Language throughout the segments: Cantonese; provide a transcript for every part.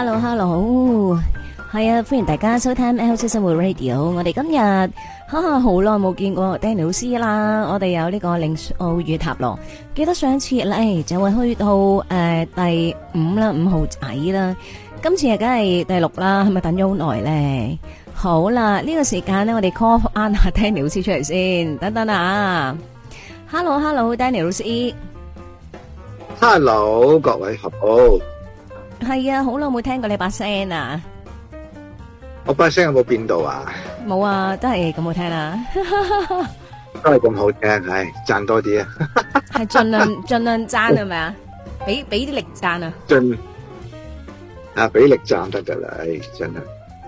hello hello 係啊歡迎大家收聽喵式生活 Radio，我哋今日哈哈好耐冇見過 Daniel 老師啦，我哋有呢個靈數與塔羅，記得上次咧就會去到誒第五啦五號仔啦，今次啊梗係第六啦，係咪等咗好耐咧，好啦呢個時間咧我哋 call 翻下 Daniel 老師出嚟先，等等啊，hello hello Daniel 老師，hello 各位好。係啊，好耐冇聽過你把聲啊！我把聲有冇變到啊？冇啊，都係咁好聽啊，都係咁好聽，係讚多啲啊！係盡量盡量讚係咪啊？俾俾啲力讚啊！盡啊俾力讚得噶啦，真係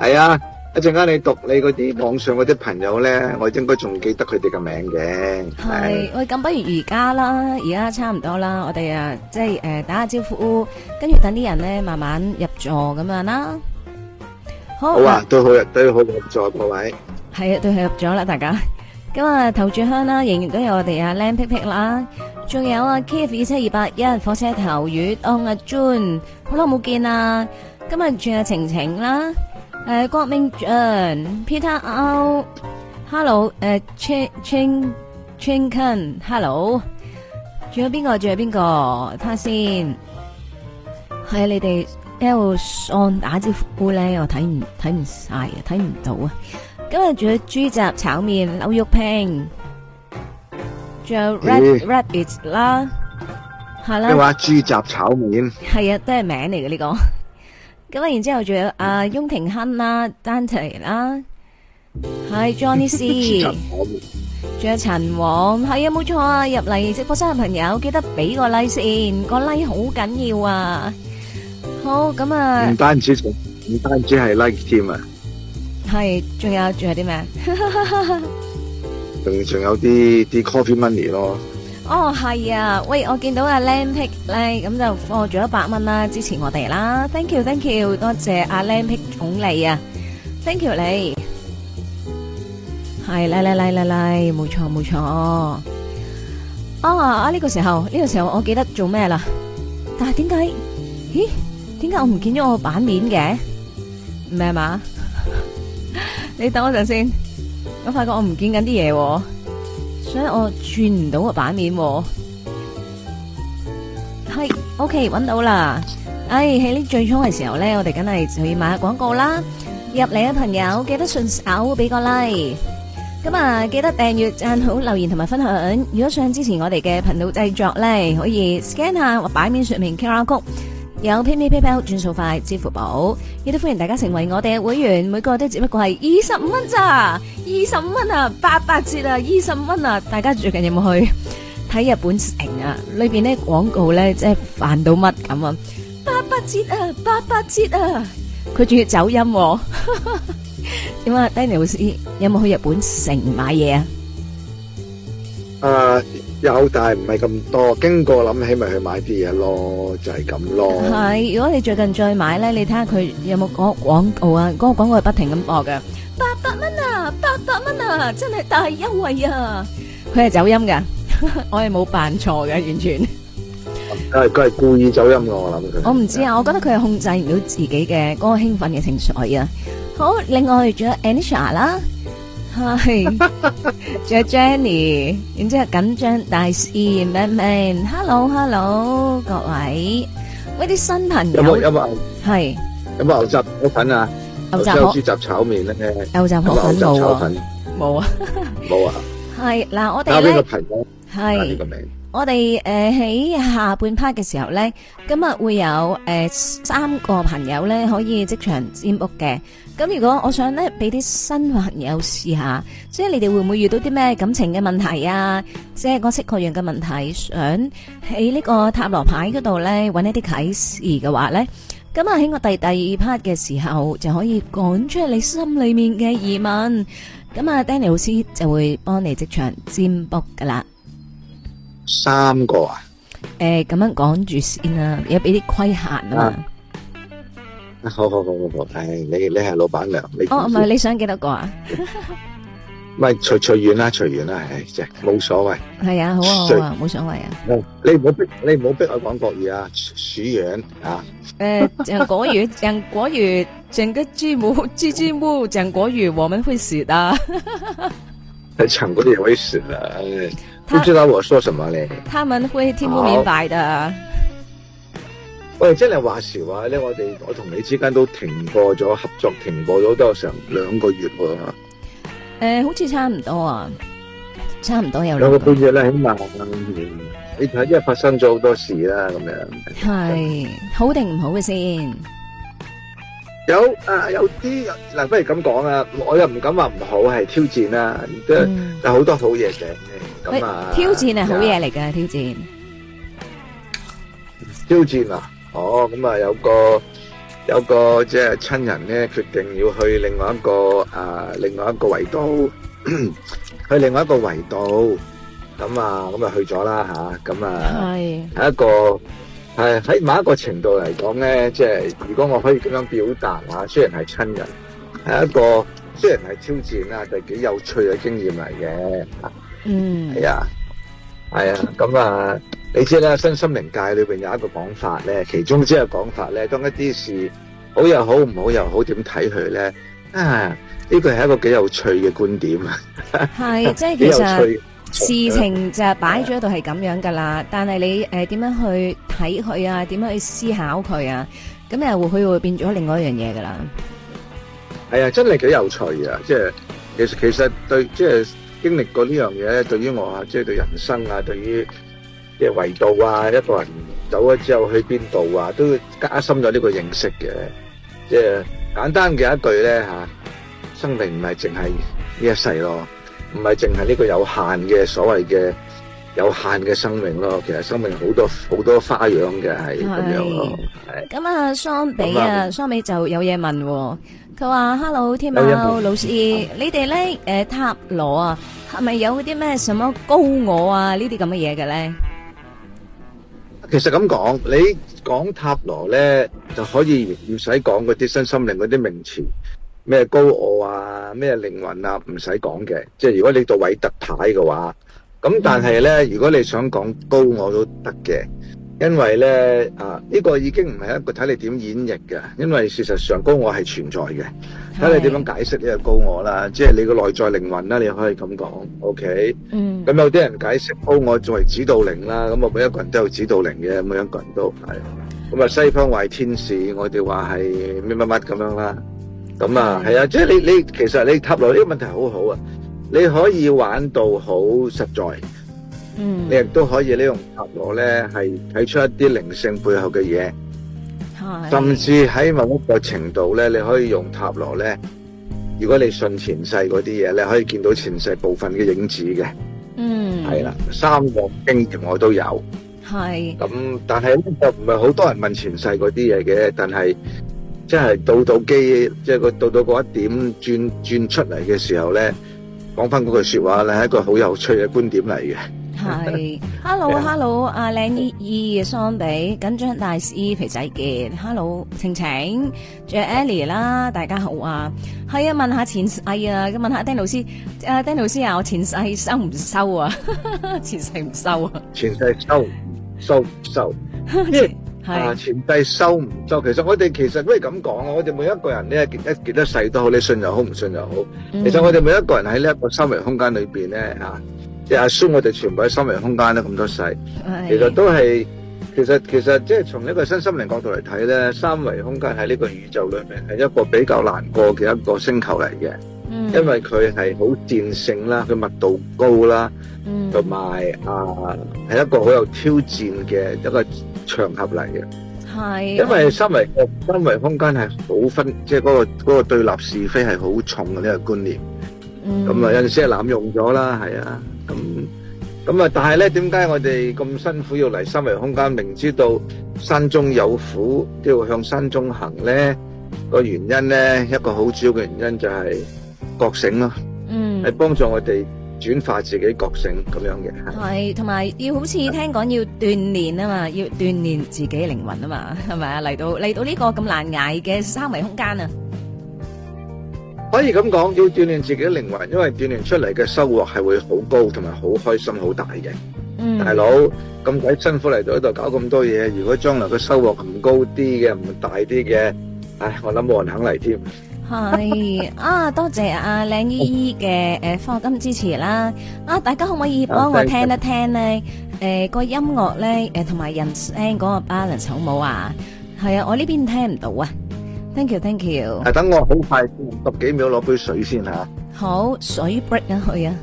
係啊！一陣間你讀你嗰啲網上嗰啲朋友咧，我應該仲記得佢哋嘅名嘅。係喂，咁不如而家啦，而家差唔多啦，我哋啊，即係誒、呃、打下招呼，跟住等啲人咧慢慢入座咁樣啦。好啊，都好入，都好入座各位。係啊，都係入咗啦，大家。咁 啊，頭柱香啦，仍然都有我哋啊。靚皮皮啦，仲有啊 K F 二七二八一火車頭月 on 阿 June 好耐冇見啦，今日轉阿晴晴啦。誒、呃，郭明俊、呃、Peter Owl、呃、Hello 誒，Chin Chin Chin g Hello 仲有邊個？仲有邊個？睇下先。係啊，你哋 Elson 打招呼咧，我睇唔睇唔晒啊，睇唔到啊。今日仲有豬雜炒麵、劉玉平，仲有 Red rab Rabbit 啦，係啦。咩話？豬雜炒麵係啊，都係名嚟嘅呢個。咁啊，然之後仲有阿翁廷亨啦、丹齊啦，係 Johnny C，仲 有陳黃，係 啊，冇錯啊，入嚟直播室嘅朋友記得俾個 like 先，個 like 好緊要啊。好，咁啊，唔單止唔單止係 like 添啊，係，仲有仲 有啲咩？仲仲有啲啲 coffee money 咯。哦係啊，喂，我見到阿靚 pick 咧，咁就放咗一百蚊啦，支持我哋啦，thank you，thank you，多謝阿靚 pick 總理啊，thank you，你係嚟嚟嚟嚟嚟，冇錯冇錯，啊啊呢個時候呢個時候我記得做咩啦？但係點解？咦？點解我唔見咗我個版面嘅？明嘛？你等我陣先，我發覺我唔見緊啲嘢。所以我轉唔到個版面，係 OK 搵到啦。哎，喺呢最初嘅時候咧，我哋梗係就要買下廣告啦。入嚟嘅朋友記得順手俾個 like，咁啊記得訂閱、贊好、留言同埋分享。如果想支持我哋嘅頻道製作咧，可以 scan 下我版面上面 QR Code。有 PayPayPayPal 轉數快，支付寶亦都歡迎大家成為我哋嘅會員，每個都只不過係二十五蚊咋，二十五蚊啊，八八折啊，二十蚊啊，大家最近有冇去睇日本城啊？裏邊咧廣告咧即係煩到乜咁啊，八八折啊，八八折啊，佢仲要走音、哦，點 啊？Danny 老師有冇去日本城買嘢啊？啊、uh！有，但係唔係咁多。經過諗起，咪去買啲嘢咯，就係咁咯。係，如果你最近再買咧，你睇下佢有冇個廣告啊？嗰個廣告係不停咁播嘅。八百蚊啊，八百蚊啊，真係大優惠啊！佢係走音㗎，我係冇扮錯㗎，完全。係佢係故意走音㗎，我諗佢。我唔知啊，我覺得佢係控制唔到自己嘅嗰個興奮嘅情緒啊。好，另外仲有，Anisha。係，做 Jenny，然之後緊張大師，明唔明？Hello，Hello，各位，喂啲新朋友，有冇有冇？係，有冇牛雜牛粉啊？牛雜豬雜炒麵咧，牛雜牛雜炒粉，冇啊，冇啊。係嗱，我哋咧，係，呢個名我哋誒喺下半 part 嘅時候咧，今日會有誒三個朋友咧可以即場佔屋嘅。咁如果我想咧俾啲新朋友試下，即係你哋會唔會遇到啲咩感情嘅問題啊？即係各式各樣嘅問題，想喺呢個塔羅牌嗰度咧搵一啲啟示嘅話咧，咁啊喺我第第二 part 嘅時候就可以講出你心裏面嘅疑問，咁啊 Danny 老師就會幫你即場占卜噶啦。三個啊？誒、欸，咁樣講住先啦，而家俾啲規限嘛啊。好好好好好，誒、哎，你你係老闆娘，你哦唔係你想幾多個啊？咪隨隨緣啦，隨緣啦，係即係冇所謂。係啊，好好啊，冇所謂以啊。哦、你唔好逼，你唔好逼我講國語啊，鼠樣啊。誒、 呃，講國語，講國語，整個節目節目講國語，我們會死的。講 國語會死的，哎、他不知道我說什麼呢。他們會聽不明白的。喂，真係話時話咧，我哋我同你之間都停過咗合作，停過咗都有成兩個月喎。誒、欸，好似差唔多，啊，差唔多有兩個半月啦。起碼你睇，因為發生咗好多事啦，咁樣係好定唔好嘅先？有誒，有啲嗱，不如咁講啊，我又唔敢話唔好，係挑戰啦，都有好多好嘢嘅咁挑戰係好嘢嚟㗎，挑戰挑戰啊！哦，咁啊，有個有個即係親人咧，決定要去另外一個啊，另外一個維度，去另外一個維度，咁啊，咁啊去咗啦嚇，咁啊係一個係喺某一個程度嚟講咧，即係如果我可以咁樣表達啊，雖然係親人，係一個雖然係挑戰啊，就幾有趣嘅經驗嚟嘅，嗯，係啊，係啊，咁啊。你知啦，《新心靈界》裏邊有一個講法咧，其中之一講法咧，當一啲事好又好，唔好又好，點睇佢咧？啊，呢個係一個幾有趣嘅觀點啊，係即係其實事情就擺咗喺度係咁樣噶啦。但係你誒，點樣去睇佢啊？點樣、呃、去，去思考佢啊？咁又會佢會變咗另外一樣嘢噶啦。係啊，真係幾有趣啊！即係其實其實對即係經歷過呢樣嘢咧，對於我啊，即係對人生啊，對於。即係維度啊！一個人走咗之後去邊度啊？都加深咗呢個認識嘅。即係簡單嘅一句咧吓，生命唔係淨係呢一世咯，唔係淨係呢個有限嘅所謂嘅有限嘅生命咯。其實生命好多好多花樣嘅係咁樣咯。咁啊，桑比啊，桑比就有嘢問。佢話：Hello，天喵老師，你哋咧誒塔羅啊，係咪有嗰啲咩什麼高我啊呢啲咁嘅嘢嘅咧？其實咁講，你講塔羅呢，就可以唔使講嗰啲身心靈嗰啲名詞，咩高我啊，咩靈魂啊，唔使講嘅。即係如果你到偉特牌嘅話，咁但係呢，嗯、如果你想講高我都得嘅。因為咧啊，呢個已經唔係一個睇你點演繹嘅，因為事實上高我係存在嘅，睇你點樣解釋呢個高我啦，即係你個內在靈魂啦，你可以咁講，OK，嗯，咁有啲人解釋高我作為指導靈啦，咁啊每一個人都有指導靈嘅，每一個人都係，咁啊西方話天使，我哋話係乜乜乜咁樣啦，咁啊係啊，即係你你其實你塔羅呢個問題好好啊，你可以玩到好實在。嗯，你亦都可以用塔羅咧，係睇出一啲靈性背後嘅嘢，是甚至喺某一個程度咧，你可以用塔羅咧。如果你信前世嗰啲嘢咧，你可以見到前世部分嘅影子嘅。嗯，係啦，三王經我都有，係咁是，但係呢就唔係好多人問前世嗰啲嘢嘅，但係即係到、就是、到機，即係個到到嗰一點轉轉出嚟嘅時候咧，講翻句說話咧，係一個好有趣嘅觀點嚟嘅。係，Hello，Hello，阿靚姨姨桑比緊張大師肥仔傑，Hello，晴晴，仲 Yeah. 有 Ellie 啦，大家好啊，係啊，問下前世啊，咁問下 Danny 老師，阿、uh, Danny 老師啊，我前世收唔收啊？ 前世唔收啊？前世收唔收唔收，係 前，啊，是前世收唔收？其實我哋其實都係咁講啊，我哋每一個人咧，幾多幾多世都好，你信又好，唔信又好，嗯、其實我哋每一個人喺呢一個三維空間裏邊咧啊。阿叔，我哋全部喺三維空間咧，咁多世是，其實都係其實其實即係從一個新心靈角度嚟睇咧，三維空間喺呢個宇宙裏面係一個比較難過嘅一個星球嚟嘅，嗯、因為佢係好戰性啦，佢密度高啦，同埋、嗯、啊係一個好有挑戰嘅一個場合嚟嘅，係、啊、因為三維個三維空間係好分，即係嗰個嗰、嗰個對立是非係好重嘅呢、呢個觀念，咁啊、嗯、有陣時係濫用咗啦，係啊。咁咁啊！但係咧，點解我哋咁辛苦要嚟三維空間？明知道山中有虎，都要向山中行咧。個原因咧，一個好主要嘅原因就係覺醒咯，嗯，係幫助我哋轉化自己覺醒咁樣嘅。係同埋要好似聽講要鍛煉啊嘛，要鍛煉自己靈魂啊嘛，係咪啊？嚟到嚟到呢個咁難捱嘅三維空間啊！可以咁講，要鍛煉自己靈魂，因為鍛煉出嚟嘅收穫係會好高，同埋好開心、好大嘅。嗯，大佬咁鬼辛苦嚟到呢度搞咁多嘢，如果將來嘅收穫唔高啲嘅，唔大啲嘅，唉，我諗冇人肯嚟添。係啊，多謝阿靚姨姨嘅誒，課金支持啦。啊，大家可唔可以幫我聽一聽咧？誒，個音樂咧，誒，同埋人聲嗰個 balance 好唔好啊？係啊，我呢邊聽唔到啊。Thank you, thank you。係等我好快，十幾秒攞杯水先吓。好，水 break 入去啊。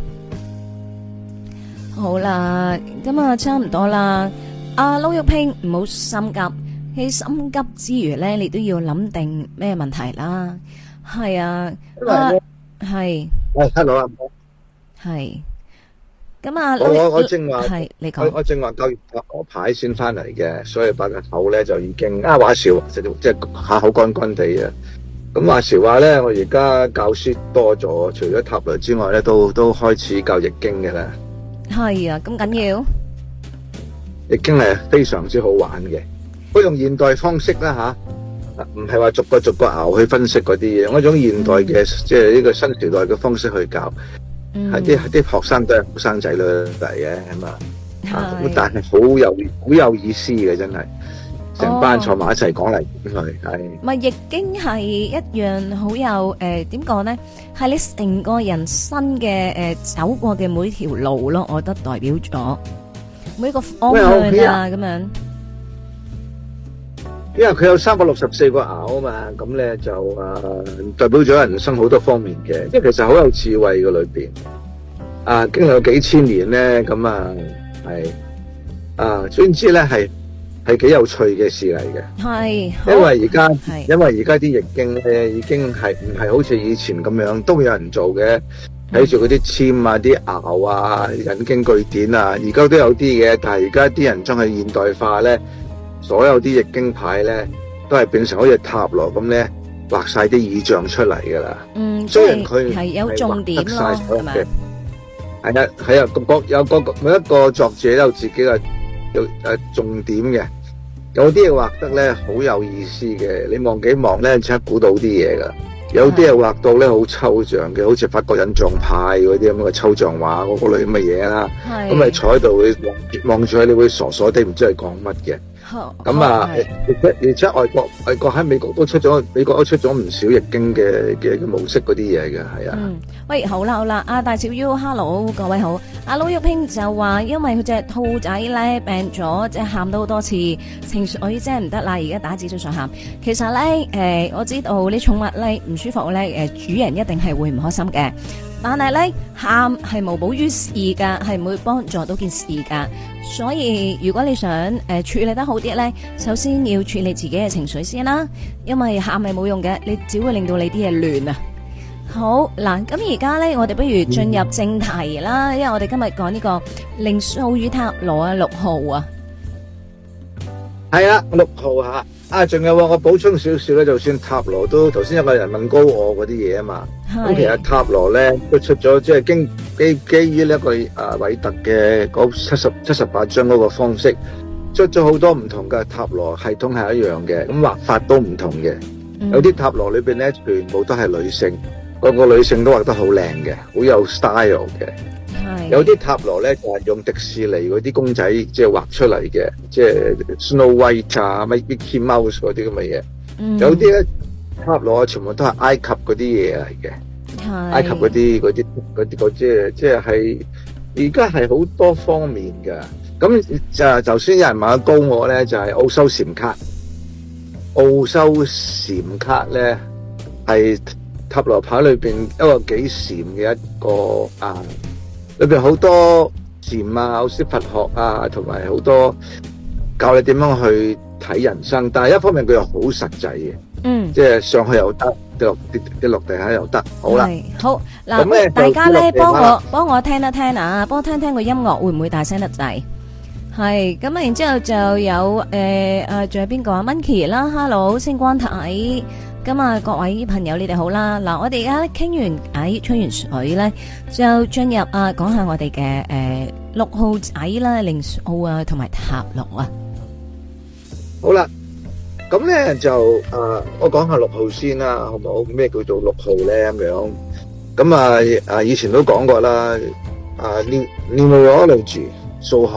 好啦，咁啊差唔多啦。阿撈玉拼唔好心急，喺心急之餘咧，你都要諗定咩問題啦。係啊，係。係 hello 啊，係。咁啊！我你我我正話係，你講我正話教我，我牌先翻嚟嘅，所以把個口咧就已經啊，話時話，即係即係口乾乾地啊！咁話時話咧，嗯、我而家教書多咗，除咗塔羅之外咧，都都開始教易經嘅啦。係啊，咁緊要易經係非常之好玩嘅，啊，我用現代方式啦吓，唔係話逐個逐個咬去分析嗰啲嘢，我用現代嘅即係呢個新時代嘅方式去教。係啲啲學生都係後生仔咯，嚟嘅咁啊，啊咁但係好有好有意思嘅，真係成班坐埋一齊講嚟，係咪？唔係易經係一樣好有誒？點講咧？係你成個人生嘅誒走過嘅每條路咯，我覺得代表咗每個方向啊，咁樣。因為佢有三百六十四個爻啊嘛，咁咧就誒、呃、代表咗人生好多方面嘅，因為其實好有智慧嘅裏邊，啊經有幾千年咧，咁啊係啊，總之咧係係幾有趣嘅事嚟嘅。係是，因為而家是因為而家啲易經咧已經係唔係好似以前咁樣都有人做嘅，睇住嗰啲籤啊、啲爻啊、引經據典啊，而家都有啲嘅，但係而家啲人仲係現代化咧。所有啲易經牌咧，都係變成好似塔羅咁咧，畫晒啲意象出嚟噶啦。嗯，就是、雖然佢係有重點咯，係嘛？係啊，係啊，各有各每一個作者都有自己嘅有誒重點嘅。有啲嘢畫得咧好有意思嘅，你望幾望咧，即刻估到啲嘢噶。有啲係畫到咧好抽象嘅，是的 好似法國印象派嗰啲咁嘅抽象畫嗰類咁嘅嘢啦。係咁咪坐喺度，佢望望住佢，你會傻傻地，唔知係講乜嘅。咁 啊， 而且而且，外國外國喺美國都出咗，美國都出咗唔少易經嘅嘅嘅模式嗰啲嘢嘅，係啊。嗯，喂，好啦好啦，阿、啊、大少 U，hello，各位好。阿老玉平就話，因為佢隻兔仔咧病咗，即係喊到好多次，情緒已經唔得啦，而家打字痛上喊。其實咧，誒、呃，我知道啲寵物咧唔舒服咧，誒，主人一定係會唔開心嘅。但係咧，喊係無補於事噶，係唔會幫助到件事噶。所以如果你想誒、呃、處理得好啲咧，首先要處理自己嘅情緒先啦。因為喊係冇用嘅，你只會令到你啲嘢亂啊。好嗱，咁而家咧，我哋不如進入正題啦。嗯、因為我哋今日講呢個靈數與塔羅啊，六號啊，係啊，六號啊。啊，仲有我補充少少咧，就算塔羅都頭先有個人問高我嗰啲嘢啊嘛，咁是其實塔羅咧都出咗，即係基基基於一個誒、韋特嘅嗰七十七十八張嗰個方式，出咗好多唔同嘅塔羅系統係一樣嘅，咁畫法都唔同嘅，嗯、有啲塔羅裏邊咧全部都係女性，個個女性都畫得好靚嘅，好有 style 嘅。有啲塔羅咧，就係、是、用迪士尼嗰啲公仔畫，即、就、係、是、畫出嚟嘅，即係 Snow White 啊，Mickey Mouse 嗰啲咁嘅嘢。嗯、有啲咧塔羅啊，全部都係埃及嗰啲嘢嚟嘅，是埃及嗰啲嗰啲嗰啲即係即係喺而家係好多方面嘅，咁就就算有人問高我咧，就係、是、奧修禪卡，奧修禪卡咧係塔羅牌裏邊一個幾禪嘅一個啊。裏邊好多禪啊、好似佛學啊，同埋好多教你點樣去睇人生。但係一方面佢又好實際嘅，嗯，即係上去又得，跌落跌跌落地下又得。好啦，好嗱，那大家咧，幫我幫我聽一聽啊，幫我聽一聽個、啊、音樂會唔會大聲得滯？係咁啊，那然之後就有誒啊，仲、呃、有邊個啊 Minky 啦，Hello，星光體。咁啊，各位朋友，你哋好啦。嗱，我哋而家傾完偈吹完水咧，就進入啊，講下我哋嘅誒六號仔啦，靈數啊，同埋塔羅啊。好啦，咁咧就啊，我講下六號先啦，好唔好？咩叫做六號咧？咁樣咁啊啊，以前都講過啦。啊，numerology 數學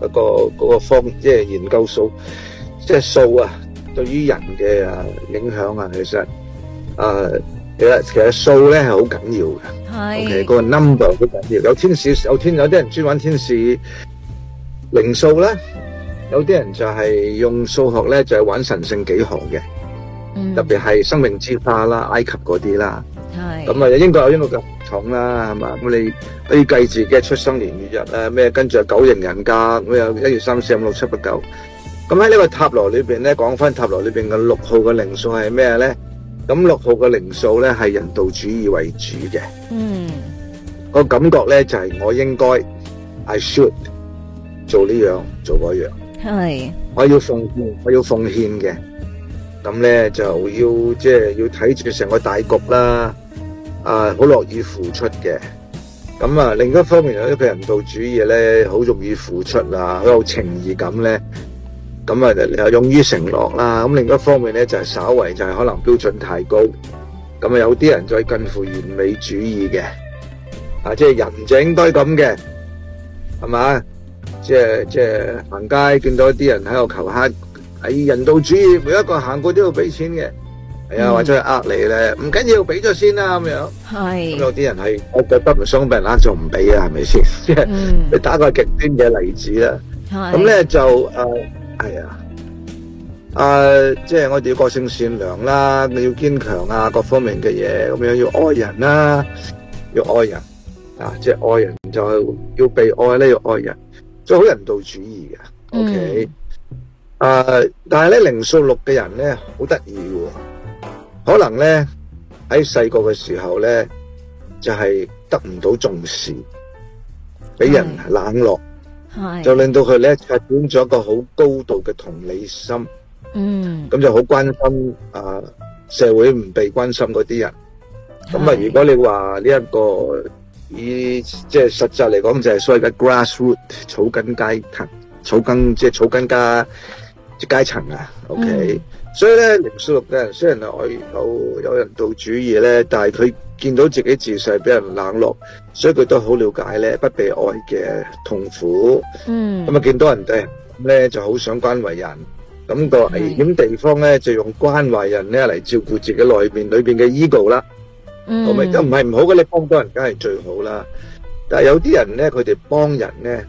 嗰個嗰個方，即係研究數，即係數啊。對於人嘅啊影響啊，其實誒其實其實數咧係好緊要嘅，係 OK 個 number 好緊要。有天使有天有啲人專玩天使靈數咧，有啲人就係用數學咧就係玩神聖幾何嘅，特別係生命之花啦、埃及嗰啲啦，係咁啊英國有英國嘅系統啦，係嘛咁你可以計自己嘅出生年月日啊咩，跟住九型人格，咩一二三四五六七八九。咁喺呢個塔羅裏邊咧，講返塔羅裏邊嘅六號嘅靈數係咩咧？咁六號嘅靈數咧係人道主義為主嘅。嗯，mm. 個感覺咧就係、是、我應該，I should 做呢樣做嗰樣。係，我要奉獻，我要奉獻嘅。咁咧就要即係、就是、要睇住成個大局啦。啊，好樂意付出嘅。咁啊，另一方面又一個人道主義咧，好容易付出啊，好有情義感咧。Mm. 咁啊，又勇於承諾啦。咁另一方面咧，就係稍為就係可能標準太高。咁啊，有啲人再近乎完美主義嘅啊，即係人整堆咁嘅係嘛？即係即係行街見到一啲人喺度求乞，喺人道主義，每一個行過都要俾錢嘅。係啊，或者係呃你咧，唔緊要，俾咗先啦，咁樣。係咁有啲人係我覺得唔想俾人呃，就唔俾啊？係咪先？即係你打個極端嘅例子啦。咁咧就誒。係啊，誒、呃，即係我哋要個性善良啦，要堅強啊，各方面嘅嘢，咁樣，要愛人啦，要愛人啊，要愛人啊，即係愛人就係要被愛咧，要愛人，做好人道主義嘅、嗯，OK，誒、呃，但係咧靈數六嘅人咧，好得意喎。可能咧喺細個嘅時候咧就係、是、得唔到重視，俾人冷落。嗯 就令到佢呢一本咗一個好高度嘅同理心，嗯，咁就好關心啊社會唔被關心嗰啲人。咁啊，如果你話呢一個以即係實際嚟講，就係、是、所謂嘅 grassroot 草根階層，草根即係草根家，即階層啊，OK、嗯。所以咧，靈數六嘅人雖然係可有人道主義咧，但係佢見到自己自細俾人冷落，所以佢都好了解咧不被愛嘅痛苦。嗯，咁啊見到人哋咧就好想關懷人，咁、那個危險地方咧就用關懷人咧嚟照顧自己內邊裏邊嘅 ego 啦。嗯，同埋都唔係唔好嘅，你幫到人梗係最好啦。但係有啲人咧，佢哋幫人咧，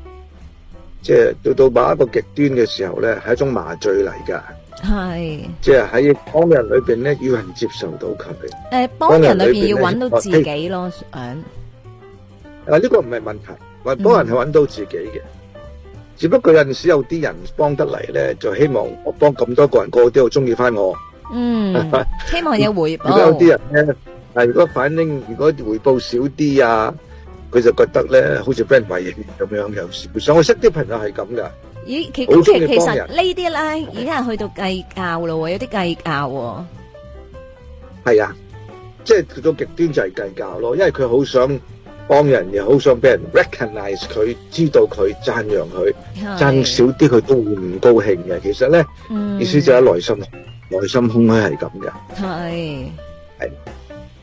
即、就、係、是、到到某一個極端嘅時候咧，係一種麻醉嚟㗎。係，即係喺幫人裏邊咧，要人接受到佢。誒，幫人裏邊要揾到自己咯，誒。啊，呢個唔係問題，我幫人係揾到自己嘅，只不過有陣時有啲人幫得嚟咧，就希望我幫咁多個人，個個都好中意翻我。嗯，希望有回報。而家有啲人咧，啊，如果反應如果回報少啲啊，佢就覺得咧好似畀人咁樣有時。我想我識啲朋友係咁噶。咦，其其其實呢啲咧，已經係去到計較咯，有啲計較。係啊，即係去到極端就係計較咯，因為佢好想幫人，又好想俾人 recognize 佢，知道佢讚揚佢，讚少啲佢都會唔高興嘅。其實咧，意思就係內心，內心空虛係咁嘅。係，係。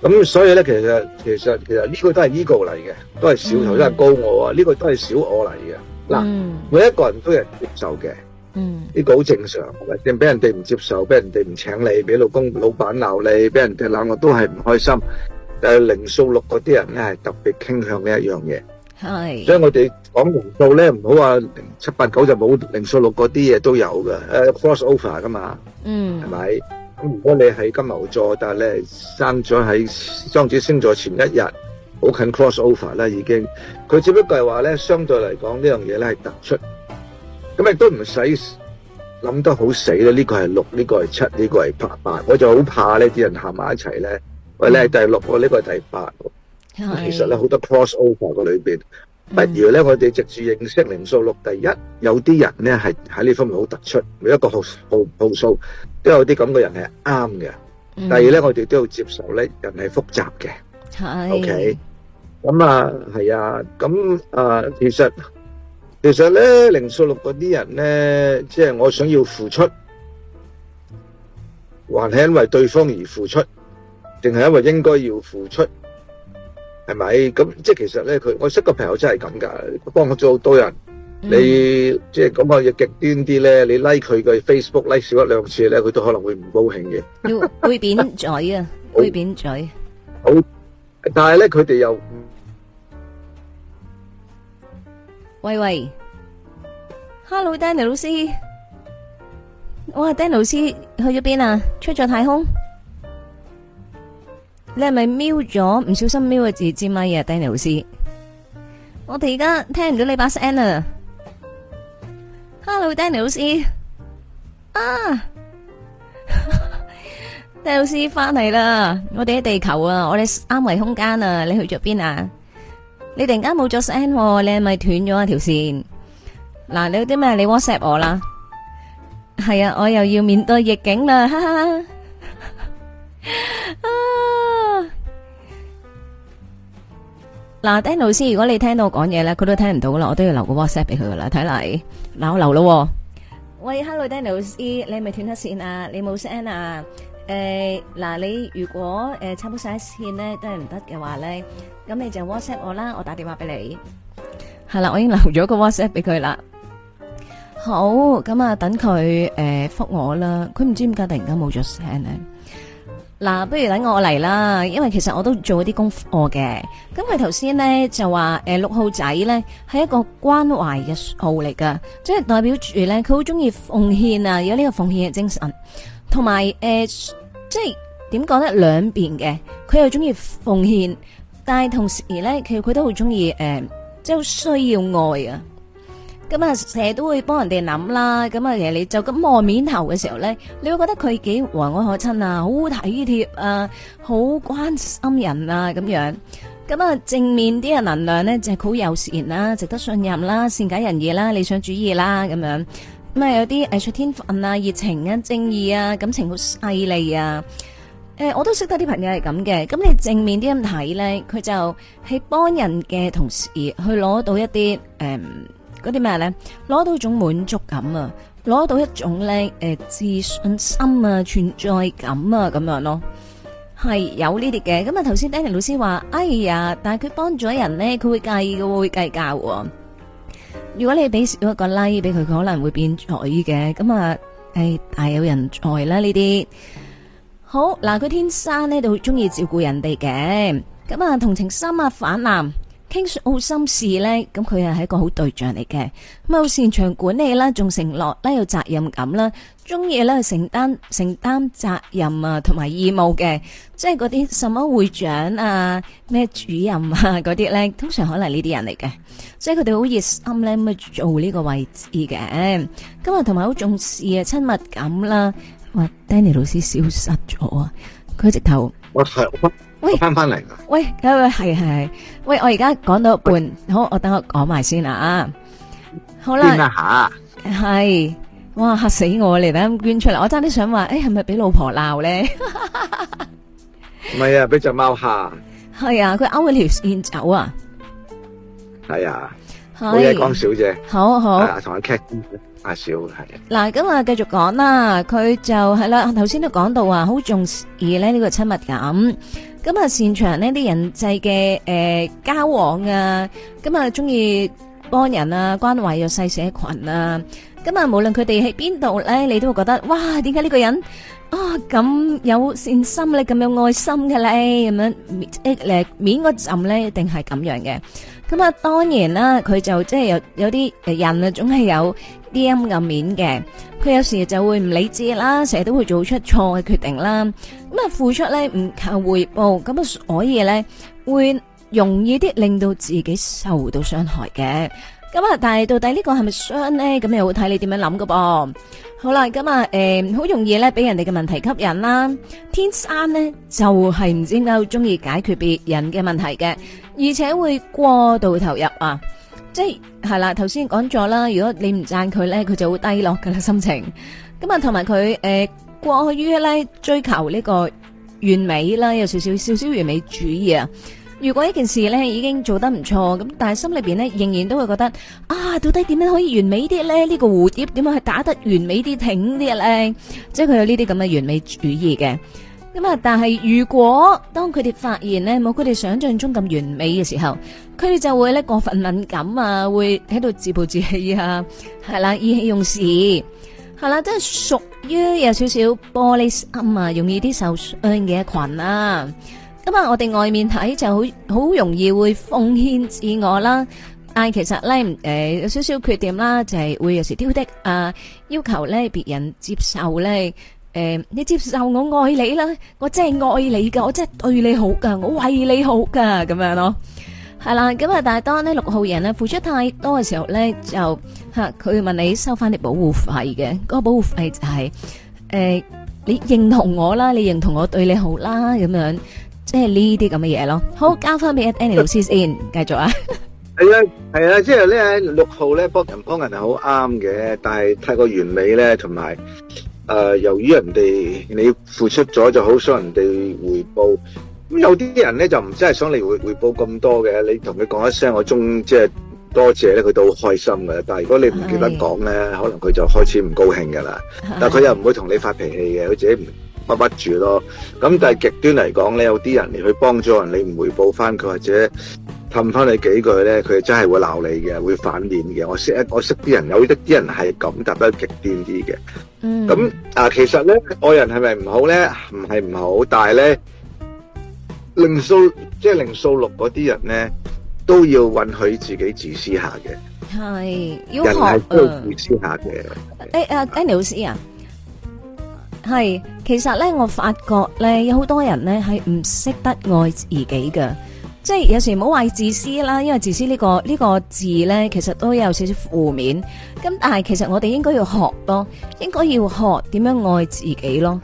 咁所以咧，其實其實其實呢個都係 ego 嚟嘅，都係小頭都係高我啊，呢個都係小我嚟嘅。嗱，每一個人都係接受嘅，呢個好正常。或者俾人哋唔接受，俾人哋唔請你，俾老公、老闆鬧你，俾人哋鬧，我都係唔開心。但係，零數六嗰啲人咧係特別傾向呢一樣嘢。係，所以我哋講零數咧，唔好話零七八九就冇，零數六嗰啲嘢都有噶，誒，cross over 噶嘛。嗯。係咪？咁如果你喺金牛座，但係咧生咗喺雙子星座前一日。好近 cross over 啦，已經佢只不過係話咧，相對嚟講呢樣嘢咧係突出，咁亦都唔使諗得好死咯。呢、這個係六，呢個係七，呢個係八八，我就好怕呢啲人行埋一齊咧，喂，你係、嗯、第六、這個，呢個係第八，是其實咧好多 cross over 嘅裏邊，不、嗯、如咧我哋直接認識靈數六第一，有啲人咧係喺呢方面好突出，每一個號號號數都有啲咁嘅人係啱嘅。嗯、第二咧，我哋都要接受咧人係複雜嘅是，OK。咁啊，係啊，咁啊，其實其實咧，靈數六嗰啲人咧，即係我想要付出，還係因為對方而付出，定係因為應該要付出，係咪？咁即係其實咧，佢我識個朋友真係咁噶，幫我咗好多人。你即係講句嘢，極端啲咧，你 like 佢嘅 Facebook like 少一兩次咧，佢都可能會唔高興嘅。要會扁嘴啊，會扁嘴。好，但係咧，佢哋又。喂喂，Hello，Danny 老師，我係 Danny 老師，去咗邊啊？出咗太空？你係咪瞄咗？唔小心瞄嘅字字咪啊？Danny 老師，我哋而家聽唔到你把聲啊！Hello，Danny 老師，啊，Danny 老師翻嚟啦！我哋喺地球啊，我哋三維空間啊，你去咗邊啊？你突然間冇咗聲，你係咪斷咗一條線？嗱，你有啲咩？你 WhatsApp 我啦，係啊，我又要面對逆境啦，哈哈，啊！嗱，Danny 老師，如果你聽到我講嘢咧，佢都聽唔到啦，我都要留個 WhatsApp 俾佢噶啦，睇嚟，我留咯。喂，Hello，Danny 老師，你係咪斷咗線啊？你冇聲啊？誒，嗱，你如果誒插唔晒線咧，都係唔得嘅話咧，咁你就 WhatsApp 我啦，我打電話俾你。係啦，我已經留咗個 WhatsApp 俾佢啦。好，咁啊，等佢誒覆我啦。佢唔知點解突然間冇咗聲咧。嗱，不如等我嚟，啦，因為其實我都做咗啲功課嘅。咁佢頭先咧就話，誒，六號仔咧係一個關懷嘅號嚟噶，即係代表住咧佢好中意奉獻啊，有呢個奉獻嘅精神，同埋誒。即係點講咧？兩邊嘅，佢又中意奉獻，但係同時咧，其實佢都好中意誒，即係好需要愛啊！咁、嗯、啊，成日都會幫人哋諗啦，咁、嗯、啊，其實你就咁望面頭嘅時候咧，你會覺得佢幾和藹可親啊，好體貼啊，好關心人啊，咁樣。咁、嗯、啊，正面啲嘅能量咧，就係好友善啦、啊，值得信任啦、啊，善解人意啦、啊，理想主義啦、啊，咁樣。咁啊，有啲藝術天分啊，熱情啊，正義啊，感情好犀利啊。誒、呃，我都識得啲朋友係咁嘅。咁你正面啲咁睇咧，佢就係幫人嘅同時，去攞到一啲誒，嗰啲咩咧？攞到一種滿足感啊，攞到一種咧誒、呃、自信心啊，存在感啊，咁樣咯，係有呢啲嘅。咁啊，頭先 Danny 老師話：哎呀，但係佢幫咗人咧，佢會介意嘅，會計較、啊。如果你俾少一個 like 俾佢，佢可能會變才嘅，咁啊，係大有人才啦呢啲。好，嗱，佢天生呢就中意照顧人哋嘅，咁啊，同情心啊泛濫。傾訴心事咧，咁佢係係一個好對象嚟嘅，咁啊好擅長管理啦，仲承諾啦，有責任感啦，中意咧承擔承擔責任啊，同埋義務嘅，即係嗰啲什麼會長啊，咩主任啊嗰啲咧，通常可能呢啲人嚟嘅，即係佢哋好熱心咧，咁做呢個位置嘅，今日同埋好重視啊，親密感啦，哇 Danny 老師消失咗啊，佢直頭，翻翻嚟，喂，喂，係係，喂，我而家講到一半，喂好，我等我講埋先啦，啊，好啦，喂，喂，喂，係，哇嚇死我喂，喂，捐出嚟，我真係都想話，誒，係咪俾老婆鬧咧？唔 係啊，俾隻貓吓，係啊，佢 out 條線走啊，係啊。好李江小姐，好好，阿陳阿小係。嗱咁啊，繼續講啦，佢就係啦，頭先都講到話好重視而咧呢個親密感，咁啊擅長呢啲人際嘅誒交往啊，咁啊中意幫人啊關懷弱勢社群啊，咁啊無論佢哋喺邊度咧，你都會覺得哇，點解呢個人啊咁有善心咧，咁有愛心嘅咧，咁樣誒面個陣咧，一定係咁樣嘅。咁啊，當然啦，佢就即係有有啲人啊，總係有啲陰暗面嘅。佢有時就會唔理智啦，成日都會做出錯嘅決定啦。咁啊，付出咧唔求回報，咁啊所以咧會容易啲令到自己受到傷害嘅。咁啊！但係到底個是是呢個係咪傷咧？咁又會睇你點樣諗噶噃。好啦，咁、嗯、啊，誒，好容易咧俾人哋嘅問題吸引啦。天生咧就係、是、唔知點解好中意解決別人嘅問題嘅，而且會過度投入啊。即係係啦，頭先講咗啦，如果你唔讚佢咧，佢就會低落噶啦心情。咁、嗯、啊，同埋佢誒過於咧追求呢個完美啦，有少少少少完美主義啊。如果一件事咧已經做得唔錯咁，但係心裏邊咧仍然都會覺得啊，到底點樣可以完美啲咧？呢個蝴蝶點樣去打得完美啲、挺啲咧？即係佢有呢啲咁嘅完美主義嘅。咁啊，但係如果當佢哋發現咧冇佢哋想象中咁完美嘅時候，佢哋就會咧過分敏感啊，會喺度自暴自棄啊，係啦，意氣用事，係啦，真係屬於有少少玻璃心啊，容易啲受傷嘅一群啊。咁啊！我哋外面睇就好好容易會奉獻自我啦，但係其實咧，誒有少少缺點啦，就係會有時挑剔，啊，要求咧別人接受咧，誒你接受我愛你啦，我真係愛你噶，我真係對你好噶，我為你好噶咁樣咯，係啦。咁啊，但係當咧六號人咧付出太多嘅時候咧，就吓佢會問你收翻啲保護費嘅，嗰個保護費就係誒你認同我啦，你認同我對你好啦咁樣。即係呢啲咁嘅嘢咯，好交翻俾 Danny 老師先，繼 續啊。係啊，係、就、啊、是，即係咧六號咧幫人幫人係好啱嘅，但係太過完美咧，同埋誒由於人哋你付出咗就好想人哋回報，咁有啲人咧就唔真係想嚟回回報咁多嘅，你同佢講一聲我中即係、就是、多謝咧，佢都好開心嘅。但係如果你唔記得講咧、哎，可能佢就開始唔高興噶啦，哎、但係佢又唔會同你發脾氣嘅，佢自己唔。繃不住咯，咁 但係極端嚟講咧，有啲人嚟去幫助人，你唔回報翻佢，或者氹翻你幾句咧，佢真係會鬧你嘅，會反面嘅。我識我識啲人，有啲啲人係咁，特別極端啲嘅。嗯，咁啊，其實咧，愛人係咪唔好咧？唔係唔好，但係咧，靈數即係靈數六嗰啲人咧，都要允許自己自私下嘅。係，要學、啊、人都要自私下嘅。誒、哎，阿，Danny 老師啊。係，其實咧，我發覺咧，有好多人咧係唔識得愛自己㗎。即係有時唔好話自私啦，因為自私呢個呢個字咧，其實都有少少負面。咁但係其實我哋應該要學咯，應該要學點樣愛自己咯。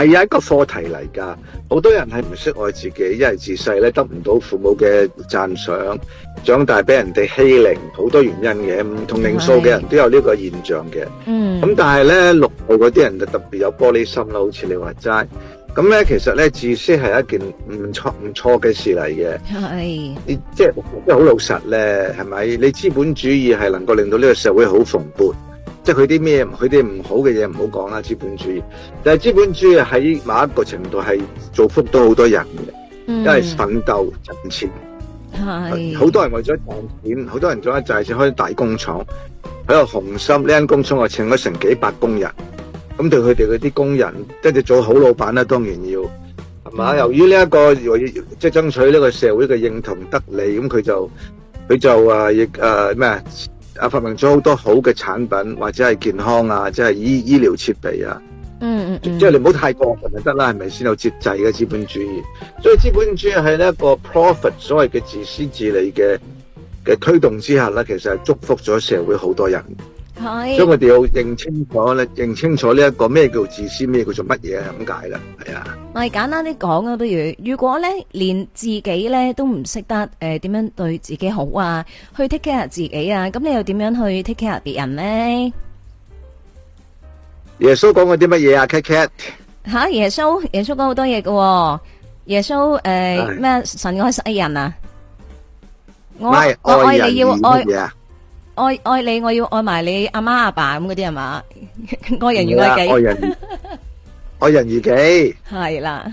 係有一個課題嚟㗎，好多人係唔識愛自己，因為自細咧得唔到父母嘅讚賞，長大俾人哋欺凌，好多原因嘅，唔同命數嘅人都有呢個現象嘅。是的嗯，咁、嗯、但係咧六號嗰啲人就特別有玻璃心啦，好似你話齋。咁、嗯、咧其實咧自私係一件唔錯唔錯嘅事嚟嘅，係的，你即係即係好老實咧，係咪？你資本主義係能夠令到呢個社會好蓬勃。即係佢啲咩，佢啲唔好嘅嘢唔好講啦。資本主義，但係資本主義喺某一個程度係造福到好多人嘅，嗯、因為奮鬥賺錢，係好是多人為咗賺錢，好多人做一陣先開大工廠，喺度紅心呢間工廠我請咗成幾百工人，咁對佢哋嗰啲工人，即係做好老闆啦。當然要係嘛。嗯、由於呢一個即係爭取呢個社會嘅認同得利，咁佢就佢就啊亦啊咩啊？啊！發明咗好多好嘅產品，或者係健康啊，即係醫醫療設備啊，嗯，嗯嗯，即係你唔好太過分就得啦，係咪先有節制嘅資本主義？所以資本主義喺呢一個 profit 所謂嘅自私自利嘅嘅驅動之下咧，其實係祝福咗社會好多人。將我哋要認清楚咧，認清楚呢一個咩叫自私，咩叫做乜嘢啊？咁解啦，係啊。咪簡單啲講啊，不如如果咧連自己咧都唔識得誒點樣對自己好啊，去 take care 自己啊，咁你又點樣去 take care 別人咧？耶穌講過啲乜嘢啊？Kate Kate，吓耶穌耶穌講好多嘢嘅，耶穌誒咩神愛神愛世人啊，我我愛你要愛。愛愛你，我要愛埋你阿媽阿爸咁嗰啲係嘛？愛人如 愛人如己啦，愛人如己係啦，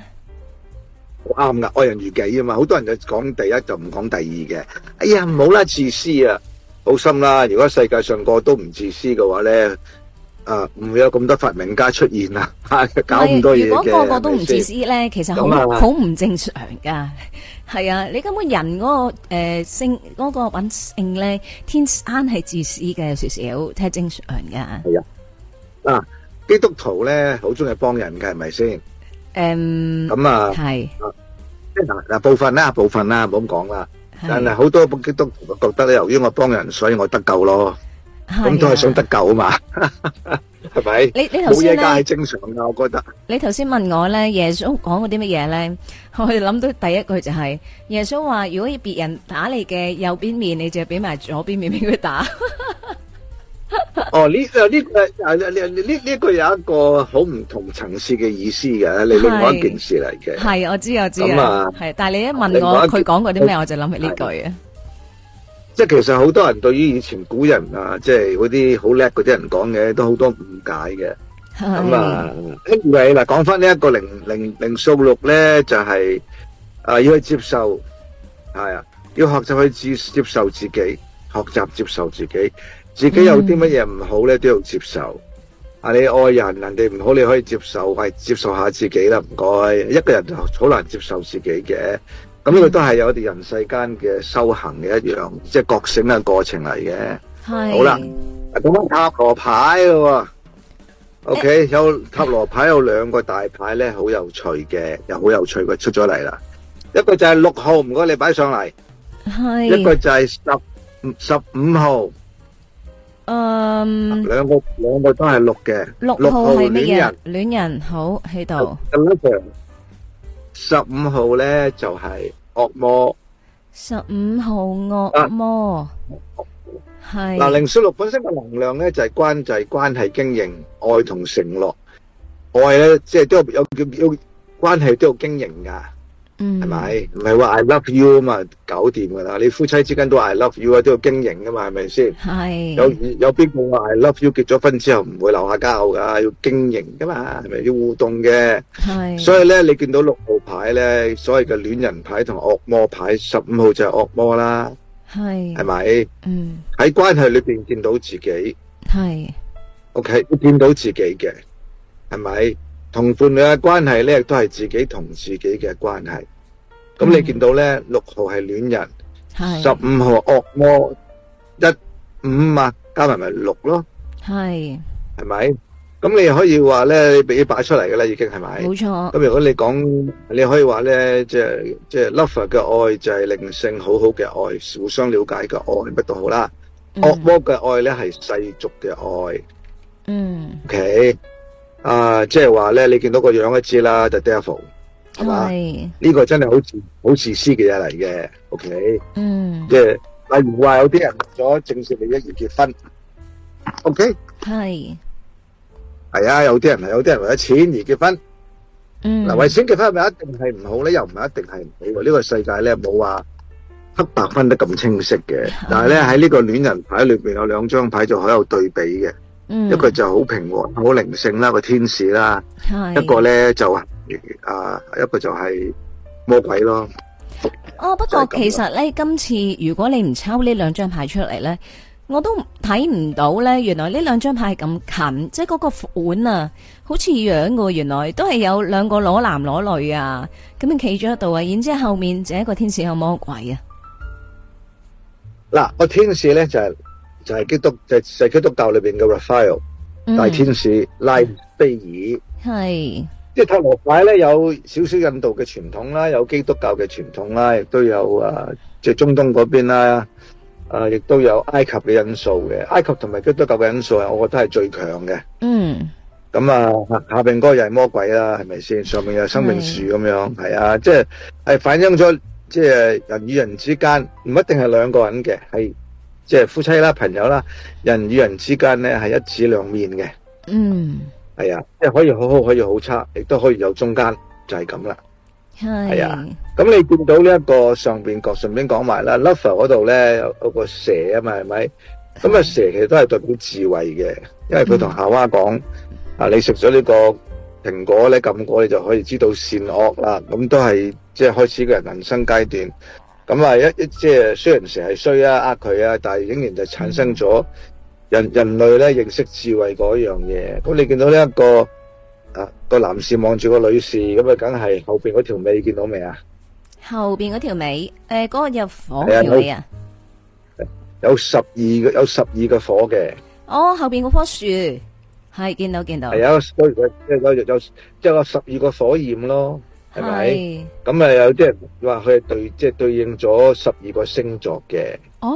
好啱噶，愛人如己啊嘛！好多人就講第一就唔講第二嘅。哎呀，唔好啦，自私啊，好心啦、啊！如果世界上個個都唔自私嘅話咧，啊，唔會有咁多發明家出現啊， 搞咁多嘢、啊、如果個個都唔自私咧， 其實好好唔正常噶。係啊，你根本人嗰、嗰個誒、呃、性、嗰個品性咧，天生係自私嘅有少少，睇係正常噶。係啊，啊基督徒咧好中意幫人嘅係咪先？是是嗯，咁啊係即係嗱部分啦，部分啦、啊，唔好咁講啦。是但係好多基督徒覺得咧，由於我幫人，所以我得救咯。咁、啊、都係想得救啊嘛。 係咪？冇嘢架係正常噶，我覺得。你頭先問我咧，耶穌講過啲乜嘢咧？我哋諗到第一句就係耶穌話：如果要別人打你嘅右邊面，你就俾埋左邊面俾佢打。 哦，呢、這個呢呢呢呢有一個好唔同層次嘅意思嘅，你另外一件事嚟嘅。係，我知我知。咁啊，係。但係你一問我佢講過啲咩，我就諗起呢句啊。即係其實好多人對於以前古人啊，即係嗰啲好叻嗰啲人講嘅都好多誤解嘅。咁啊，誒你嗱講翻呢一個靈靈靈數六咧，就係啊要去接受，係啊要學習去接接受自己，學習接受自己，自己有啲乜嘢唔好咧都要接受。啊、嗯，你愛人人哋唔好你可以接受，係、哎、接受下自己啦，唔該。一個人就好難接受自己嘅。咁呢個都係有我哋人世間嘅修行嘅一樣，即係覺醒嘅過程嚟嘅。係。好啦，咁樣塔羅牌嘅喎，OK，有塔羅牌有兩個大牌咧，好有趣嘅，又好有趣嘅出咗嚟啦。一個就係六號，唔該你擺上嚟。係。一個就係十十五號。嗯。兩個兩個都係六嘅。六號係咩嘢？戀人，好喺度。咁一樣。十五號咧就係。惡魔，十五號惡魔係嗱，靈數六本身嘅能量咧就係關係、關係，關係經營愛同承諾愛咧，即係都有有叫關係都有經營㗎。嗯，係咪？唔係話 I love you 啊嘛，搞掂噶啦。你夫妻之間都 I love you 啊，都要經營噶嘛，係咪先？係是。有有邊個話 I love you 結咗婚之後唔會留下交噶？要經營噶嘛，係咪要互動嘅？係是。所以咧，你見到六號牌咧，所謂嘅戀人牌同惡魔牌，十五號就係惡魔啦。係是。係咪吧？嗯。喺關係裏邊見到自己。係是。OK，見到自己嘅，係咪？同伴侶嘅關係咧，亦都係自己同自己嘅關係。咁你見到咧，六號係戀人，十五號惡魔，一五啊，加埋咪六咯。係係咪？咁你可以話咧，你俾擺出嚟嘅啦，已經係咪？冇錯。咁如果你講，你可以話咧，即係即係 lover 嘅愛就係靈性好好嘅愛，互相了解嘅愛乜都好啦。惡魔嘅愛咧係世俗嘅愛。嗯。O.K. 啊，即係話咧，你見到個樣一知啦，就 devil 係嘛吧？呢是個真係好自好自私嘅嘢嚟嘅，OK，嗯，即係例如話有啲人為咗正式利益而結婚，OK，係係是啊，有啲人係有啲人為咗錢而結婚，嗯，嗱、啊，為錢結婚係咪一定係唔好咧？又唔係一定係唔好的？呢、這個世界咧冇話黑白分得咁清晰嘅，嗯、但係咧喺呢在這個戀人牌裏邊有兩張牌就好有對比嘅。嗯、一個就好平和，好靈性啦，個天使啦；的一個咧就啊、是呃，一個就係魔鬼咯。哦，不過其實咧，今次樣如果你唔抽呢兩張牌出嚟咧，我都睇唔到咧，原來呢兩張牌咁近，即係嗰個款啊，好似樣噶，原來都係有兩個攞男攞女啊，咁樣企咗喺度啊，然之後面就一個天使，有魔鬼啊。嗱，個天使咧就係、是。就係基督，就係、是、基督教裏邊嘅 Raphael 大天使拉斐爾，係、嗯、即係塔羅牌咧，有少少印度嘅傳統啦，有基督教嘅傳統啦，亦都有啊，即係中東嗰邊啦、啊，啊，亦都有埃及嘅因素嘅，埃及同埋基督教嘅因素，我覺得係最強嘅。嗯，咁啊，下下邊嗰個又係魔鬼啦、啊，係咪先？上面又係生命樹咁樣，係是啊，即係係反映咗即係人與人之間唔一定係兩個人嘅，係。即係夫妻啦、朋友啦，人與人之間咧係一指兩面嘅。嗯，係啊，即係可以好好，可以好差，亦都可以有中間，就係咁啦。係，係啊。咁你見到這呢一個上邊角順便講埋啦，Lover 嗰度咧有有個蛇啊嘛，係咪？咁啊、mm. 蛇其實都係代表智慧嘅，因為佢同夏娃講、mm. 啊，你食咗呢個蘋果咧，禁果你就可以知道善惡啦。咁都係即係開始嘅人生階段。咁啊，一即係雖然成係衰啊，呃佢啊，但係仍然就產生咗人人類咧認識智慧嗰樣嘢。咁你見到呢、那、一個啊個男士望住個女士，咁啊，梗係後邊嗰條尾見到未啊？後邊嗰條尾，誒、呃，嗰、那個有火條尾啊？有十二個，有十二個火嘅。哦，後邊嗰棵樹係見到見到。係、啊、有有有有十二個火焰咯。係咪？咁啊，有啲人話佢係對，即係對應咗十二個星座嘅。哦，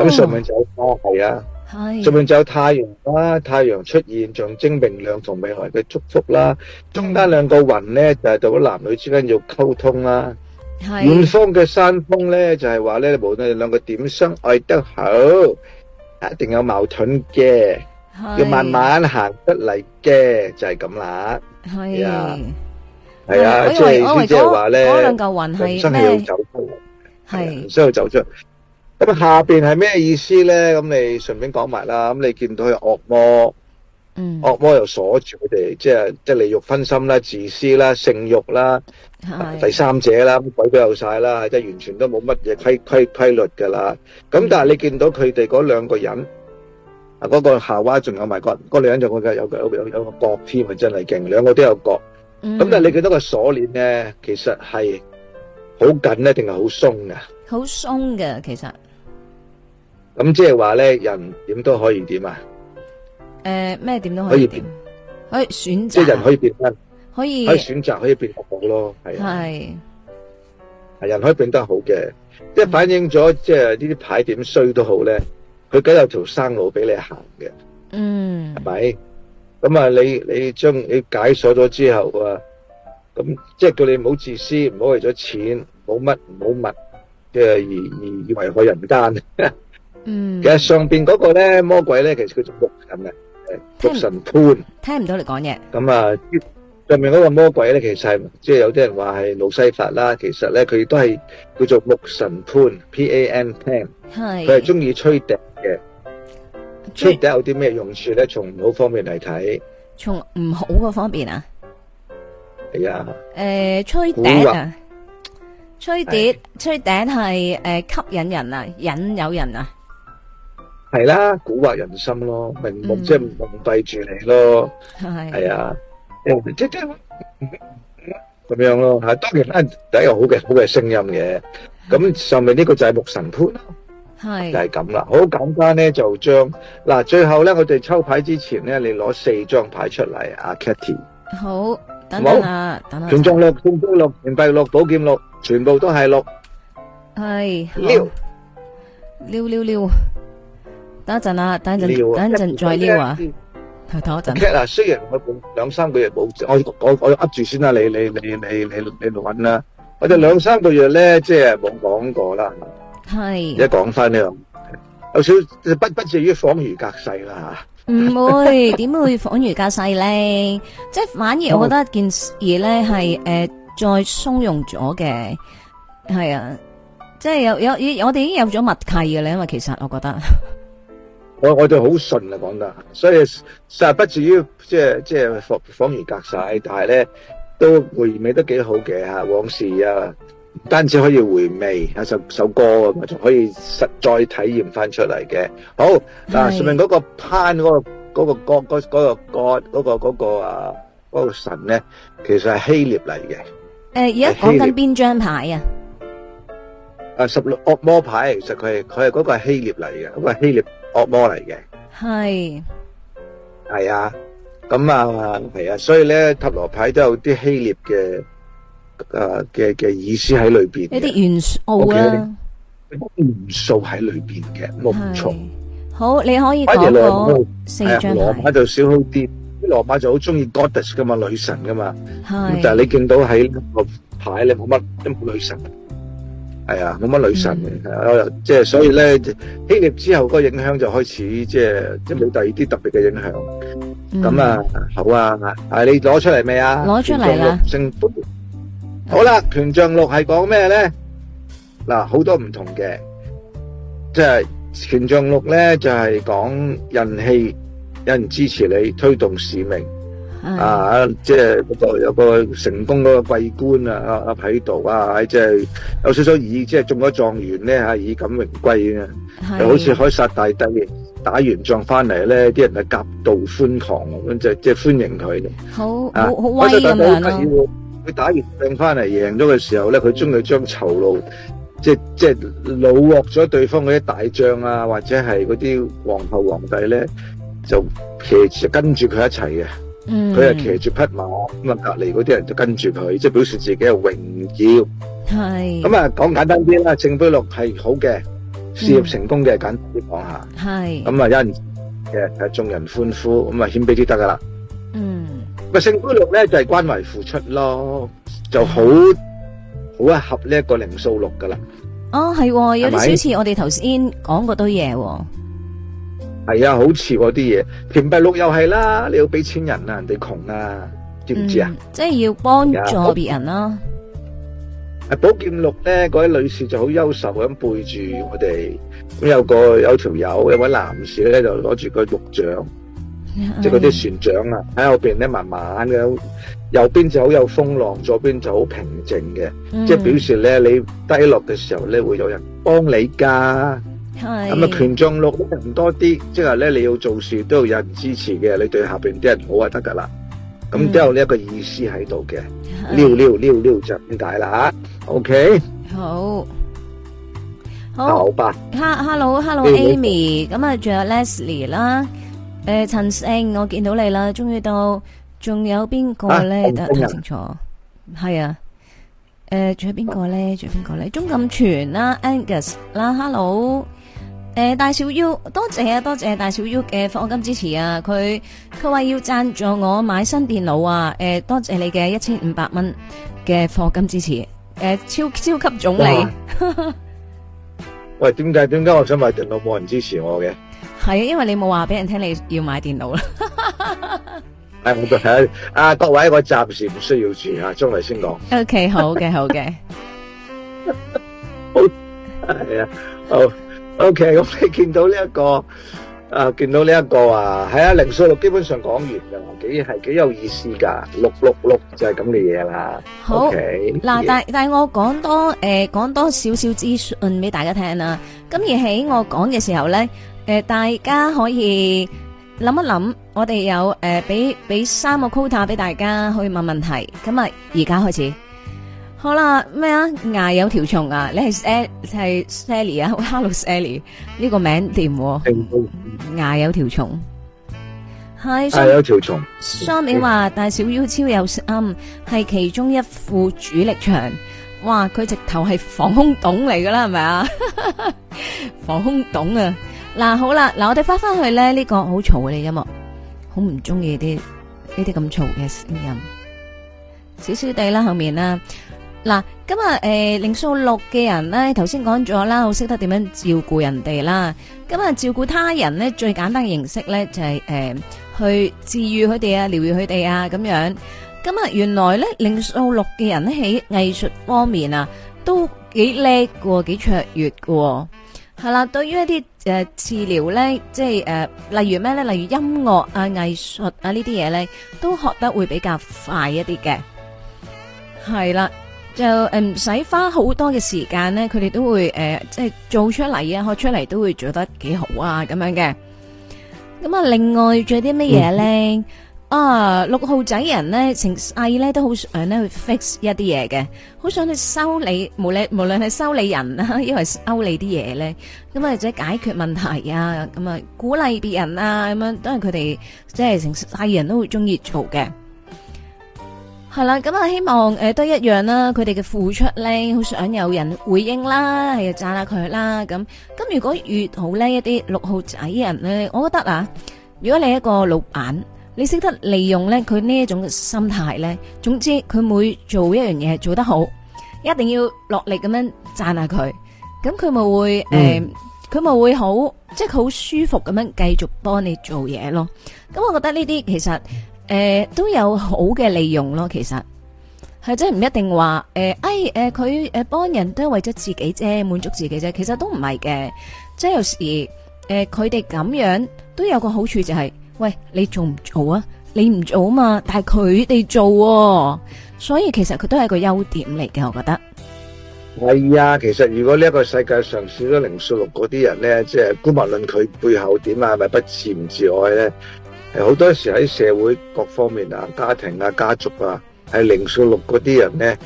咁上面就有光係啦，係上面就有太陽啦。太陽出現象徵明亮同未來嘅祝福啦。中間兩個雲咧就係對男女之間要溝通啦。係遠方嘅山峰咧就係話咧無論你兩個點相愛得好，一定有矛盾嘅，要慢慢行得嚟嘅，就係咁啦。係啊。係啊，即係意思即係話咧，唔需要走出，係唔需要走出。咁下邊係咩意思咧？咁你順便講埋啦。咁你見到係惡魔，嗯，惡魔又鎖住佢哋，即係即係利慾分心啦、自私啦、性慾啦、第三者啦，乜鬼都有晒啦，即係完全都冇乜嘢規規規律噶啦。咁但係你見到佢哋嗰兩個人，啊，嗰個夏娃仲有埋角，嗰兩個人仲有有有有個角添，係真係勁，兩個都有角。咁、嗯、但係你覺得個鎖鏈咧，其實係好緊咧，定係好鬆噶？好鬆嘅，其實。咁即係話咧，人點都可以點啊？誒、呃，咩點都可以點？可以，可以選擇。即係人可以變翻，可以可以選擇可以變好咯，係、啊。係是。人可以變得好嘅，即、就、係、是、反映咗，即係呢啲牌點衰都好咧，佢梗有條生路俾你行嘅。嗯。係咪？咁啊，你你將你解鎖咗之後啊，咁即係叫你唔好自私，唔好為咗錢冇乜冇物嘅，而而而為害人間。嗯，其實上邊嗰個咧，魔鬼咧，其實佢叫木神嘅，木神潘。聽唔到你講嘢。咁啊，上面嗰個魔鬼咧，其實係即係有啲人話係路西法啦，其實咧佢都係叫做木神潘 （P A N Pan）。係。佢係中意吹笛嘅。吹笛有啲咩用處咧？從好方面嚟睇，從唔好個方面啊？係啊。誒，吹笛啊，吹笛吹笛係誒吸引人啊，引誘人啊。係啦，蠱惑人心咯，明目即係蒙蔽住你咯。係係啊，咁樣咯。係當然啦，第一個好嘅好嘅聲音嘅。咁上面呢個就係牧神潘。係就係咁啦，好簡單咧，就將嗱最後咧，我哋抽牌之前咧，你攞四張牌出嚟，阿 Kitty。好，等等啊，等等。全中六，中中六，錢幣六，寶劍六，全部都係六。係。撩撩撩，等一陣啊，等一陣，等一陣再撩啊。等等一陣。K 啊，雖然我兩三個月冇，我我我握住先啦，你你你你你你你搵啦，我哋兩三個月咧，即係冇講過啦。係，是一講翻呢樣，有少不不至於恍如隔世啦吓。唔會，點會恍如隔世咧？ 即係反而我覺得件事咧係誒再鬆容咗嘅，係啊，即係有有我哋已經有咗默契嘅咧。因為其實我覺得，我我哋好順啊講得，所以實係不至於即係即係恍恍如隔世，但係咧都回味得幾好嘅吓，往事啊。單止可以回味一首首歌啊，仲可以實在體驗翻出嚟嘅。好嗱，上面嗰個攤嗰個嗰個角嗰嗰個角嗰個嗰個啊嗰個神咧，其實係希臘嚟嘅。誒，而家講緊邊張牌啊？啊，十六惡魔牌，其實佢係佢係嗰個係希臘嚟嘅，咁係希臘惡魔嚟嘅。係係啊，咁啊係啊，所以咧塔羅牌都有啲希臘嘅。誒嘅嘅意思喺裏邊，呢啲元素、哦、元素喺裏邊嘅，冇錯。好，你可以講羅馬就少好啲，羅馬就好中意 goddess 噶嘛，女神噶嘛，的但係你見到喺呢個牌，你冇乜，都冇女神，係、嗯、啊，冇乜女神嘅我即係，所以咧，希臘之後嗰個影響就開始，即係即係冇第二啲特別嘅影響。咁、嗯、啊，好啊，係你攞出嚟未啊？攞出嚟啦，好啦，《權杖六》係講咩咧？嗱，好多唔同嘅，即係《權杖六》咧就係、是、講人氣，有人支持你，推動使命，的啊，即係個有個成功嗰個桂冠啊，喺度啊，即係、啊就是、有少少以即係、就是、中咗狀元咧，名歸啊，衣錦榮歸啊，又好似凱撒大帝打完仗翻嚟咧，啲人係極度歡狂，咁樣，即係即係歡迎佢，好好好威。佢打完仗翻嚟贏咗嘅時候咧，佢將佢將酬勞，即係即係擄獲咗對方嗰啲大將啊，或者係嗰啲皇后皇帝咧，就騎住跟住佢一齊嘅。嗯，佢係騎住匹馬咁啊，隔籬嗰啲人就跟住佢，即係表示自己係榮耀。係咁啊，講簡單啲啦，正飛六係好嘅事業成功嘅，嗯、簡單講下。係咁啊，有人眾人歡呼，咁啊謙卑啲得噶啦。嗯。個聖杯六咧就係、是、關懷付出咯，就好好一合呢一個靈數六噶啦。哦，係、哦，有啲少似吧我哋頭先講嗰堆嘢。係啊，好似啲嘢，錢幣六又係啦，你要俾錢人啊，人哋窮啊，知唔知啊？嗯、即係要幫助別人啦、啊。誒、啊，寶劍六咧，嗰位女士就好優秀咁背住我哋。有個有條友有位男士咧，就攞住個玉像。即係嗰啲船長啊，喺後邊咧慢慢嘅，是右邊就好有風浪，左邊就好平靜嘅，嗯、即係表示咧你低落嘅時候咧會有人幫你噶，咁啊是權杖六人多啲，即係咧你要做事都要有人支持嘅，你對下邊啲人好啊得噶啦，咁、嗯、都有呢一個意思喺度嘅，撩撩撩撩就點解啦吓？OK，好，好，好吧，Hello，Hello，Amy，咁啊，仲有 Leslie 啦。誒，陳、呃、勝，我見到你啦，終於到，仲有邊個咧？啊、得睇清楚，係啊，誒、啊，仲、呃、有邊個咧？仲有邊個咧？鍾錦全啦、啊、，Angus 啦、啊、，Hello，誒、呃，大小 U，多謝啊，多謝大小 U 嘅課金支持啊，佢佢話要贊助我買新電腦啊，誒、呃，多謝你嘅一千五百蚊嘅課金支持，誒、呃，超超級總理，哇 喂，點解點解我想買電腦冇人支持我嘅？係，因為你冇話俾人聽你要買電腦啦。係，我哋係啊，各位我暫時唔需要住啊，將來先講。O K，好嘅，好嘅。好係啊，好 O K，咁你見到呢一個啊，見到呢一個啊，係啊，零數六基本上講完噶，幾係幾有意思噶，六六六就係咁嘅嘢啦。好，嗱，但但係我講多誒，講多少少資訊俾大家聽啦。咁而喺我講嘅時候咧。誒、呃，大家可以諗一諗，我哋有誒，俾、呃、俾三個 quota 俾大家去問問題，咁啊，而家開始好啦。咩啊？牙有條蟲啊？你係 S 係 Sally 啊？Hello Sally，呢、呢個名掂、喎？嗯嗯、牙有條蟲。係。牙有條蟲。雙美三話：嗯、大小妖超有心，係其中一副主力場。哇！佢直頭係防空洞嚟噶啦，係咪啊？ 防空洞啊！嗱好啦，嗱我哋翻翻去咧，呢、這個好嘈嘅音樂，好唔中意啲呢啲咁嘈嘅聲音，少少地啦，後面啦。嗱，今日誒零數六嘅人咧，頭先講咗啦，好識得點樣照顧人哋啦。咁、嗯、啊，照顧他人咧，最簡單嘅形式咧就係、是、誒、呃、去治癒佢哋啊，療癒佢哋啊咁樣。咁、嗯、啊，原來咧零數六嘅人喺藝術方面啊，都幾叻嘅，幾卓越嘅。係啦，對於一啲誒、呃、治療咧，即係誒、呃，例如咩咧，例如音樂啊、藝術啊呢啲嘢咧，都學得會比較快一啲嘅。係啦，就誒唔使花好多嘅時間咧，佢哋都會誒、呃、即係做出嚟啊，學出嚟都會做得幾好啊，咁樣嘅。咁啊，另外仲有啲乜嘢咧？嗯啊！六號仔人咧，成世咧都好想咧去 fix 一啲嘢嘅，好想去修理，無論無論係修理人啦，因為修理啲嘢咧咁或者解決問題啊，咁啊鼓勵別人啊，咁樣都係佢哋即係成世人都會中意做嘅。係啦，咁啊，希望誒、呃、都一樣啦。佢哋嘅付出咧，好想有人回應啦，係讚下佢啦。咁咁如果越好咧，一啲六號仔人咧，我覺得啊，如果你一個老闆。你識得利用咧，佢呢一種心態咧，總之佢每做一樣嘢做得好，一定要落力咁樣讚下佢，咁佢咪會誒，佢咪、嗯呃、會好，即係佢好舒服咁樣繼續幫你做嘢咯。咁我覺得呢啲其實誒、呃、都有好嘅利用咯，其實係真係唔一定話誒，誒、呃，佢誒幫人都係為咗自己啫，滿足自己啫，其實都唔係嘅，即係有時誒佢哋咁樣都有個好處就係、是。喂，你做唔做啊？你唔做啊嘛，但係佢哋做、哦，所以其實佢都係個優點嚟嘅，我覺得。係啊、哎，其實如果呢一個世界上少咗靈數六嗰啲人咧，即係姑勿論佢背後點啊，係咪不，不自唔自愛咧，係好多時喺社會各方面啊、家庭啊、家族啊，係靈數六嗰啲人咧，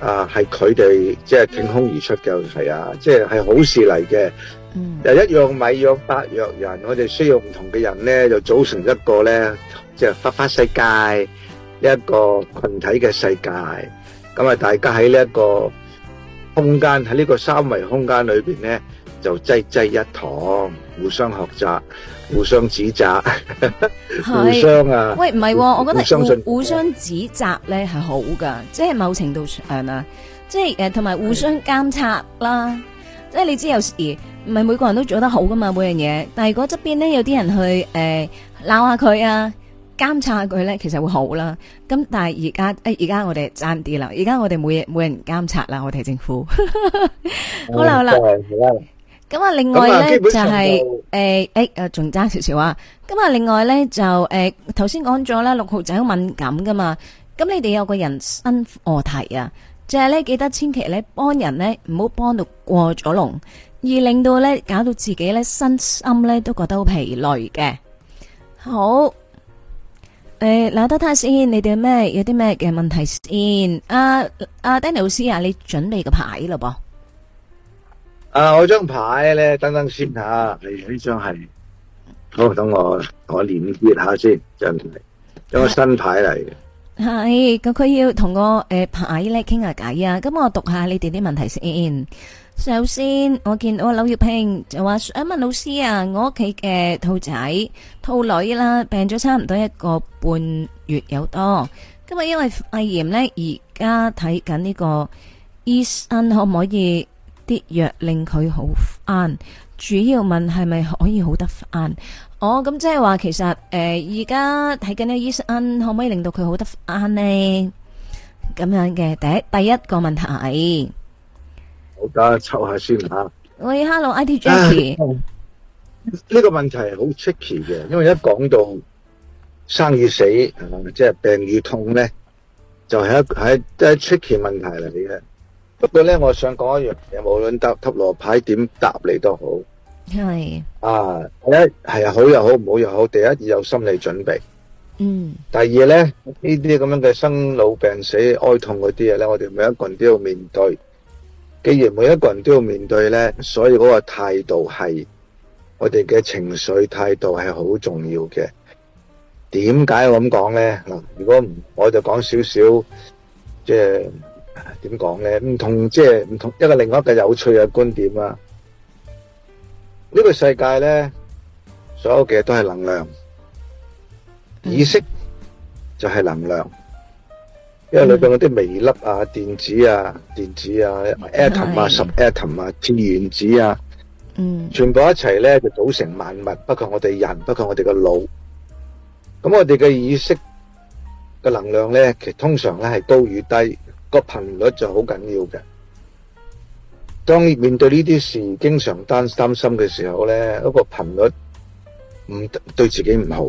啊，係佢哋即係挺胸而出嘅係啊，即係係好事嚟嘅。又、嗯、一樣米養百樣,樣人，我哋需要唔同嘅人咧，就組成一個咧，即係花花世界，一個群體嘅世界。咁、嗯、啊，大家喺呢一個空間喺呢個三維空間裏邊咧，就濟濟一堂，互相學習，互相指責，是 互相啊。喂，唔係、啊，互我覺得互相信互，互相指責咧係好㗎，即、就、係、是、某程度上，誒嗱，即係誒，同、呃、埋互相監察啦。即係你知有時唔係每個人都做得好噶嘛，每樣嘢。但係如果側邊咧有啲人去誒鬧下佢啊，監察下佢咧，其實會好啦。咁但係而家誒而家我哋爭啲啦，而家我哋冇嘢冇人監察啦，我哋政府。好啦好啦。咁啊，另外咧就係誒誒誒，仲爭少少啊。咁啊，另外咧就誒，頭先講咗啦，六號仔好敏感噶嘛。咁你哋有個人新課題啊？就係咧，記得千祈咧幫人咧，唔好幫到過咗龍，而令到咧搞到自己咧身心咧都覺得好疲累嘅。好，誒、呃，嗱，等下先，你哋咩有啲咩嘅問題先？阿、啊、阿、啊、Danny 老師啊，你準備個牌咯噃？啊，我張牌咧，等等先吓，係呢張係，好等我我練呢下先，真係個新牌嚟嘅。係，咁佢要同個誒牌咧傾下偈啊！咁我讀下你哋啲問題先。首先，我見到柳葉萍就話想問老師啊，我屋企嘅兔仔、兔女啦，病咗差唔多一個半月有多，咁啊因為肺炎呢，而家睇緊呢個醫生可唔可以啲藥令佢好翻？主要問係咪可以好得翻？哦，咁即係話其實誒，而家睇緊個醫生可唔可以令到佢好得翻呢？咁樣嘅第一第一個問題，好，我等下抽下先吓。喂，Hello，I T Jackie。呢、啊這個問題係好 tricky 嘅，因為一講到生與死，即係病與痛咧，就係、是就是、一喺即係、就是、tricky 問題嚟嘅。不過咧，我想講一樣嘢，無論搭塔羅牌點答你都好。係啊，第一係啊，好又好，唔好又好。第一要有心理準備。嗯。第二咧，呢啲咁樣嘅生老病死、哀痛嗰啲嘢咧，我哋每一個人都要面對。既然每一個人都要面對咧，所以嗰個態度係我哋嘅情緒態度係好重要嘅。點解我咁講咧？嗱，如果唔，我就講少少，即係點講咧？唔同，即係唔同一個另外一個有趣嘅觀點啊！呢個世界咧，所有嘅都係能量，意識就係能量，因為裏邊嗰啲微粒啊、電子啊、電子啊、atom 啊、sub atom 啊、氫原子啊，嗯，全部一齊咧就組成萬物，包括我哋人，包括我哋個腦。咁我哋嘅意識嘅能量咧，其實通常咧係高與低，個頻率就好緊要嘅。當面對呢啲事，經常擔擔心嘅時候咧，嗰個頻率唔對自己唔好，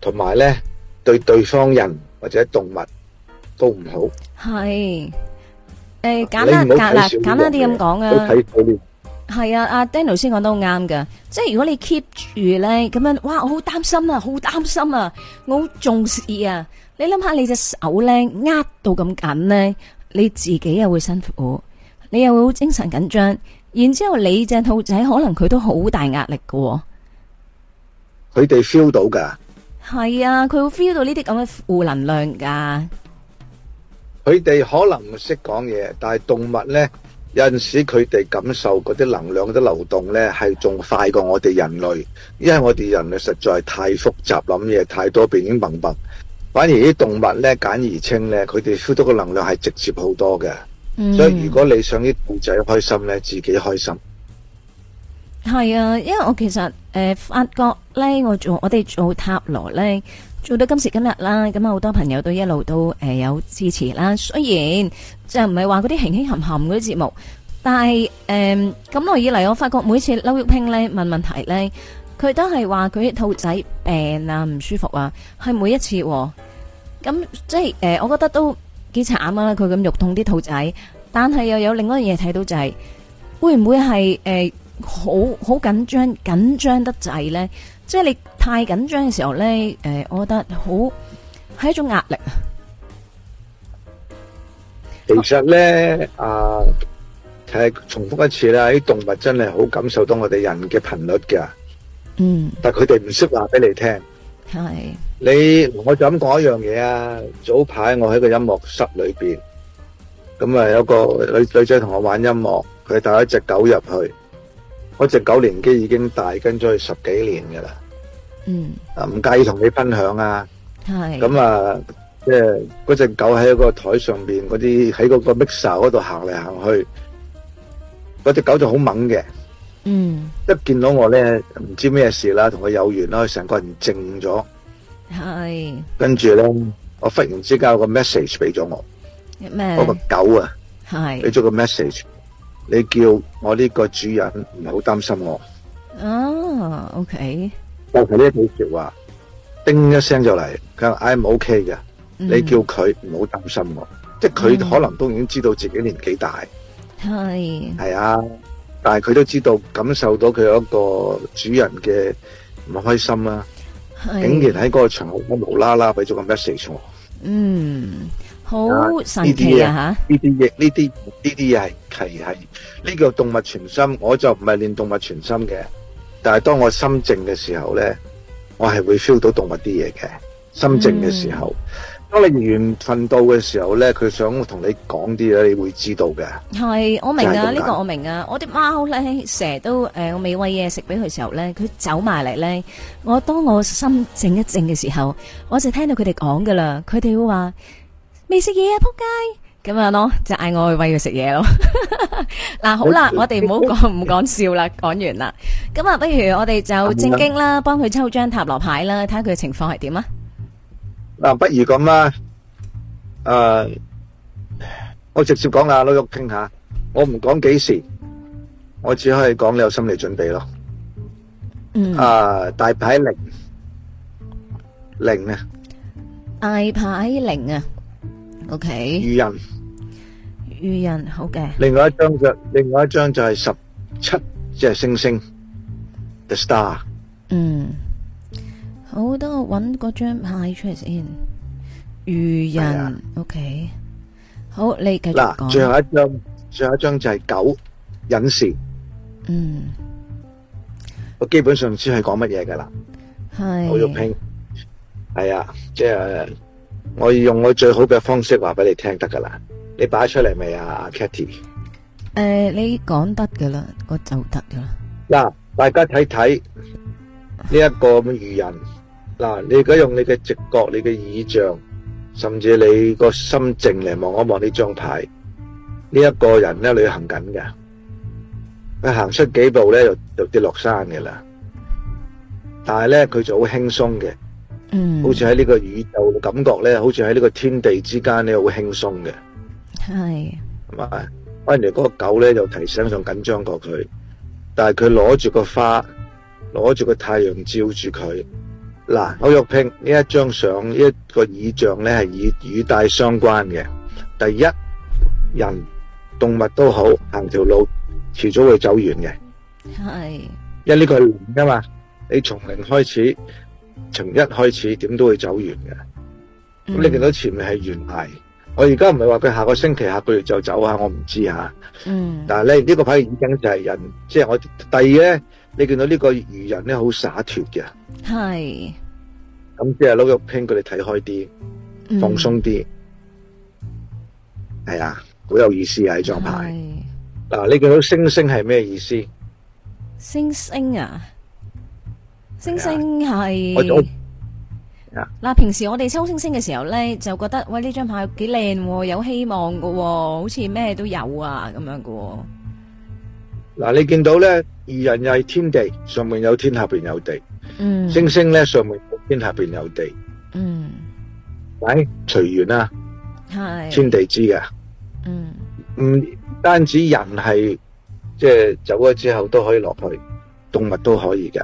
同埋咧對對方人或者動物都唔好。係誒，簡單嗱，簡單啲咁講啊。係啊，阿 Daniel 先講得好啱噶，即係如果你 keep 住咧咁樣，哇，我好擔心啊，好擔心啊，我好重視啊。你諗下，你隻手咧握到咁緊咧，你自己又會辛苦。你又會好精神緊張，然之後你隻兔仔可能佢都好大壓力㗎喎。佢哋 feel 到噶。係啊，佢會 feel 到呢啲咁嘅負能量噶。佢哋可能唔識講嘢，但係動物呢，有陣時佢哋感受嗰啲能量嗰啲流動呢，係仲快過我哋人類，因為我哋人類實在太複雜諗嘢太多，變已經笨笨。反而啲動物呢，簡而清呢，佢哋 feel 到嘅能量係直接好多嘅。所以如果你想啲兔仔開心咧，自己開心。係啊，因為我其實誒發覺咧，我做我哋做塔羅咧，做到今時今日啦，咁啊好多朋友都一路都誒有支持啦。雖然就係唔係話嗰啲輕輕含含嗰啲節目，但係誒咁耐以嚟，我發覺每次劉玉平咧問問題咧，佢都係話佢啲兔仔病啊唔舒服啊，係每一次咁即係誒，我覺得都。幾慘啊！佢咁肉痛啲兔仔，但係又有另外一樣嘢睇到就係、是，會唔會係誒好好緊張緊張得滯咧？即係你太緊張嘅時候咧，誒、呃，我覺得好係一種壓力。其實咧，啊，啊，重複一次啦，啲動物真係好感受到我哋人嘅頻率㗎，嗯，但佢哋唔識話俾你聽。係，你我就咁講一樣嘢啊！早排我喺個音樂室裏邊，咁啊有個女女仔同我玩音樂，佢帶一隻狗入去，嗰隻狗年紀已經大，跟咗佢十幾年噶啦。嗯，啊唔介意同你分享啊，係，咁啊，即係嗰隻狗喺個台上面嗰啲喺嗰個 mixer 嗰度行嚟行去，嗰隻狗就好猛嘅。嗯，一見到我咧，唔知咩事啦，同佢有緣啦，成個人靜咗。係是。跟住咧，我忽然之間有個 message 俾咗我，麼我個狗啊，係俾咗個 message，你叫我呢個主人唔好擔心我。哦、啊、，OK。但係呢一句說話，叮一聲就嚟，佢話 I'm OK 嘅，嗯、你叫佢唔好擔心我，即係佢可能都已經知道自己年紀大。係是。係啊。但係佢都知道感受到佢一個主人嘅唔開心啦，是竟然喺嗰個場合我無啦啦俾咗個 message 我。嗯，好神奇啊！吓、啊，呢啲嘢，呢啲呢啲嘢係其係呢個動物傳心，我就唔係練動物傳心嘅。但係當我心靜嘅時候咧，我係會 feel 到動物啲嘢嘅。心靜嘅時候。嗯當你緣分到嘅時候咧，佢想同你講啲嘢，你會知道嘅。係，我明啊，呢個我明啊。我啲貓咧成日都誒，我未餵嘢食俾佢時候咧，佢走埋嚟。咧，我當我心靜一靜嘅時候，我就聽到佢哋講噶啦。佢哋會話未食嘢啊，扑街咁樣咯，就嗌我去餵佢食嘢咯。嗱，好啦，我哋唔好講唔講笑啦，講完啦。咁啊，不如我哋就正經啦，幫佢抽張塔羅牌啦，睇下佢嘅情況係點啊。嗱，不如咁啦，誒，我直接講啦，老玉傾下，我唔講幾時，我只可以講你有心理準備咯。嗯。啊，大牌零，零啊，大牌零啊，OK。愚人。愚人，好嘅。另外一張就，另外一張就係十七隻星星，the star。嗯。好，等我搵嗰張牌出嚟先。愚人、啊，OK。好，你繼續講。嗱，最後一張，最後一張就係九隱士。嗯，我基本上唔知係講乜嘢噶啦。係是。我用拼。係啊，即係我要用我最好嘅方式話俾你聽得噶啦。你擺出嚟未啊，Cathy？誒、呃，你講得噶啦，我就得噶啦。嗱，大家睇睇呢一個咁愚人。啊嗱，你而家用你嘅直覺、你嘅意象，甚至你個心靜嚟望一望呢張牌，呢、這、一個人咧旅行緊嘅，佢行出幾步咧，就就跌落山嘅啦。但係咧，佢就輕鬆的、mm. 好輕鬆嘅，嗯，好似喺呢個宇宙嘅感覺咧，好似喺呢個天地之間咧，好輕鬆嘅，係，係嘛，反而嗰個狗咧就提醒上緊張過佢，但係佢攞住個花，攞住個太陽照住佢。嗱，歐玉萍呢一張相，一個耳像咧係以語帶相關嘅。第一，人動物都好，行條路遲早會走完嘅。係是，因為呢個係零㗎嘛，你從零開始，從一開始點都會走完嘅。咁、嗯、你見到前面係懸崖，我而家唔係話佢下個星期、下個月就走吓、啊，我唔知吓、啊。嗯。但係咧，呢、這個牌而已經就係人，即、就、係、是、我第二咧。你見到這個呢很的是那是個愚人咧好灑脫嘅，係咁即係攞個 pen 佢哋睇開啲，放鬆啲，係、嗯、啊，好有意思啊！呢張牌嗱是、啊，你見到星星係咩意思？星星啊，是啊星星係嗱、啊啊，平時我哋抽星星嘅時候咧，就覺得喂呢張牌幾靚，有希望噶、哦，好似咩都有啊咁樣噶。嗱、啊，你見到咧？二人又係天地，上面有天，下邊有地。嗯，星星咧，上面有天，下邊有地。嗯，係隨緣啦，天地知嘅。唔單止人係，即係走咗之後都可以落去，動物都可以嘅。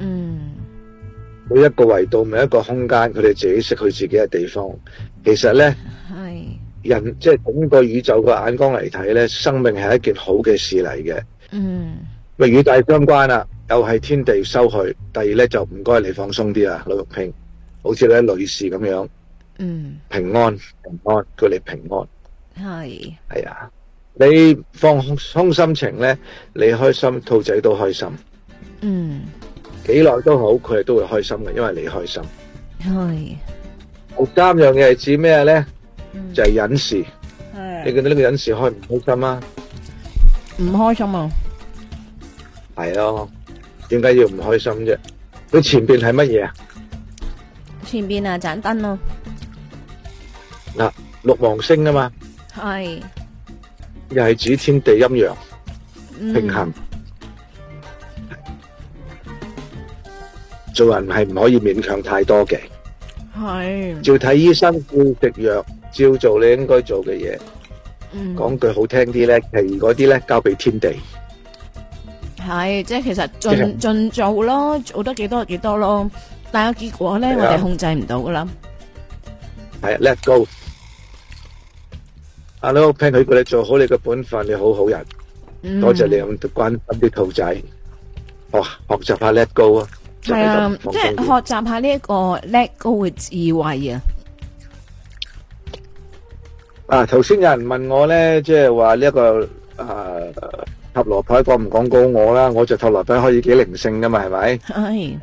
嗯，每一個維度每一個空間，佢哋自己識去自己嘅地方。其實咧，人即係整個宇宙個眼光嚟睇咧，生命係一件好嘅事嚟嘅。嗯。咪與大相關啦，又係天地收去。第二咧，就唔該你放鬆啲啦，老玉平，好似咧女士咁樣，嗯，平安平安，叫你平安，係係啊，你放鬆心情咧，你開心，兔仔都開心，嗯，幾耐都好，佢哋都會開心嘅，因為你開心。係第三樣嘢係指咩咧？就係隱士，你見到呢個隱士開唔開心啊？唔開心啊！係咯，點解要唔開心啫？佢前邊係乜嘢啊？前邊啊，盞燈咯。嗱，六芒星啊嘛。係。又係指天地陰陽平衡。做人係唔可以勉強太多嘅。係。照睇醫生，照食藥，照做你應該做嘅嘢。嗯。講句好聽啲咧，係嗰啲咧交俾天地。係，即係其實盡盡做咯，做得幾多就幾多咯，但係個結果咧，我哋控制唔到噶啦。係，let go。Hello，聽佢講，你做好你個本分，你好好人。嗯。多謝你咁關心啲兔仔。哦，學習下 let go 啊！係啊，即係學習下呢一個 let go 嘅智慧啊！啊，頭先有人問我咧，即係話呢一個誒。塔羅牌講唔講告我啦？我着塔羅牌可以幾靈性噶嘛？係咪？係呢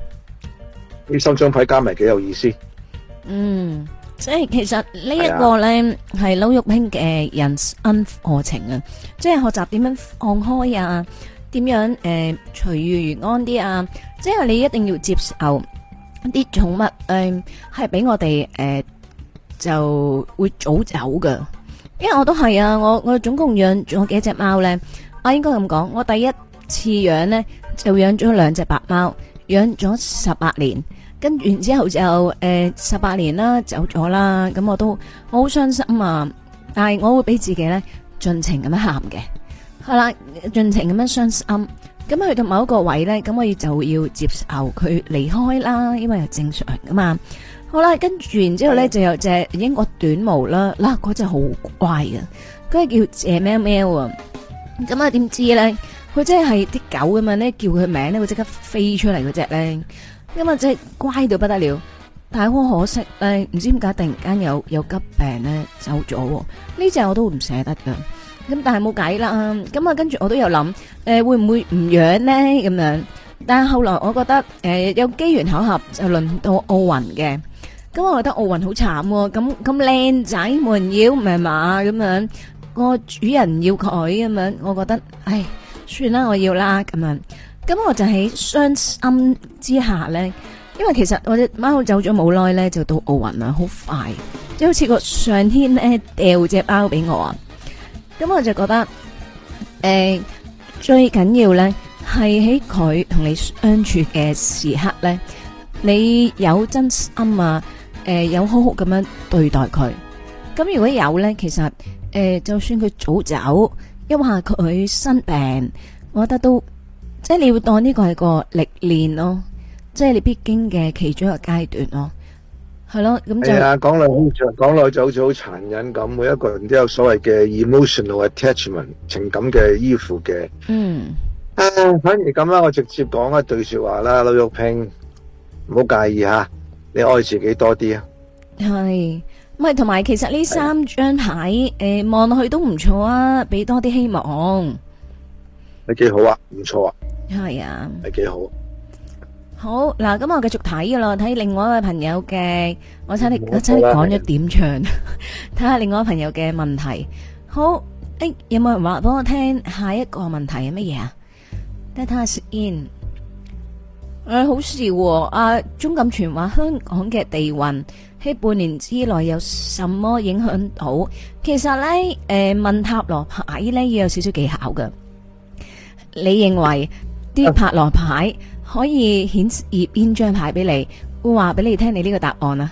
是三張牌加埋幾有意思。嗯，所以其實呢一個咧係老玉卿嘅人生課程啊，即係學習點樣放開啊，點樣誒、呃、隨遇而安啲啊。即係你一定要接受啲寵物誒係俾我哋誒、呃、就會早走噶，因為我都係啊。我我總共養咗有幾隻貓咧？應該咁講，我第一次養呢，就養咗兩隻白貓，養咗十八年。跟完之後就誒十八年啦，走咗啦。咁我都我好傷心啊！但係我會俾自己呢，盡情咁樣喊嘅，係啦，盡情咁樣傷心。咁去到某一個位呢，咁我亦就要接受佢離開啦，因為係正常噶嘛。好啦，跟住然之後呢，唉就有隻英國短毛啦，嗱嗰隻好乖嘅，佢係叫謝喵喵啊。咁啊，點知咧？佢真係啲狗咁樣，咧叫佢名咧，佢即刻飛出嚟嗰隻咧。咁啊，真係乖到不得了。但係好可惜，誒，唔知點解突然間有有急病咧，走咗。呢隻我都唔捨得噶。咁但係冇計啦。咁啊，跟住我都有諗，誒，會唔會唔養咧？咁樣。但係後來我覺得，誒，有機緣巧合就輪到奧運嘅。咁我覺得奧運好慘，咁咁靚仔冇人要，明嘛？咁樣。我主人要佢咁樣，我覺得唉，算啦，我要啦咁樣。咁我就喺傷心之下呢，因為其實我隻貓走咗冇耐呢，就到奧運啦，好快，即係好似個上天呢掉隻貓俾我啊。咁我就覺得誒、欸，最緊要呢係喺佢同你相處嘅時刻呢，你有真心啊，誒、呃，有好好咁樣對待佢。咁如果有呢，其實。誒，就算佢早走，抑或佢生病，我覺得都即係你會當呢個係個歷練咯，即係你必經嘅其中一個階段咯，係咯咁就係。係啊，講落好似講落就好似好殘忍咁，每一個人都有所謂嘅 emotional attachment 情感嘅依附嘅。嗯。誒、啊，反而咁啦，我直接講一句說話啦，劉玉平，唔好介意吓，你愛自己多啲啊。係。唔同埋其實呢三張牌誒，望落去都唔錯啊，俾多啲希望。係幾好啊，唔錯啊，係啊的，係幾好。好，嗱，咁我繼續睇噶喇。睇另外一位朋友嘅，我差啲我差啲講咗點唱，睇下另外一位朋友嘅問題。好，誒、欸，有冇人話俾我聽下一個問題係乜嘢啊？大家睇下說先。誒，好事、哦。阿鍾錦全話香港嘅地運喺半年之內有什麼影響到？其實咧，誒、呃，問塔羅牌咧要有少少技巧嘅。你認為啲塔羅牌可以顯示邊張牌俾你？會話俾你聽你呢個答案啊？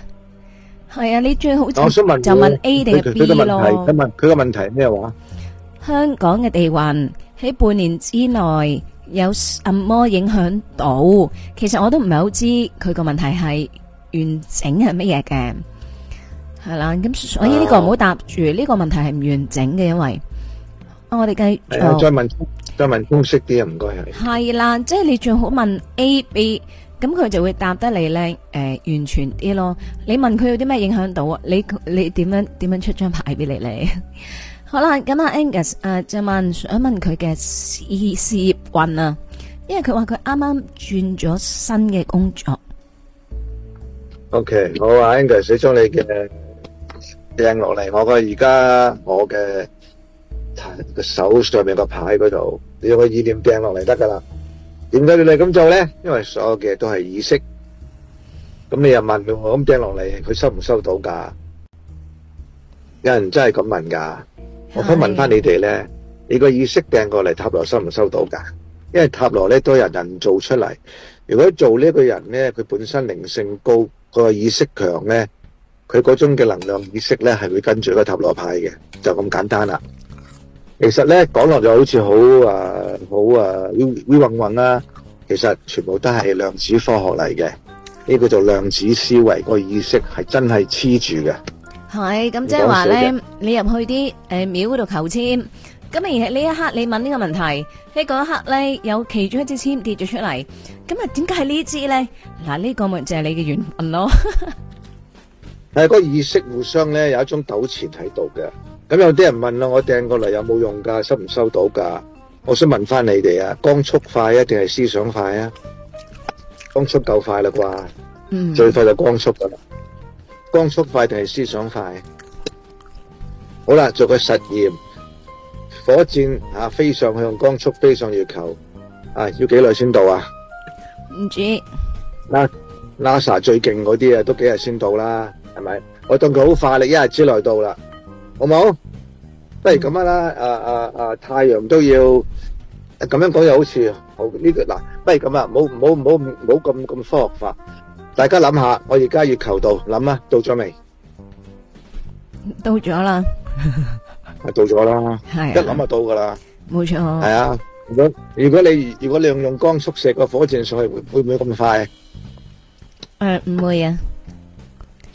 係啊，你最好就，想就問 A 定 B 咯。佢問佢個問題咩話？香港嘅地運喺半年之內有什麼影響到？其實我都唔係好知佢個問題係。完整係乜嘢嘅？係啦，咁所以呢個唔好答住呢、這個問題係唔完整嘅，因為我哋繼續再再問再問，正式啲啊，唔該係。係啦，即係你最好問 A、B，咁佢就會答得你咧。誒、呃，完全啲咯。你問佢有啲咩影響到？你你點樣點樣出張牌俾你咧？ 好啦，咁阿 Angus 誒、呃，就問想問佢嘅事事業運啊，因為佢話佢啱啱轉咗新嘅工作。O.K.，我阿 Angela 寫咗你嘅，掟落嚟。我嘅而家我嘅個手上面個牌嗰度，你用個意念掟落嚟得噶啦。點解你哋咁做咧？因為所有嘅都係意識。咁你又問到我咁掟落嚟，佢收唔收到噶？有人真係咁問噶。我可問翻你哋咧？你個意識掟過嚟塔羅收唔收到噶？因為塔羅咧都係人做出嚟。如果做呢一個人咧，佢本身靈性高。個意識強咧，佢嗰種嘅能量意識咧係會跟住個塔羅牌嘅，就咁簡單啦。其實咧講落就好似好啊好啊會會混混啦，其實全部都係量子科學嚟嘅，呢個做量子思維個意識係真係黐住嘅。係咁即係話咧，你入去啲誒廟嗰度求簽。咁而係呢一刻，你問呢個問題，呢個一刻咧有其中一支簽跌咗出嚟。咁啊，點解係呢支咧？嗱，呢個咪就係你嘅緣分咯。但係嗰個意識互相咧有一種糾纏喺度嘅。咁有啲人問啦，我掟過嚟有冇用噶？收唔收到噶？我想問翻你哋啊，光速快一定係思想快啊？光速夠快啦啩？嗯。最快就光速噶啦。光速快定係思想快？好啦，做個實驗。火箭啊，飛上去用光速飛上月球啊，要幾耐先到啊？唔知嗱，NASA 最勁嗰啲啊，都幾日先到啦，係咪？我當佢好快，你一日之內到啦，好唔好？不如咁啊啦，啊啊啊，太陽都要咁樣講又好似好呢個嗱，不如咁啊，唔好唔好唔好唔好咁咁科學化，大家諗下，我而家月球度諗啊，到咗未？到咗啦。係到咗啦，一諗就到噶啦，冇錯。係啊，如果如果你如果你用光速射個火箭上去，會會唔會咁快？誒，唔會啊。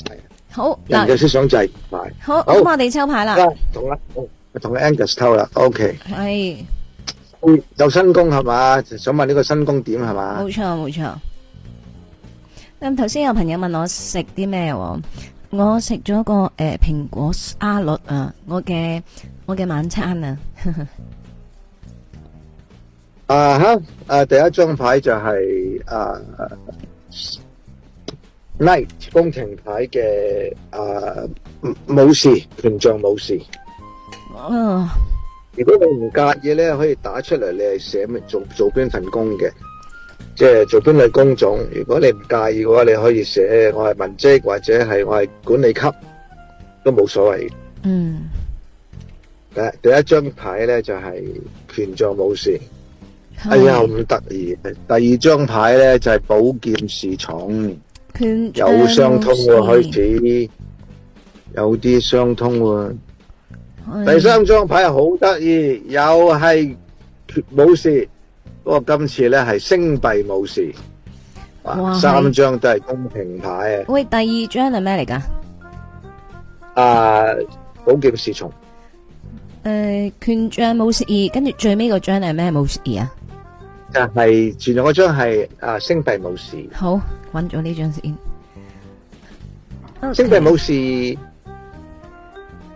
係啊，好。人嘅思想就係快。好，咁我哋抽牌啦。同啦，同阿 Angus 抽啦。OK。係。嗯，有新工係嘛？想問呢個新工點係嘛？冇錯，冇錯。咁頭先有朋友問我食啲咩喎？我食咗個誒蘋果沙律啊，我嘅我嘅晚餐啊。啊哈！啊第一張牌就係啊 Knight 宮廷牌嘅啊武士，權杖武士。嗯，如果你唔介意咧，可以打出嚟，你係寫咩做做邊份工嘅？即係做邊類工種，如果你唔介意嘅話，你可以寫我係文職或者係我係管理級，都冇所謂嘅。嗯，第第一張牌咧就係權杖武士，哎呀，咁得意。第二張牌咧就係寶劍侍從，有相通開始，有啲相通。第三張牌好得意，又係武士。不過今次咧係星幣武士，哇哇三張都係宮廷牌啊！喂，第二張係咩嚟噶？啊，寶劍侍從。誒、呃，權杖武士，二。跟住最尾個張係咩？武士二、啊？啊！就係，前頭嗰張係啊，星幣武士。好，搵咗呢張先。Okay. 星幣武士，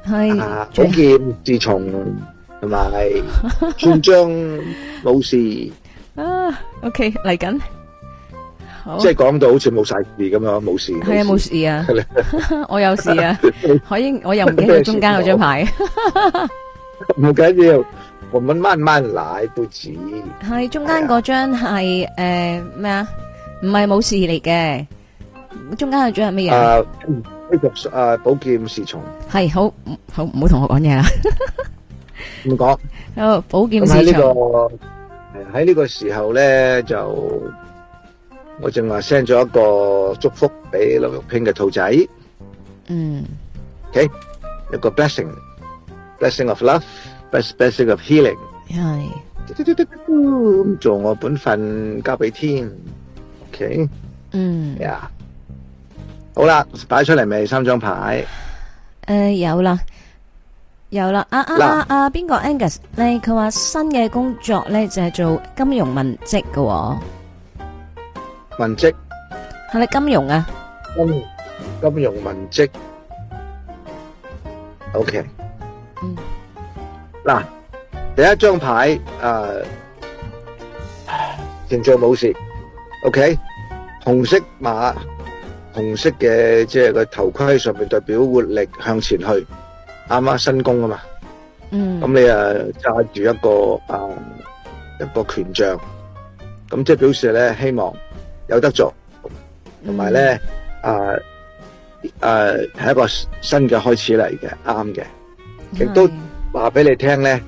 係是。啊，寶劍侍從。同埋中張冇事啊！OK，嚟緊，即係講到好似冇晒事咁樣，冇事係啊，冇事啊，我有事啊，海英，我又唔記得中間嗰張牌，唔緊要，慢慢慢，來不及。係中間嗰張係誒咩啊？唔係冇事嚟嘅，中間嗰張係咩嘢啊？繼續啊，寶劍侍從係，好好唔好同我講嘢啦。唔講喺保健市場，喺呢個喺呢個時候咧，就我淨話 send 咗一個祝福俾劉玉平嘅兔仔。嗯，OK，有個 blessing blessing of love bless blessing of healing，係咁，做我本分交俾天 OK。嗯，呀，好啦，擺出嚟未，三張牌。誒有啦。有啦，阿阿阿邊個 Angus 咧？佢話新嘅工作咧就係做金融文職嘅。文職係咪金融啊？金金融文職，OK。嗯，嗱，第一張牌誒，形象武士，OK。紅色馬，紅色嘅即係個頭盔上面代表活力向前去。啱啱新工啊嘛，咁你啊揸住一個啊一個權杖，咁即係表示咧希望有得做，同埋咧啊啊係一個新嘅開始嚟嘅，啱嘅，亦都話俾你聽咧，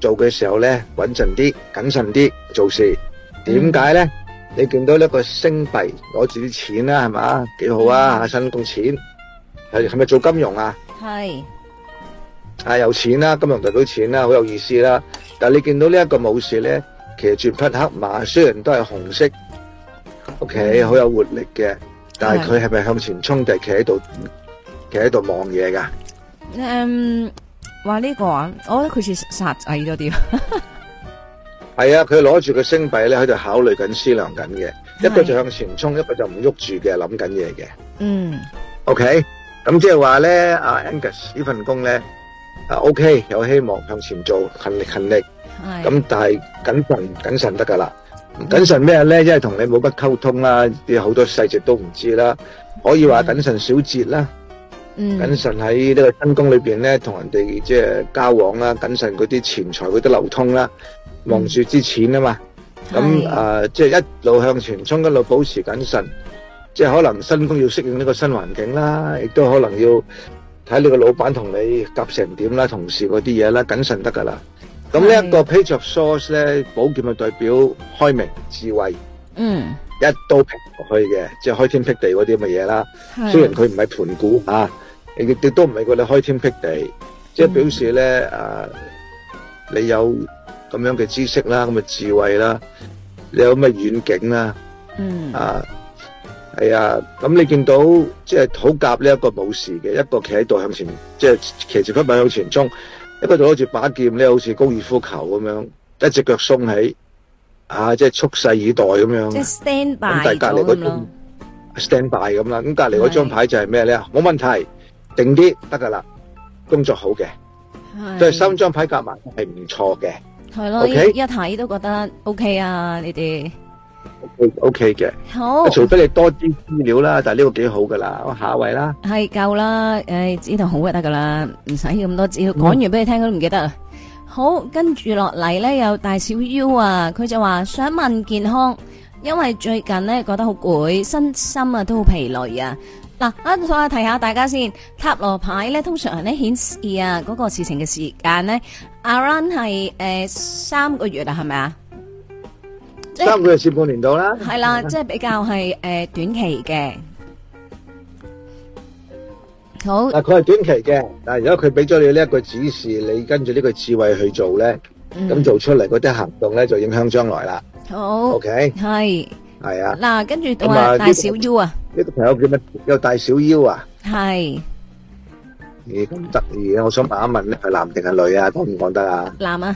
做嘅時候咧穩陣啲，謹慎啲做事。點解咧？你見到呢個星幣，攞住啲錢啦，係咪，幾好啊！新工錢係係咪做金融啊？係。啊，有錢啦，金融代表錢啦，好有意思啦。但係你見到這呢一個武士咧，騎住匹黑馬，雖然都係紅色、嗯、OK，好有活力嘅。但係佢係咪向前衝定企喺度？企喺度望嘢噶？的嗯，話呢、這個啊，我覺得佢似殺蟻多啲。係 啊，佢攞住個星幣咧，喺度考慮緊、思量緊嘅。的一個就向前衝，一個就唔喐住嘅，諗緊嘢嘅。嗯。OK，咁即係話咧，阿、啊、Angus 呢份工咧。啊，OK，有希望向前做，勤力勤力。係。咁但係謹慎謹慎得㗎啦，謹慎咩咧？即係同你冇乜溝通啦，啲好多細節都唔知啦，可以話謹慎小節啦。嗯。謹慎喺呢個新宮裏邊咧，同人哋即係交往啦，謹慎嗰啲錢財嗰啲流通啦，望住啲錢啊嘛。係。咁誒，即係一路向前衝，一路保持謹慎。即係可能新宮要適應呢個新環境啦，亦都可能要。睇你個老闆同你夾成點啦，同事嗰啲嘢啦，謹慎得㗎喇。咁呢一個 Page of Swords 咧，寶劍咪代表開明智慧，嗯，一刀劈落去嘅，即係開天闢地嗰啲咁嘅嘢啦。雖然佢唔係盤古啊，亦亦都唔係佢哋開天闢地，即係表示咧，誒，你有咁樣嘅知識啦，咁嘅智慧啦，你有乜遠景啦，嗯，啊。係啊，咁你見到即係好夾呢一個武士嘅，一個企喺度向前，即係騎住匹馬向前衝，一個就攞住把劍咧，好似高爾夫球咁樣，一隻腳鬆起，啊，即係蓄勢以待咁樣。即係 stand by 咁但係隔離嗰 stand by 咁啦。咁隔離嗰張牌就係咩咧？冇的問題定啲得噶啦，工作好嘅，即係的三張牌夾埋係唔錯嘅。係咯了 Okay?，一睇都覺得 OK 啊，你哋。O K 嘅，okay, okay 好，除非你多啲資料啦，但係呢個幾好噶啦，下一位啦，係夠啦，誒，知道好就得噶啦，唔使咁多資料，講完俾你聽都唔記得啦。嗯、好，跟住落嚟咧，有大小 U 啊，佢就話想問健康，因為最近咧覺得好攰，身心啊都好疲累啊。嗱，我提下大家先，塔羅牌咧通常係咧顯示啊嗰，那個事情嘅時間咧 around 係誒三個月啦，係咪啊？三個月至半年度啦，係啦，即係比較係誒短期嘅。好，嗱，佢係短期嘅，嗱，如果佢俾咗你呢一個指示，你跟住呢個智慧去做咧，咁做出嚟嗰啲行動咧就影響將來啦。好，OK，係，係啊。嗱，跟住到啊，大小腰啊，呢個朋友叫咩？又大小腰啊？係。咦咁特別啊！我想問一問咧，係男定係女啊？講唔講得啊？男啊，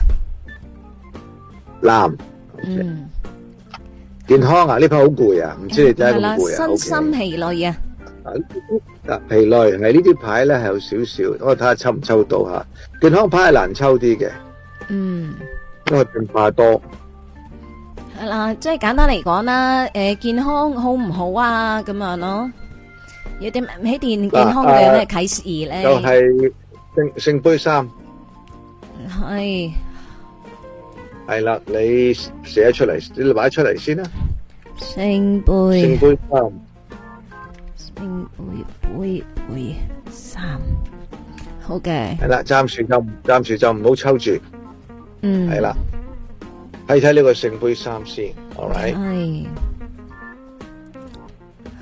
男。嗯。健康啊，呢排好攰啊，唔知你真係好攰啊、嗯，身心疲累啊，Okay 啊疲累，係呢啲牌咧係有少少，我睇下抽唔抽到吓。健康牌係難抽啲嘅。嗯，因為變化多。係啦，啊，即係簡單嚟講啦，誒、呃，健康好唔好啊？咁樣咯，有啲起健健康嘅。啊，有咩啟示咧，啊？就係聖聖杯三，係。係啦，你寫出嚟，你畫出嚟先啦。聖杯聖杯三聖杯杯杯三好嘅係啦，暫時就暫時就唔好抽住，嗯，係啦，睇睇呢個聖杯三先，好咪係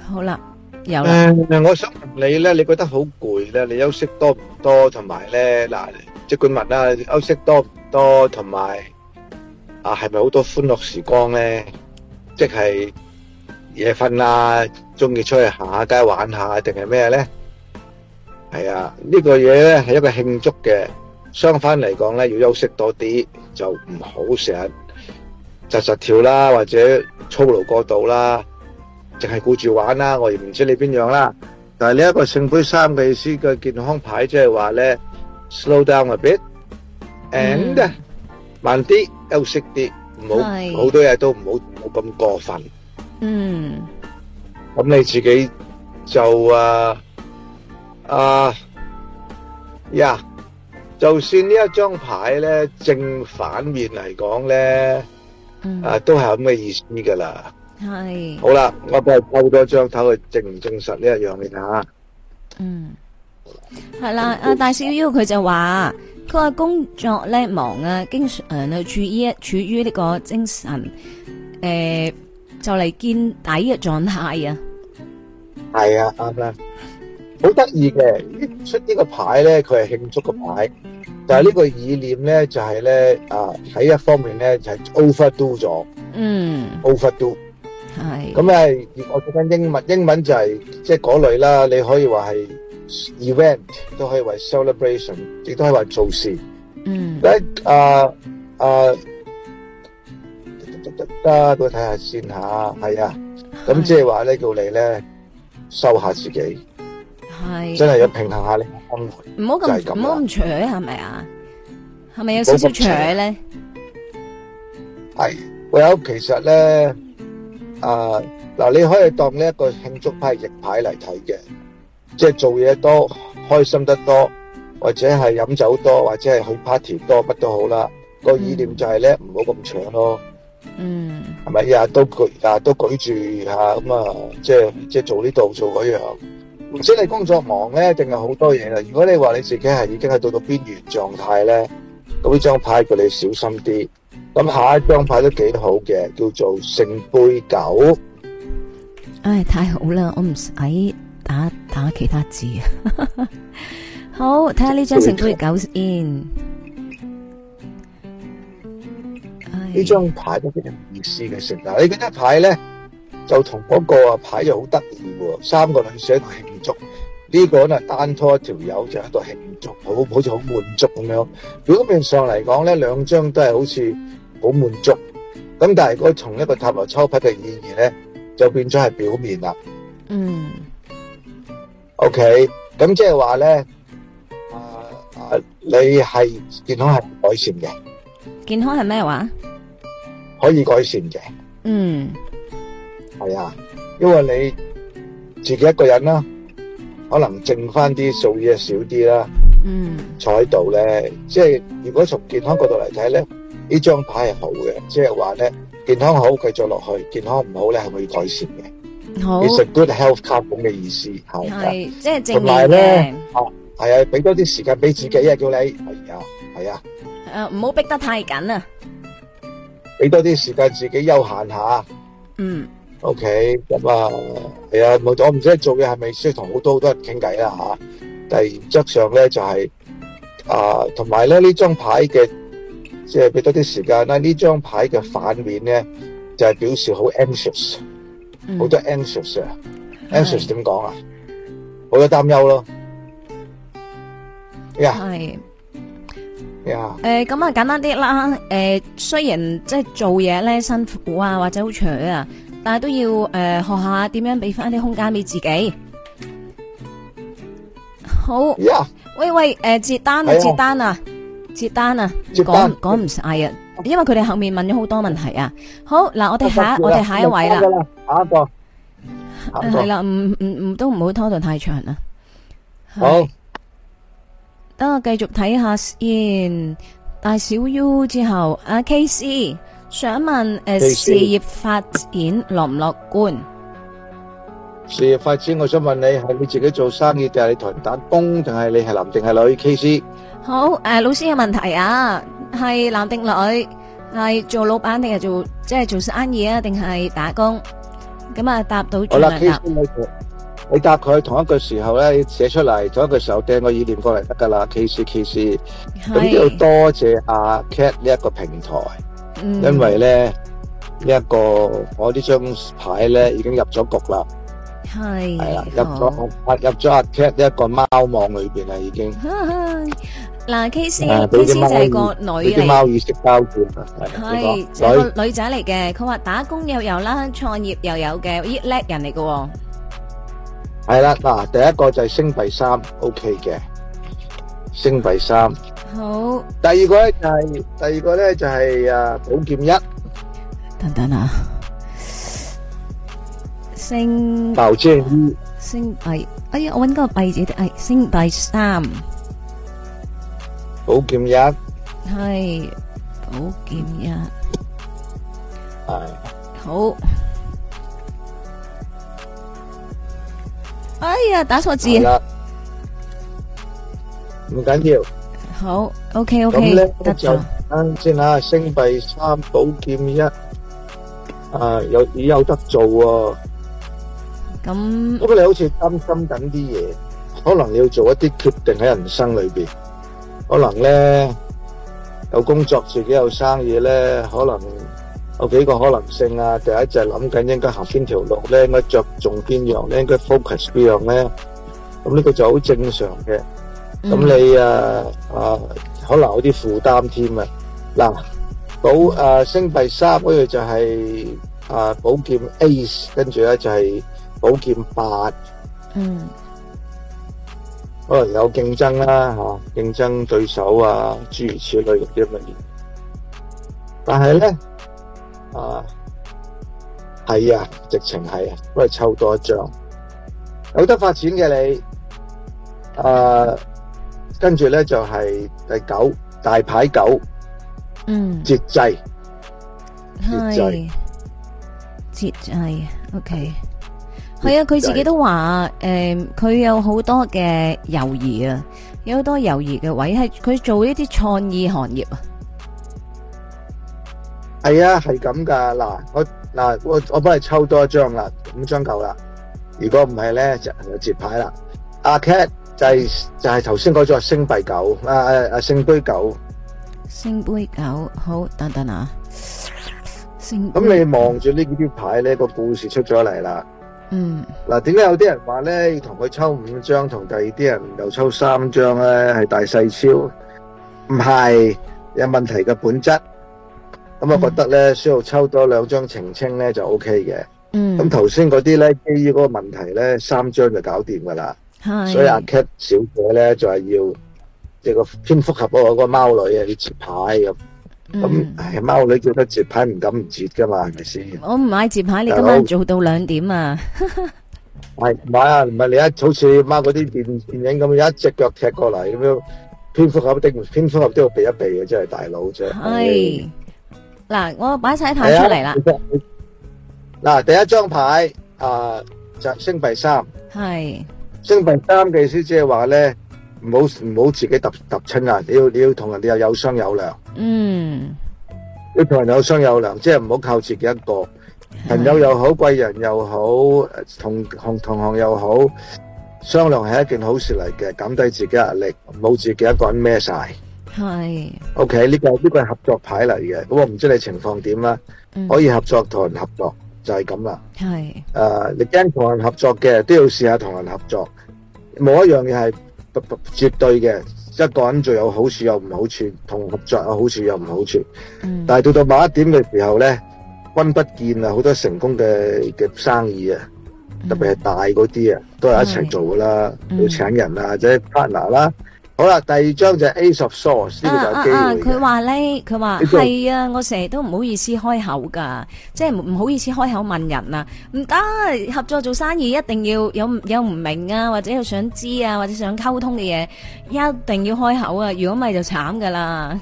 好啦，有啦。誒，我想問你咧，你覺得好攰咧？你休息多唔多？同埋咧嗱，即管問啊，休息多唔多？同埋。啊，係咪好多歡樂時光咧？即係夜瞓啊，中意出去行下街玩下，定係咩咧？係啊，呢個嘢咧係一個慶祝嘅，相反嚟講咧要休息多啲，就唔好成日實實跳啦，或者操勞過度啦，淨係顧住玩啦，我亦唔知你邊樣啦。但係呢一個聖杯三嘅意思嘅健康牌，即係話咧，slow down a bit and，慢啲。休息啲，唔好好多嘢都唔好冇咁過分。嗯，咁你自己就啊啊呀，就算呢一張牌咧，正反面嚟講咧，啊都係咁嘅意思噶啦。係，好啦，我再抽多張頭去證唔證實呢一樣，你睇下。嗯。係啦，阿大小妖佢就話，佢話工作叻忙啊，經常誒處於處於呢個精神誒就嚟，見底嘅狀態啊。係啊，啱啦，好得意嘅，呢出呢個牌咧，佢係慶祝嘅牌，但係呢個意念咧就係咧啊，喺一方面咧就係 overdo 咗，嗯，overdo，係，咁咧我講緊英文，英文就係即係嗰類啦，你可以話係。Event 都可以為 celebration，亦都可以為做事。嗯，咧啊、uh, uh, uh, 啊，得唉，我睇下先吓，係啊，咁即係話咧叫你咧，收下自己，係唉，真係要平衡下咧，唔好咁唔好咁扯，係咪啊？係咪有少少扯咧？係唯有其實咧，啊嗱，你可以當呢一個慶祝牌、逆牌嚟睇嘅。即係做嘢多，開心得多，或者係飲酒多，或者係去 party 多，乜都好啦。個意念就係咧，唔好咁搶咯。嗯，係咪日日都舉，日日都舉住吓咁啊？即係即係做呢度做嗰樣，唔知你工作忙咧定係好多嘢啦。如果你話你自己係已經係到到邊緣狀態咧，咁呢張牌叫你小心啲。咁下一張牌都幾好嘅，叫做聖杯九。唉，太好啦，我唔使。打打其他字啊！ 好睇下呢張聖杯九先。呢、哎、張牌都俾人無視嘅成嗱，你嗰張牌咧就同嗰個啊牌又好得意喎。三個女仔喺度慶祝，這個、呢個咧單拖一條友就喺度慶祝，好好似好滿足咁樣。表面上嚟講咧，兩張都係好似好滿足咁，但係如果從一個塔羅抽牌嘅意義咧，就變咗係表面啦。嗯。O K，咁即係話咧，誒、okay, 啊、你係健康係唔改善嘅，健康係咩話？可以改善嘅，嗯，係啊，因為你自己一個人啦，可能剩翻啲數嘢少啲啦，嗯，坐喺度咧，即係如果從健康角度嚟睇咧，呢張牌係好嘅，即係話咧，健康好繼續落去，健康唔好咧係可以改善嘅。好 It's a good health card 咁嘅意思，係是的即係正面嘅。哦，係啊，俾多啲時間俾自己，依、嗯、叫你，係啊，係啊。誒，唔好逼得太緊啊！俾多啲時間自己休閒下。嗯。O K，咁啊，係、就是、啊，我我唔知做嘢係咪需要同好多好多人傾偈啦吓，但係原則上咧就係啊，同埋咧呢張牌嘅，即係俾多啲時間啦。呢張牌嘅反面咧就係、是、表示好 anxious。好、嗯、多 anxious，anxious 啊，點講的啊？好多擔憂咯。呀，誒，咁啊，簡單啲啦。誒、呃，雖然即係、呃、做嘢咧辛苦啊，或者好長啊，但係都要誒、呃、學下點樣俾返啲空間俾自己。好，喂 Yeah. 喂，誒，接、呃、單，的單啊，接單啊，接單節班 啊，講講唔晒啊！因為佢哋後面問咗好多問題啊，好嗱，我哋下我哋下一位啦，下一個，係啦，唔唔唔都唔好拖到太長啊。好，等我繼續睇下先，大小 U 之後，阿、啊、K C 想問誒、啊、 事業發展樂唔樂觀？事業發展，我想問你係你自己做生意定係同人打工，定係你係男定係女？K C 好，誒、啊、老師有問題啊。係男定女，係做老闆定係做即係做生意啊，定係打工？咁啊，答到好啦。你答佢同一句時候咧，寫出嚟，同一句時候掟個意念過嚟得噶啦。歧視歧視。咁要多謝阿 Cat 呢一個平台，因為咧呢一個我呢張牌咧已經入咗局啦。係係啦，入咗入入咗阿 Cat 呢一個貓網裏邊啦，已經。嗱，KC，KC 就係個女嚟，係，個女仔嚟嘅。佢話打工又有啦，創業又有嘅，叻人嚟嘅。係啦，嗱，第一個就係星幣三，OK 嘅，星幣三。好。第二個咧就係，第二個咧就係啊，寶劍一。等等啊！星寶劍一，星幣。哎呀，我搵個幣字，哎，星幣三。寶劍一，係寶劍一，係。好。哎呀，打錯字，唔緊要。好，O K O K，得啦。咁咧就啱先啊，星幣三，寶劍一啊，有，有得做喎。咁不過你好似擔心緊啲嘢，可能你要做一啲決定喺人生裏邊。可能咧有工作，自己有生意咧，可能有幾個可能性啊。第一就係諗緊應該行邊條路咧，應該着重邊樣咧，應該 focus 邊樣咧。咁呢個就好正常嘅。咁你啊啊，可能有啲負擔添啊。嗱，寶，誒，星幣三跟住就係啊，寶劍 A，跟住咧就係寶劍八。嗯。可能有競爭啦，吓、啊、競爭對手啊，諸如此類嘅啲乜嘢，但係咧，啊係啊，直情係啊，都係抽多一張，有得發錢嘅你，誒、啊，跟住咧就係第九大牌九，嗯，節制，節制，係，節制，OK。係啊，佢自己都話誒，佢、嗯、有好多嘅猶豫啊，有好多猶豫嘅位係佢做呢啲創意行業是啊。係啊，係咁噶嗱，我嗱我我幫你抽多一張啦，五張夠啦。如果唔係咧，就接牌啦。阿、啊、Cat 就係、是、就係頭先嗰張星幣九，阿阿阿聖杯九。聖杯九，好等等啊。咁、啊、你望住呢幾張牌咧，那個故事出咗嚟啦。嗯，嗱，點解有啲人話咧要同佢抽五張，同第二啲人又抽三張咧，係大細超？唔係，有問題嘅本質。咁、嗯、我覺得咧，需要抽多兩張澄清咧就 O K 嘅。嗯，咁頭先嗰啲咧基於嗰個問題咧，三張就搞掂噶啦。的所以阿、啊、Cat 小姐咧就係、是、要即個蝙蝠俠嗰個貓女啊，要切牌咁。咁唉貓女叫得折牌，唔敢唔折㗎嘛，係咪先？我唔買折牌，你今晚做到兩點啊？唔係唔係啊，唔係你啊，好似貓嗰啲電電影咁，有一隻腳踢過嚟咁樣，蝙蝠俠定蝙蝠俠都要避一避嘅，真係大佬啫。係嗱，我擺晒一枱出嚟啦。嗱，第一張牌啊，就星幣三。係星幣三，嘅意思即係話咧。唔好唔好自己揼揼親啊！你要你要同人哋又有商有量。嗯，要同人有商有量，即係唔好靠自己一個。朋友又好，貴人又好，同同同行又好，商量係一件好事嚟嘅，減低自己壓力，冇自己一個人孭晒。係。OK 呢個呢個係合作牌嚟嘅，咁我唔知你情況點啦，可以合作同人合作就係咁啦。係。誒，你驚同人合作嘅都要試下同人合作，冇一樣嘢係。絕對嘅，一個人做有好處又唔好處，同合作有好處又唔好處。嗯，但係到到某一點嘅時候咧，君不見啊，好多成功嘅嘅生意啊，特別係大嗰啲啊，都係一齊做㗎啦，要請人啊，或者 partner 啦。好啦，第二張就係 Ace of Source, s o u r c e 呢個就有機會。佢話咧，佢話係啊，我成日都唔好意思開口噶即係唔好意思開口問人啊，唔得，合作做生意一定要有有唔明啊，或者有想知啊，或者想溝通嘅嘢，一定要開口啊，如果唔係就慘噶啦。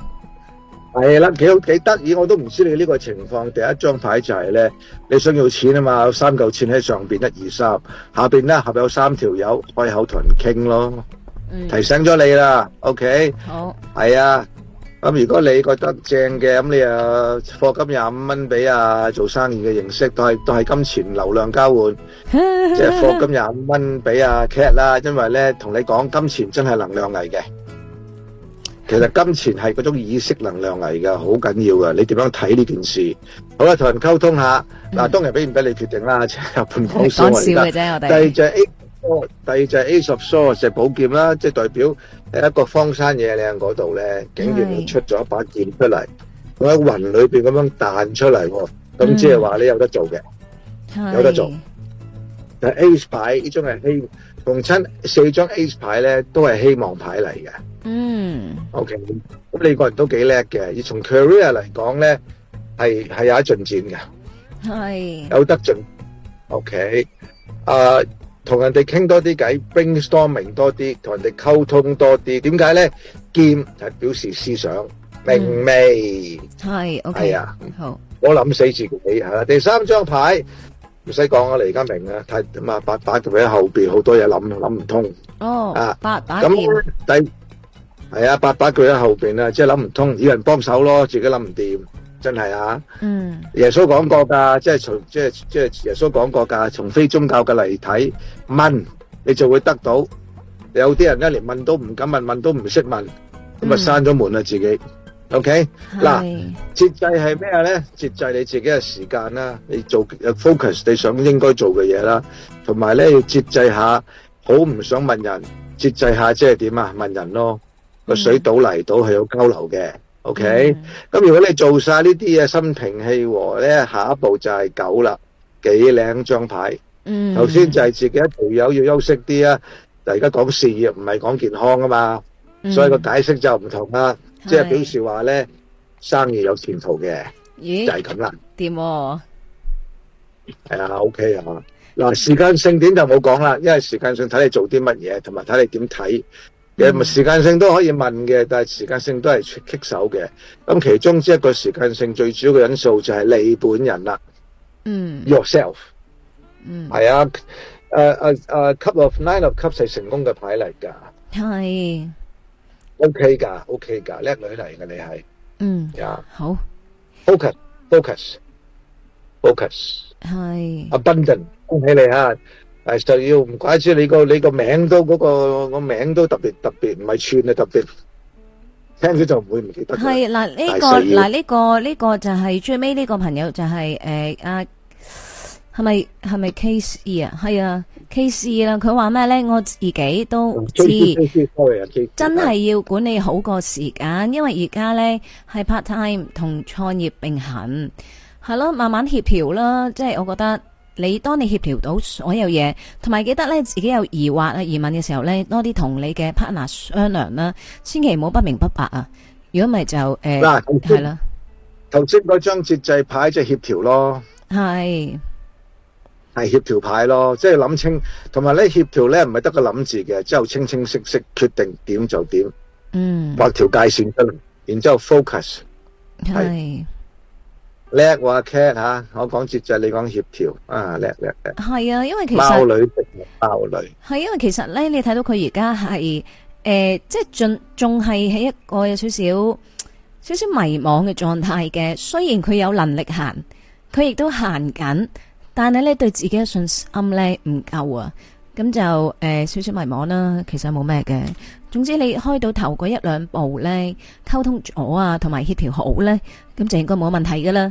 係啦，幾幾得意，我都唔知你呢個情況。第一張牌就係咧，你想要錢啊嘛，有三嚿錢喺上邊，一二三，下邊咧，合有三條友，開口同人傾咯。提醒咗你啦，OK，好係啊。咁如果你覺得正嘅，咁你啊貨金廿五蚊俾阿做生意嘅形式，都係都係金錢流量交換，即係貨金廿五蚊俾阿 Kate 啦。因為咧同你講，金錢真係能量嚟嘅。其實金錢係嗰種意識能量嚟噶，好緊要噶。你點樣睇呢件事？好啦，同人溝通下嗱，當然俾唔俾你決定啦，即係判官思維啦。講笑嘅啫，我哋。哦、第二就係 Ace of Swords，石寶劍啦，即係代表喺一個荒山野嶺嗰度咧，竟然出咗一把劍出嚟，喺雲是裏邊咁樣彈出嚟、哦、咁、嗯、即係話你有得做嘅，是有得做。但係 Ace 牌呢張係希，共親四張 Ace 牌咧都係希望牌嚟嘅。嗯。O K，咁你個人都幾叻嘅，而從 career 嚟講咧，係係有一進展嘅。係是。有得進。O K，啊。同人哋傾多啲偈，brainstorming 多啲，同人哋溝通多啲。點解咧？劍係表示思想，明未？係，OK 係啊。好，我諗死自己嚇。第三張牌唔使講啦，你而家明啊？太咁啊，八八佢喺後邊好多嘢諗，諗唔通。哦，啊，八八咁第係啊，八八佢喺後邊啊，即係諗唔通，要人幫手咯，自己諗唔掂。真係啊！耶穌講過㗎，即係從即係即係耶穌講過㗎，從非宗教嘅嚟睇，問，你就會得到。有啲人呢，連問都唔敢問，問都唔識問，咁啊閂咗門喇自己。O K，嗱，節制係咩咧？節制你自己嘅時間啦，你做 focus 你想應該做嘅嘢啦，同埋咧要節制下好唔想問人，節制下即係點啊？問人咯，個水倒嚟倒係有交流嘅。OK，咁如果你做晒呢啲嘢，心平氣和咧，下一步就係九啦，幾靚張牌。嗯，頭先就係自己一條友要休息啲啊。但係而家講事業唔係講健康啊嘛，所以個解釋就唔同啦。即係表示話咧，生意有前途嘅，就係咁啦。掂，係啊，OK 啊。嗱，時間性點就冇講啦，因為時間上睇你做啲乜嘢，同埋睇你點睇。誒，咪時間性都可以問嘅，但係時間性都係棘手嘅。咁其中之一個時間性最主要嘅因素就係你本人啦。嗯。Yourself。嗯。係啊，誒誒誒，cup of nine of cups 係成功嘅牌嚟噶。係。OK 噶，OK 噶，叻女嚟嘅你係。嗯。呀，好。Focus，focus，focus。係。Abundant，恭喜你啊！就要唔怪之，你個你、那個那個名都嗰個個名都特別特別唔係串特別啊！特別聽咗就唔會唔記得。係嗱呢個嗱呢個呢個就係、是、最尾呢個朋友就係誒阿係咪係咪 K C 啊？係啊 K C 啦！佢話咩咧？我自己都唔知，嗯、C, 真係要管理好個時間，因為而家咧係 part time 同創業並行，係咯、啊、慢慢協調啦。即、就、係、是、我覺得。你當你協調到所有嘢，同埋記得咧自己有疑惑啊疑問嘅時候咧，多啲同你嘅 partner 商量啦，千祈唔好不明不白啊！如果唔係就誒係、呃啊、啦，頭先嗰張節制牌即係協調咯，係係協調牌咯，即係諗清，同埋咧協調咧唔係得個諗字嘅，之後清清晰晰決定點就點，嗯，劃條界線出嚟，然之後 focus 係是。叻話 cat 吓，我講節制，你講協調，啊叻叻嘅。係啊，因為其實貓女識貓女，係因為其實咧，你睇到佢而家係誒，即係仲仲係喺一個有少少少少迷茫嘅狀態嘅。雖然佢有能力行，佢亦都行緊，但係咧對自己嘅信心咧唔夠啊，咁就誒、呃、少少迷茫啦。其實冇咩嘅，總之你開到頭嗰一兩步咧，溝通咗啊，同埋協調好咧，咁就應該冇問題噶啦。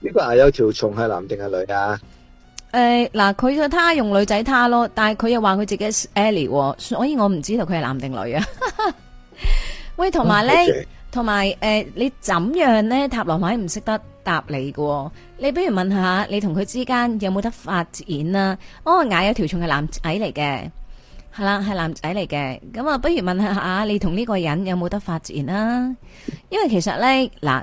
呢個牙有條蟲係男定係女啊？誒、欸，嗱，佢就他用女仔他咯，但係佢又話佢自己係 Ellie，所以我唔知道佢係男定女啊。 喂，同埋咧，同埋誒，你怎樣咧？塔羅牌唔識得答你嘅，你不如問下你同佢之間有冇得發展啊？哦，牙有條蟲係男仔嚟嘅，係啦，係男仔嚟嘅。咁啊，不如問下下你同呢個人有冇得發展啊？因為其實咧，嗱。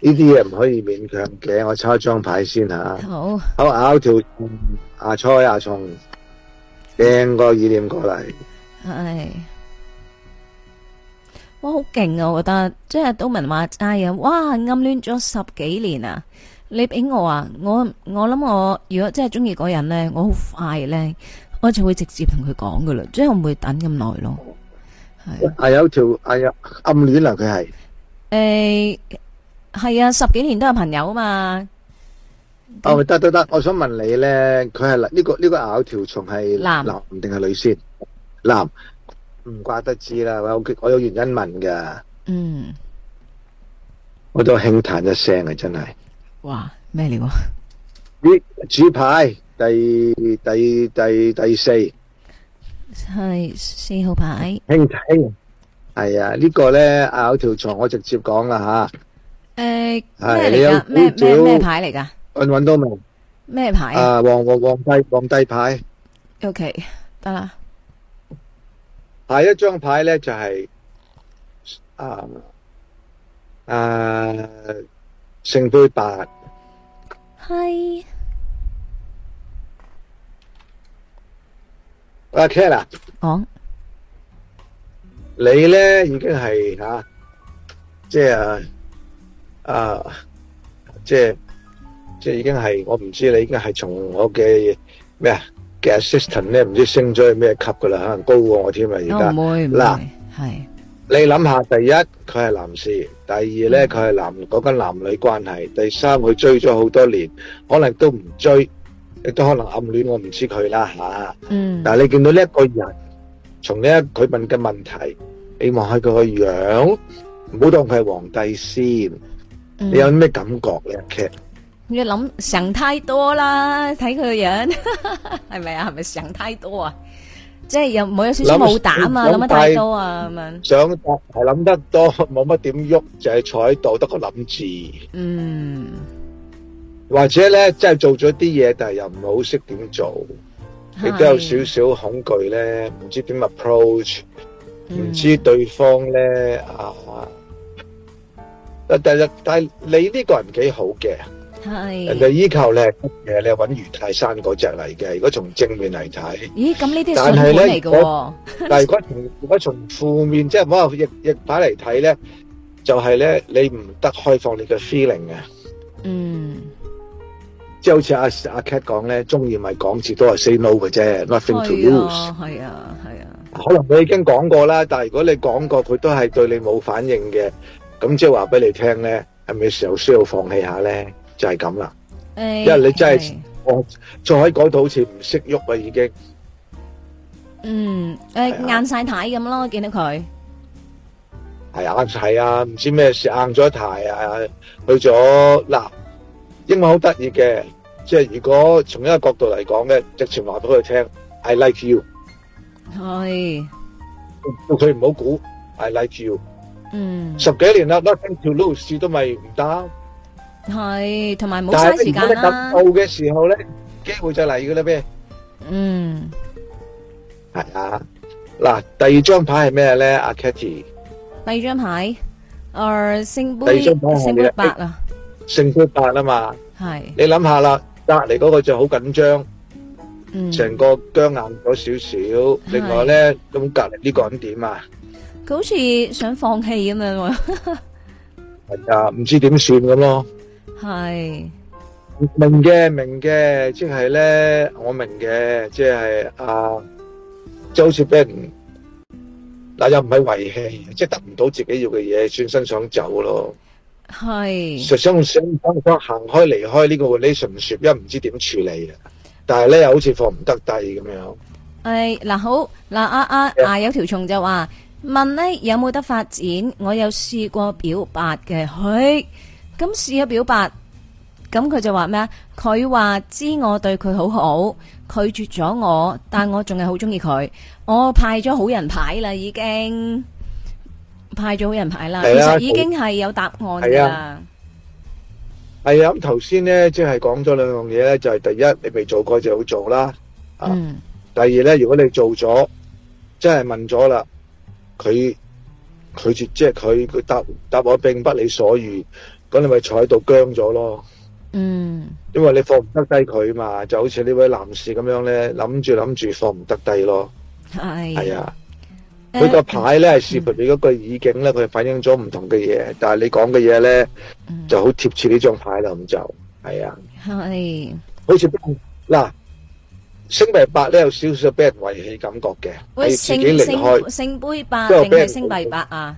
呢啲嘢唔可以勉強嘅，我抽一張牌先吓。好，好拗條阿蔡阿松，掟個意念過嚟。係，哇好勁啊！我覺得，即係都文話齋啊，哇暗戀咗十幾年啊！你俾我啊，我我諗我如果真係中意嗰人咧，我好快咧，我就會直接同佢講噶啦，即係我唔會等咁耐咯。係，係有條係有暗戀啊！佢係誒。係啊，十幾年都係朋友啊嘛。哦、嗯，得得得，我想問你咧，佢係呢個呢、這個咬條蟲係男定係女先？男，唔怪得知啦。我有我有原因問噶。嗯。我都輕嘆一聲的啊，真係。哇，咩嚟？呢主牌第第第第四，係四號牌。兄弟，係啊，這個、呢個咧咬條蟲，我直接講啦吓。誒，係、呃、你咩咩咩咩牌嚟噶？我搵都明咩牌啊？皇皇皇帝皇帝牌。O K，得啦。下一張牌咧就係誒誒聖杯八。啊啊、Hi，阿 K 啦。講、uh, 啊 oh? 你咧已經係吓、啊，即係、啊。啊！即係即係，已經係我唔知你已經係從我嘅咩啊嘅 assistant 咧，唔知升咗去咩級噶啦，可能高過我添啦。而家我唔會，嗱係你諗下，第一佢係男士，第二咧佢係男嗰跟男女關係，第三佢追咗好多年，可能都唔追，亦都可能暗戀我，唔知佢啦吓。嗯，但係你見到呢一個人，從呢一佢問嘅問題，你望下佢個樣，唔好當佢係皇帝先。你有咩感覺咧？劇、嗯，你諗想太多啦，睇佢樣係咪 啊？係咪想太多啊？即係又冇有少少冇膽啊？諗得太，太，太多啊咁樣，想係諗得多，冇乜點喐，就係坐喺度，得個諗字。嗯，或者咧，即係做咗啲嘢，但係又唔好識點做，亦都是有少少恐懼咧，唔知點咪 approach，唔、嗯、知道對方咧啊。但但係，你呢個人幾好嘅，係是，人哋依靠你嘅，你穩如泰山嗰隻嚟嘅。如果從正面嚟睇，咦，咁呢啲係正面嚟嘅。但係咧，但係如果從 如果從負面，即係唔好話逆逆反嚟睇咧，就係咧，你唔得開放你嘅 feeling 嘅。嗯，即係好似阿阿 cat 講咧，中意咪講字都係 say no 嘅啫，nothing to lose。係啊，係啊。啊可能你已經講過啦，但係如果你講過，佢都係對你冇反應嘅。咁即係話俾你聽咧，係咪時候需要放棄下咧？就係咁啦，因為你真係我坐喺嗰度好似唔識喐啊，已經。嗯，誒，硬晒軚咁咯，見到佢。係啊，係啊，唔知咩事硬咗軚啊，去咗嗱，英文好得意嘅，即係如果從一個角度嚟講咧，直情話俾佢聽，I like you。係。叫佢唔好估，I like you。嗯，十幾年啦，nothing to lose 都咪唔得，係同埋冇嘥時間啦。到嘅時候咧，機會就嚟噶啦咩？嗯，係啊，嗱，第二張牌係咩咧？阿 Katie，第二張牌，啊，聖杯，聖杯八啊，聖杯八啊嘛，係，你諗下啦，隔籬嗰個就好緊張，嗯，成個僵硬咗少少，另外咧咁隔籬呢個咁點啊？佢好似想放棄咁樣，係啊，唔知點算咁咯。係明嘅，明嘅，即係咧，我明嘅，即係啊，就好似俾人嗱，又唔係遺棄，即係得唔到自己要嘅嘢，轉身想走咯。係想想想行開，離開呢個 relationship，因為唔知點處理啊。但係咧又好似放唔得低咁樣。係嗱，好嗱，啊啊啊，有條蟲就話。問咧有冇得發展？我有試過表白嘅，咁試咗表白，咁佢就話咩啊？佢話知我對佢好好，拒絕咗我，但我仲係好中意佢。我派咗好人牌啦，已經派咗好人牌啦，係啊，其實已經係有答案噶。係啊，咁頭先呢，即係講咗兩樣嘢咧，就係第一你未做過就好做啦，啊、嗯！第二咧，如果你做咗，即係問咗啦。佢拒絕，即係佢佢答答我，並不理所意，咁你咪坐喺度僵咗咯。嗯，因為你放唔得低佢嘛，就好似呢位男士咁樣咧，諗住諗住放唔得低咯。係係是啊，佢個、呃、牌咧係視乎你嗰句意境咧，佢反映咗唔同嘅嘢，但係你講嘅嘢咧就，貼就、啊、是好貼切呢張牌啦。咁就係啊，係，好似嗱。聖杯八咧有少少俾人遺棄感覺嘅，自己離開聖杯八定係星幣八啊？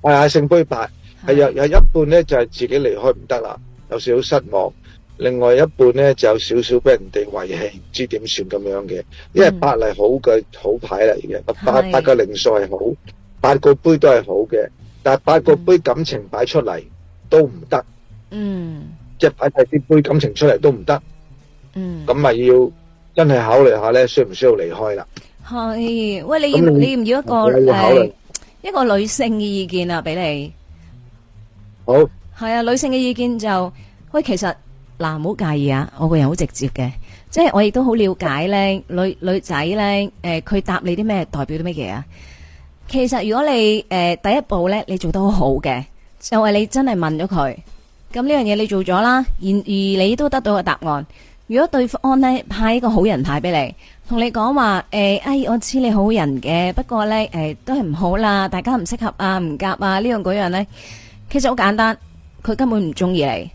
係啊，聖杯八係有有一半咧就係自己離開唔得啦，有少少失望。另外一半咧就有少少俾人哋遺棄，唔知點算咁樣嘅。因為八係好嘅好牌嚟嘅，八八個靈數係好，八個杯都係好嘅。但八個杯感情擺出嚟都唔得，嗯，即係擺晒啲杯感情出嚟都唔得，嗯，咁咪要。真係考慮下咧，需唔需要離開啦？係喂，你要你唔要，要一個誒，一個女性嘅意見啊，俾你。好。係啊，女性嘅意見就喂，其實嗱，唔好介意啊，我個人好直接嘅，即係我亦都好了解咧，女女仔咧，誒、呃，佢答你啲咩，代表啲咩嘢啊？其實如果你誒、呃、第一步咧，你做得好好嘅，就係你真係問咗佢，咁呢樣嘢你做咗啦，而而你都得到個答案。如果對方呢，派一個好人牌俾你，同你講話，誒、欸，哎，我知你好人嘅，不過呢，欸、都係唔好啦，大家唔適合啊，唔夾啊，呢樣嗰樣呢，其實好簡單，佢根本唔中意你，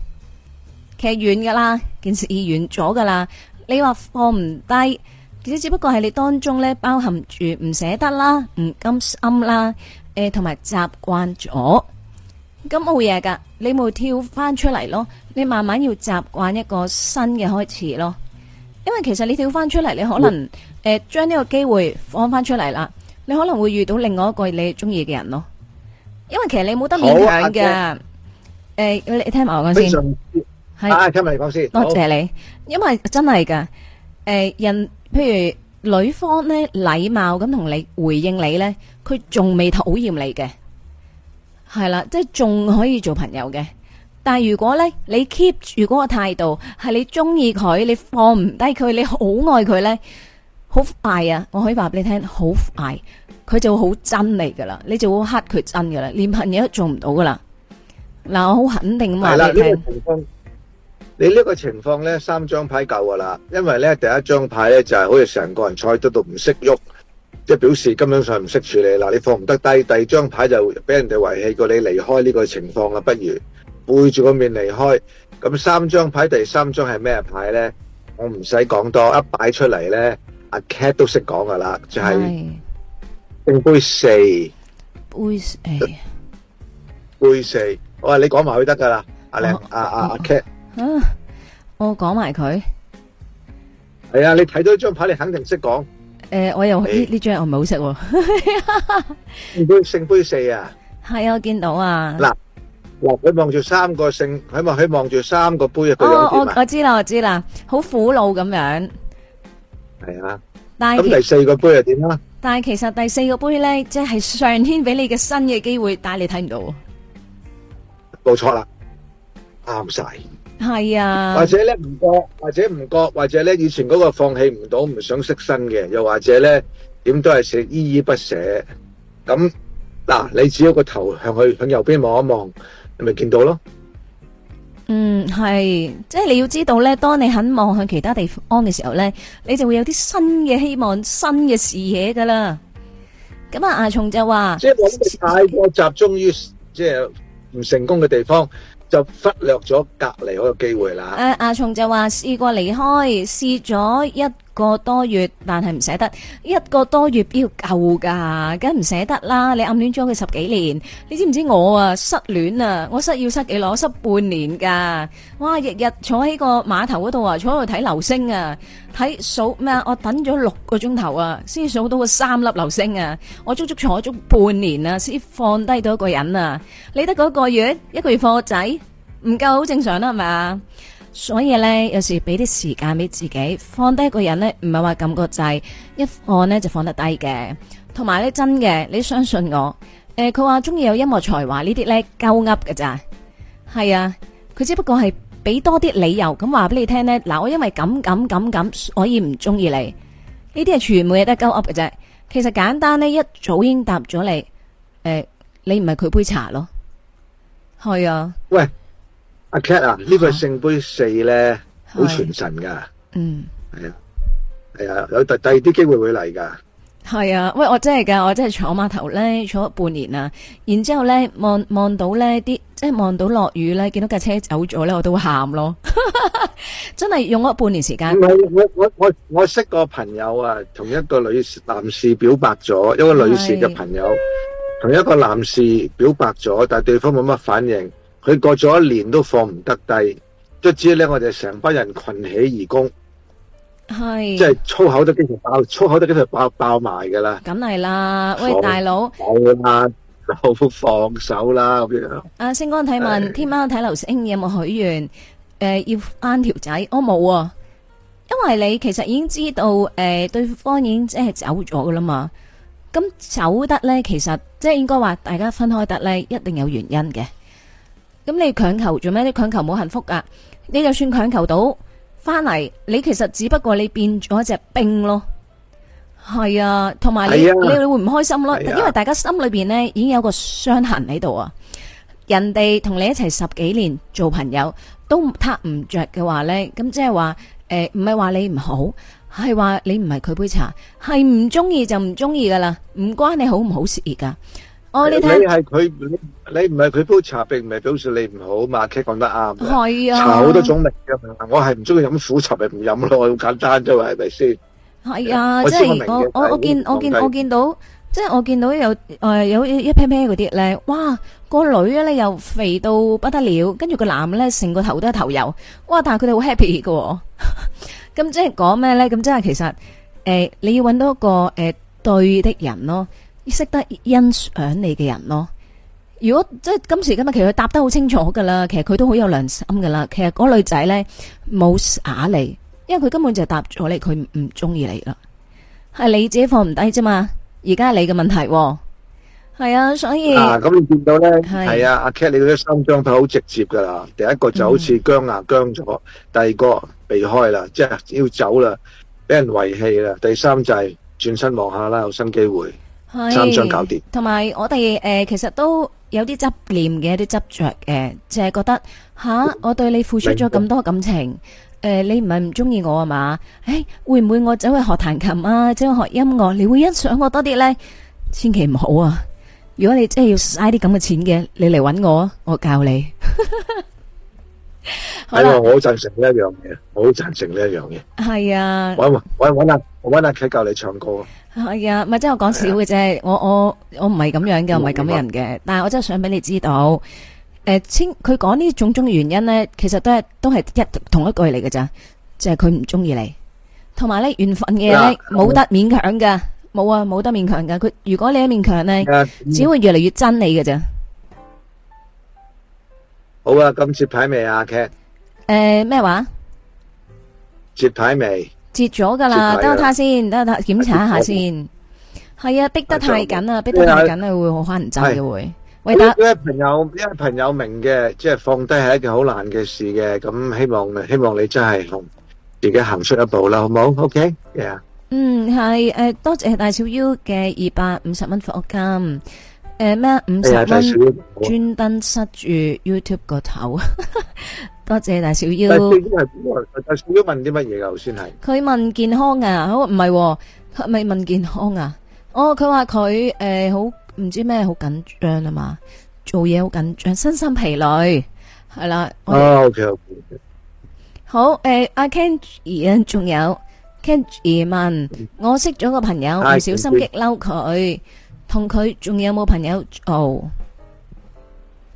其實遠噶啦，件事已遠咗噶啦，你話放唔低，其實只不過係你當中呢包含住唔捨得啦，唔甘心啦，欸、同埋習慣咗。咁冇嘢噶，你冇跳翻出嚟咯，你慢慢要習慣一個新嘅開始咯。因為其實你跳翻出嚟，你可能誒，將呢個機會放翻出嚟啦，你可能會遇到另外一個你中意嘅人咯。因為其實你冇得勉強㗎！誒、啊欸，你聽埋我講先。係、啊，聽埋你講先。是好多謝你，因為真係噶，誒、欸，人譬如女方咧禮貌咁同你回應你咧，佢仲未討厭你嘅。係啦，即係仲可以做朋友嘅。但係如果咧，你 keep 住嗰個態度，係你中意佢，你放唔低佢，你好愛佢咧，好快啊！我可以話俾你聽，好快，佢就會好憎你噶啦，你就會黑佢真噶啦，連朋友都做唔到噶啦。嗱，我好肯定啊，係啦，呢個情況，你呢個情況咧，三張牌夠噶啦，因為咧第一張牌咧就係、是、好似成個人菜，得到唔識喐。即係表示，根本上唔識處理啦，你放唔得低，第二張牌就俾人哋遺棄過，你離開呢個情況啦，不如背住個面離開。咁三張牌，第三張係咩牌咧？我唔使講多，一擺出嚟咧，阿、啊、Cat 都識講噶啦，就係、是、是杯四杯四杯四。 杯四好，我話你講埋佢得噶啦，阿靚阿 Cat。我講埋佢。係啊，你睇到一張牌，你肯定識講。誒、呃，我又呢呢、欸、張我唔係好識，聖 杯，杯四啊，係啊，我見到啊，嗱嗱佢望住三個聖，佢望佢望住三個杯啊，佢、哦、我知啦，我知啦，好苦惱咁樣，係啊，咁但第四個杯係點啊？但係其實第四個杯咧，即係上天俾你嘅新嘅機會，但係你睇唔到，冇錯啦，啱晒。係啊，或者咧唔覺，或者唔覺，或者咧以前嗰個放棄唔到，唔想識身嘅，又或者咧點都係成依依不捨。咁嗱，啊，你只要個頭向去向右邊望一望，你咪見到咯。嗯，係，即係你要知道咧，當你肯望向其他地方嘅時候咧，你就會有啲新嘅希望、新嘅視野噶啦。咁啊，阿松就話，即係我太過集中於是即係唔成功嘅地方。就忽略咗隔離嗰個機會啦。誒, uh, 阿松就話試過離開試咗一。個多月，但係唔捨得。一個多月要夠噶，梗唔捨得啦。你暗戀咗佢十幾年，你知唔知我啊失戀啊，我失要失幾耐？我失半年噶。哇，日日坐喺個碼頭嗰度啊，坐喺度睇流星啊，睇數咩？我等咗六個鐘頭啊，先數到個三粒流星啊。我足足坐足半年啊，先放低到一個人啊。你得嗰個月，一個月放個仔，唔夠好正常啦，係咪啊？所以呢，有時俾啲時間俾自己，放低一個人呢，唔係話感覺制，一放呢就放得低嘅。同埋呢，真嘅，你相信我，誒、呃，佢話中意有音樂才華呢啲呢，鳩噏嘅咋？係啊，佢只不過係俾多啲理由咁話俾你聽呢。嗱，我因為咁咁咁咁，所以唔中意你。呢啲係全部嘢都係鳩噏嘅啫。其實簡單呢，一早已經答咗你，誒、呃，你唔係佢杯茶咯。係啊。喂。啊，呢、啊、個聖杯四咧好是傳神噶。嗯，係啊，係啊，有第第二啲機會會嚟噶，係啊，喂，我真係噶，我真係坐在碼頭咧坐咗半年啊，然之後咧望望到咧啲，即係望到落雨咧，見到架車走咗咧，我都會喊咯， 真係用咗半年時間我。我我我我我識個朋友啊，同一個女男士表白咗，一個女士嘅朋友，同是一個男士表白咗，但係對方冇乜反應。佢過咗一年都放唔得低，一知咧，我哋成班人群起而攻，是即係粗口都幾乎爆，粗口都幾乎爆爆埋噶啦。咁係啦，放喂大佬，有啦，好福放手啦咁樣。阿、啊、星光睇問，是天喵睇流星有冇許願？誒、呃，要返條仔，我冇啊，因為你其實已經知道誒、呃、對方已經即係走咗噶啦嘛。咁走得咧，其實即係應該話大家分開得咧，一定有原因嘅。咁你強求做咩？你強求冇幸福噶，你就算強求到翻嚟，你其實只不過你變咗一隻兵咯，係啊，同埋你、哎、呀你會唔開心咯，哎、呀因為大家心裏邊呢已經有個傷痕喺度啊。人哋同你一齊十幾年做朋友都撻唔着嘅話呢。咁即係話誒，唔係話你唔好，係話你唔係佢杯茶，係唔中意就唔中意噶啦，唔關你好唔好事噶。你係佢，你你唔係佢煲茶，並唔係表示你唔好嘛？佢講得啱。係啊。茶好多種味噶嘛，我係唔中意飲苦茶，咪唔飲咯，咁簡單啫，係咪先？係啊，即係我我我見我見我見到，即係我見到有誒有一 pair pair 嗰啲咧，哇個女咧又肥到不得了，跟住個男咧成個頭都係頭油，哇！但係佢哋好 happy 嘅，咁即係講咩咧？咁即係其實誒，你要搵到一個誒對的人咯。識得欣賞你嘅人咯。如果即係今時今日，其實佢答得好清楚噶啦。其實佢都好有良心噶啦。其實嗰女仔咧冇耍你，因為佢根本就係答咗你，佢唔中意你啦。係你自己放唔低啫嘛。而家係你嘅問題係啊，所以啊，咁你見到咧係啊，阿 cat、啊、你嗰啲三張都好直接噶啦。第一個就好似殭牙殭咗，嗯、第二個避開啦，即、就、係、是、要走啦，俾人遺棄啦。第三就係轉身望下啦，有新機會。三張搞掂，同埋我哋誒，其實都有啲執念嘅，啲執着嘅，淨係覺得吓，我對你付出咗咁多感情，誒，你唔係唔中意我啊嘛？誒，會唔會我走去學彈琴啊？走去學音樂，你會欣賞我多啲咧？千祈唔好啊！如果你真係要嘥啲咁嘅錢嘅，你嚟搵我，我教你。好啦，我好贊成呢一樣嘢，我好贊成呢一樣嘢。係啊，搵搵搵啊，我搵阿 K 教你唱歌。係啊，唔係即係我講笑嘅啫，我、哎、呀我我唔係咁樣嘅，唔係咁人嘅。樣哎、呀但係我真係想俾你知道，誒、哎，清佢講呢種種原因咧，其實都係都係一同一句嚟嘅咋，即係佢唔中意你。同埋咧，緣分嘅嘢咧，冇、哎、呀得勉強㗎。冇、哎、呀啊，冇得勉強㗎。佢如果你勉強咧，哎嗯、只會越嚟越憎你嘅咋。好啊，咁接牌未啊 Kat，誒咩話？哎啊、接牌未？接咗噶啦，等下睇下先，等下睇下檢查一下先。係啊，逼得太緊啦，逼得太緊啦，會好可能走嘅會。喂，因因為朋友，因為朋友明嘅，即係放低係一件好難嘅事嘅。咁希望，希望你真係同自己行出一步啦，好冇？OK，yeah。嗯，係誒，多謝大少 U 嘅二百五十蚊課金。誒咩？五十蚊專登塞住 YouTube 個頭， 多謝大小腰。大小腰問啲乜嘢啊？頭先係佢問健康啊？好唔係，佢咪、哦、問健康啊？哦，佢話佢誒好唔知咩好緊張啊嘛，做嘢好緊張，身心疲累，係啦、啊 okay, okay. 呃。啊，OK 好誒，阿 Ken，仲有 Ken 問，嗯、我識咗個朋友，唔、哎、小心激嬲佢。同佢仲有冇朋友？哦、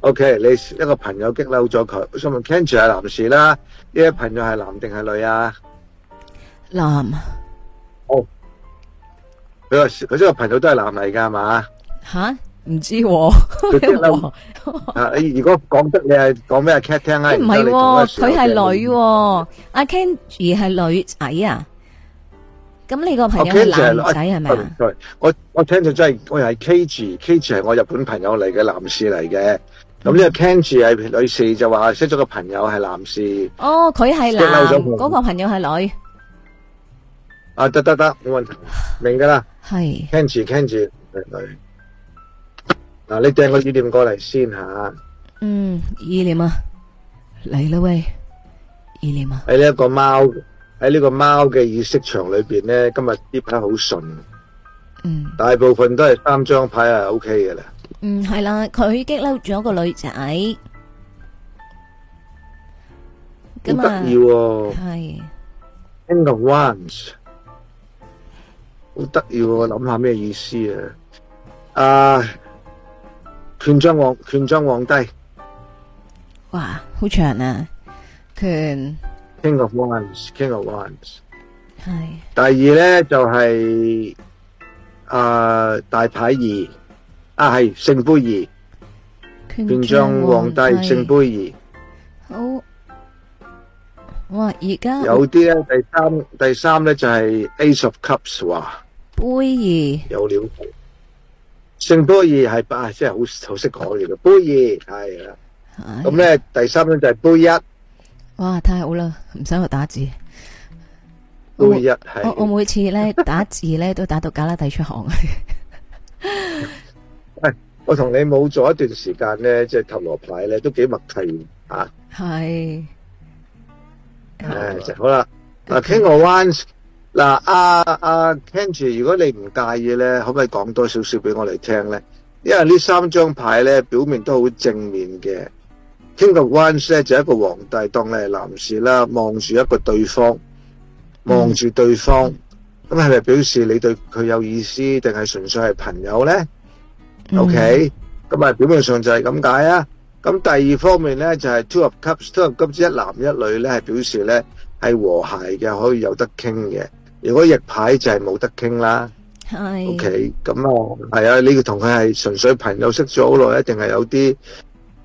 oh.，OK，你一個朋友激嬲咗佢。我想問 Kenji 係男士啦，呢個朋友係男定係女啊？男，哦，佢話佢呢個朋友都係男嚟噶，係嘛、啊？吓、哦，唔知喎， 如果講得，你係講咩阿 Cat 聽咧，唔係，佢係女，阿 Kenji 係女仔啊。咁你個朋友男仔係咪啊？我我聽住真係，我又係 Kenji，Kenji 係我日本朋友嚟嘅，男士嚟嘅。咁呢個 Kenji 係女士，就話識咗個朋友係男士。哦，佢係男，嗰個朋友係女。啊，得得得，冇問題，明噶啦。係 Kenji，Kenji 係女。嗱，你掟個意念過嚟先吓。嗯，意念啊，嚟啦喂，意念啊，係呢個貓，喺呢個貓嘅意識場裏邊咧，今日啲牌好順，嗯，大部分都係三張牌係，OK 嘅啦。嗯，係啦，佢激嬲咗個女仔，咁啊，好得意喎，係，in the ones，好得意喎，我諗下咩意思啊？啊，拳將王，拳將皇帝，哇，好長啊，拳。King of Wands，King of Wands，係。第二咧就係啊大牌二，啊係聖杯二，權杖皇帝聖杯二。好，哇而家有啲咧，第三第三咧就係 Ace of Cups 哇。杯二。有料。聖杯二係啊即係好好識講嚟嘅杯二係啦。咁咧第三咧就係杯一。哇，太好啦，唔使我打字。每我我，我每次咧 打字咧都打到架拉底出行。喂 、哎，我同你冇咗一段時間咧，即、就、係、是、塔羅牌咧，都幾默契啊。係是。誒、哎，好啦，嗱，King of Wands，嗱，阿阿 Kenji 如果你唔介意咧，可唔可以講多少少俾我嚟聽咧？因為三張呢三張牌咧，表面都好正面嘅。傾個關呢，就一個皇帝當你係男士啦，望住一個對方，望住對方，咁係咪表示你對佢有意思，定係純粹係朋友呢？OK，咁啊表面上就係咁解啊。咁第二方面呢就係 two of cups，two of cups 一男一女呢係表示呢係和諧嘅，可以有得傾嘅。如果逆牌就係冇得傾啦。係 OK，咁啊，係啊，你同佢係純粹朋友識咗好耐，定係有啲？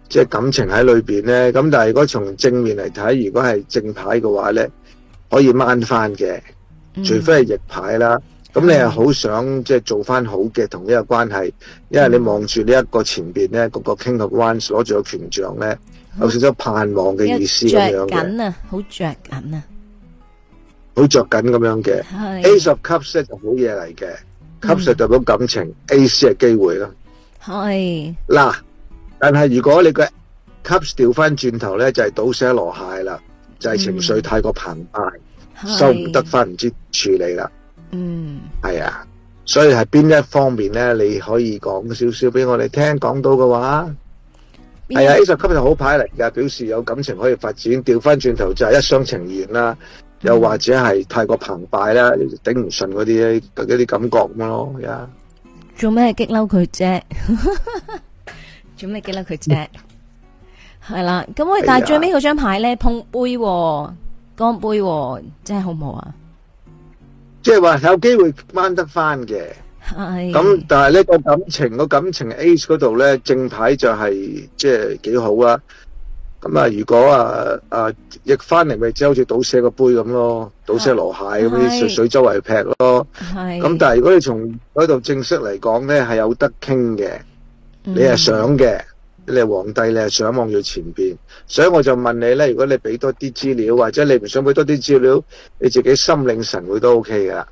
即係感情喺裏邊咧，咁但係如果從正面嚟睇，如果係正牌嘅話咧，可以掹翻嘅，除非係逆牌啦。咁、嗯、你係好想即係做翻好嘅同呢個關係，嗯、因為你望住呢一個前邊咧，個、嗰個 King of Wands 攞住個權杖咧，有少少盼望嘅意思咁樣嘅。着緊啊，好着緊啊，緊是好着緊咁樣嘅。Ace of Cups 就好嘢嚟嘅，Cups 代表感情、嗯、，Ace 係機會咯。係嗱是。但係如果你嘅 cards 掉翻轉頭咧，就係倒瀉羅蟹啦，就係情緒太過澎湃，嗯、收唔得翻唔是知處理啦。嗯，係啊，所以係邊一方面咧，你可以講少少俾我哋聽。講到嘅話，係啊，呢十級就好牌嚟噶，表示有感情可以發展。掉翻轉頭就係一廂情願啦、啊，嗯、又或者係太過澎湃啦，頂唔順嗰啲啲感覺咁咯。做、yeah. 咩激嬲佢啫？ 做咩記得佢啫？係啦，咁我 但係最尾嗰張牌咧、哎、呀碰杯乾、啊、杯、啊，真係好冇啊！即係話有機會掹得翻嘅，咁、哎、呀但係呢個感情、哎、呀個感情 ace 嗰度咧，正牌就係即係幾好啊！咁啊，如果啊啊逆翻嚟，咪即係好似倒瀉個杯咁咯，倒瀉籮蟹咁啲水水周圍劈咯。咁、哎、呀但係如果你從嗰度正式嚟講咧，係有得傾嘅。你係想嘅，你係皇帝，你係想望住前邊，所以我就問你呢，如果你俾多啲資料，或者你唔想俾多啲資料，你自己心領神會都 O K 㗎啦。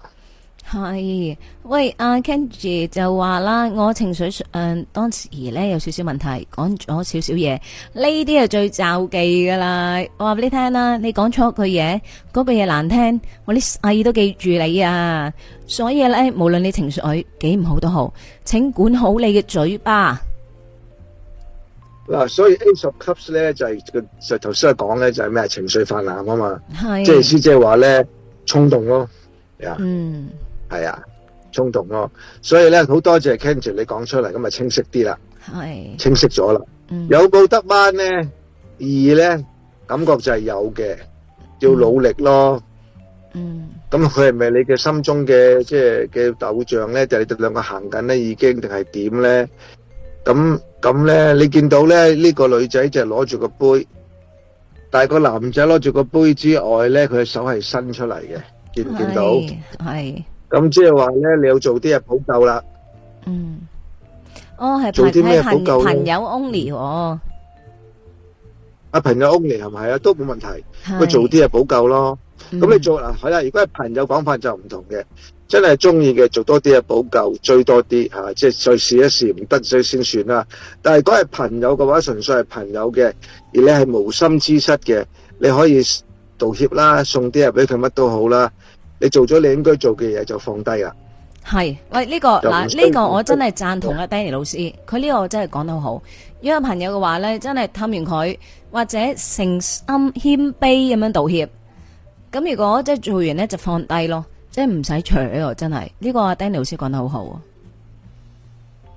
係，喂，阿、啊、Kenji 就話啦，我情緒誒、呃，當時咧有少少問題，講咗少少嘢，呢啲係最罩忌噶啦。我話俾你聽啦，你講錯句嘢，嗰句嘢難聽，我啲細都記住你啊。所以咧，無論你情緒幾唔好都好，請管好你嘅嘴巴。嗱、啊，所以 Ace of Cups 咧就係個，就頭先講咧就係咩、就是、情緒泛濫啊嘛，即係即係話咧衝動咯，啊、yeah.，嗯。係啊，衝動咯，所以咧好多謝 Ken 你講出嚟，咁咪清晰啲啦，清晰咗啦。有冇得翻咧？二咧感覺就係有嘅，要努力咯。嗯。咁佢係咪你嘅心中嘅即係嘅偶像咧？就係你哋兩個行緊咧，已經定係點咧？咁咁咧，你見到咧呢個女仔就係攞住個杯，但係個男仔攞住個杯之外咧，佢嘅手係伸出嚟嘅，見唔見到？係。咁即係話咧，你要做啲嘢補救啦。嗯，哦，係做啲咩補救？朋友 only 喎、哦，啊，朋友 only 係咪啊？都冇問題，咁是做啲嘢補救咯。咁、嗯、你做啦係啦，如果係朋友講法就唔同嘅，真係中意嘅做多啲嘢補救，追多啲吓，即、啊、係、就是、再試一試，唔得再先算啦。但係如果係朋友嘅話，純粹係朋友嘅，而你係無心之失嘅，你可以道歉啦，送啲嘢俾佢乜都好啦。你做咗你應該做嘅嘢，就放低啦。係，喂、這個，呢個嗱，呢個我真係贊同阿、啊啊、Danny 老師，佢呢個我真係講得好。如果朋友嘅話咧，真係氹完佢或者誠心謙卑咁樣道歉，咁如果即係做完咧就放低咯，即係唔使扯，真係呢、這個阿、啊、Danny 老師講得好好。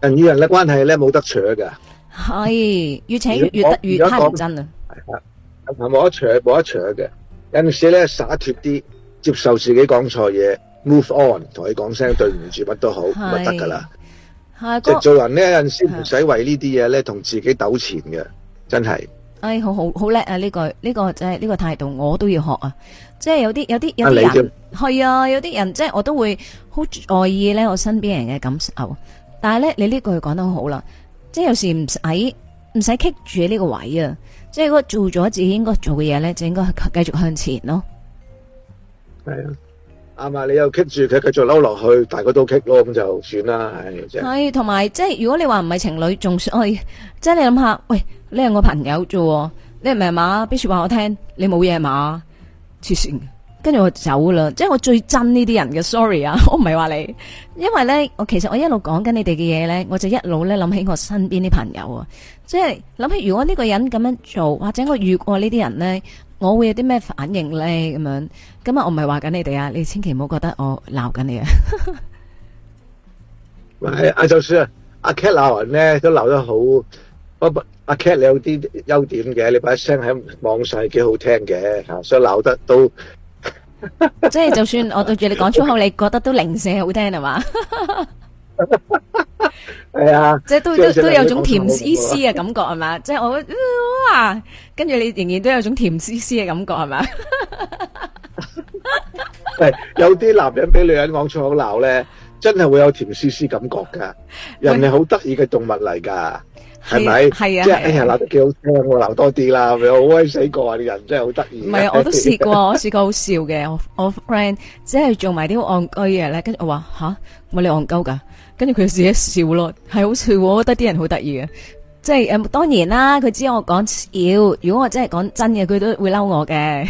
人與人嘅關係咧冇得扯嘅，係越扯越，越得越差真啊。係啊，係冇得扯冇得扯嘅，有陣時咧灑脫啲。接受自己講錯嘢，move on，同佢講聲對唔住，乜都好，咪得噶啦。即係做人呢，有陣時唔使為呢啲嘢咧，同自己糾纏嘅，真係。哎，好好好叻啊！呢個呢個即係呢個態度，我都要學啊。即係有啲有啲有啲人係啊，啊，有啲人即係我都會好在意咧，我身邊人嘅感受。但係咧，你呢句講得好啦，即係有時唔使唔使棘住呢個位啊，即係如果做咗自己應該做嘅嘢咧，就應該繼續向前咯。係啊，啱啊！你又棘住佢，繼續嬲落去，大家都棘咯，咁就算啦。係、啊，係同埋即係，如果你話唔係情侶，仲算？哎、即係你諗下，喂，你係我朋友啫，你明嘛？必說話我聽，你冇嘢嘛？黐線跟住我走啦。即係我最憎呢啲人嘅。Sorry 啊，我唔係話你，因為咧，我其實我一路講緊你哋嘅嘢咧，我就一路咧諗起我身邊啲朋友啊，即係諗起如果呢個人咁樣做，或者我遇過呢啲人咧，我會有啲咩反應咧？咁樣。今日我唔係話緊你哋啊，你千祈唔好覺得我鬧緊你啊。喂， 阿就算啊，阿 cat 鬧咧都鬧得好，阿阿 cat 你有啲優點嘅，你把聲喺網上係幾好聽嘅，所以鬧得到。即 係就算我對住你講粗口，你覺得都零舍好聽係嘛？係啊。即係都都都有種甜絲絲嘅感覺係嘛？即係、 就是、我哇，跟住你仍然都有種甜絲絲嘅感覺係嘛？ 有啲男人俾女人講粗口鬧咧，真係會有甜絲絲感覺噶。人係好得意嘅動物嚟噶，係咪是？係啊，即係哎呀，鬧得幾好聽，我鬧多啲啦，咪好鬼死過啊！啲人真係好得意。唔係，我都試過， 我試過好笑嘅。我我 friend 即係做埋啲戇鳩嘢咧，跟住我話吓，乜你戇鳩噶？跟住佢自己笑咯，係好笑，我覺得啲人好得意嘅。即係誒、嗯，當然啦，佢知我講笑。如果我真係講真嘅，佢都會嬲我嘅。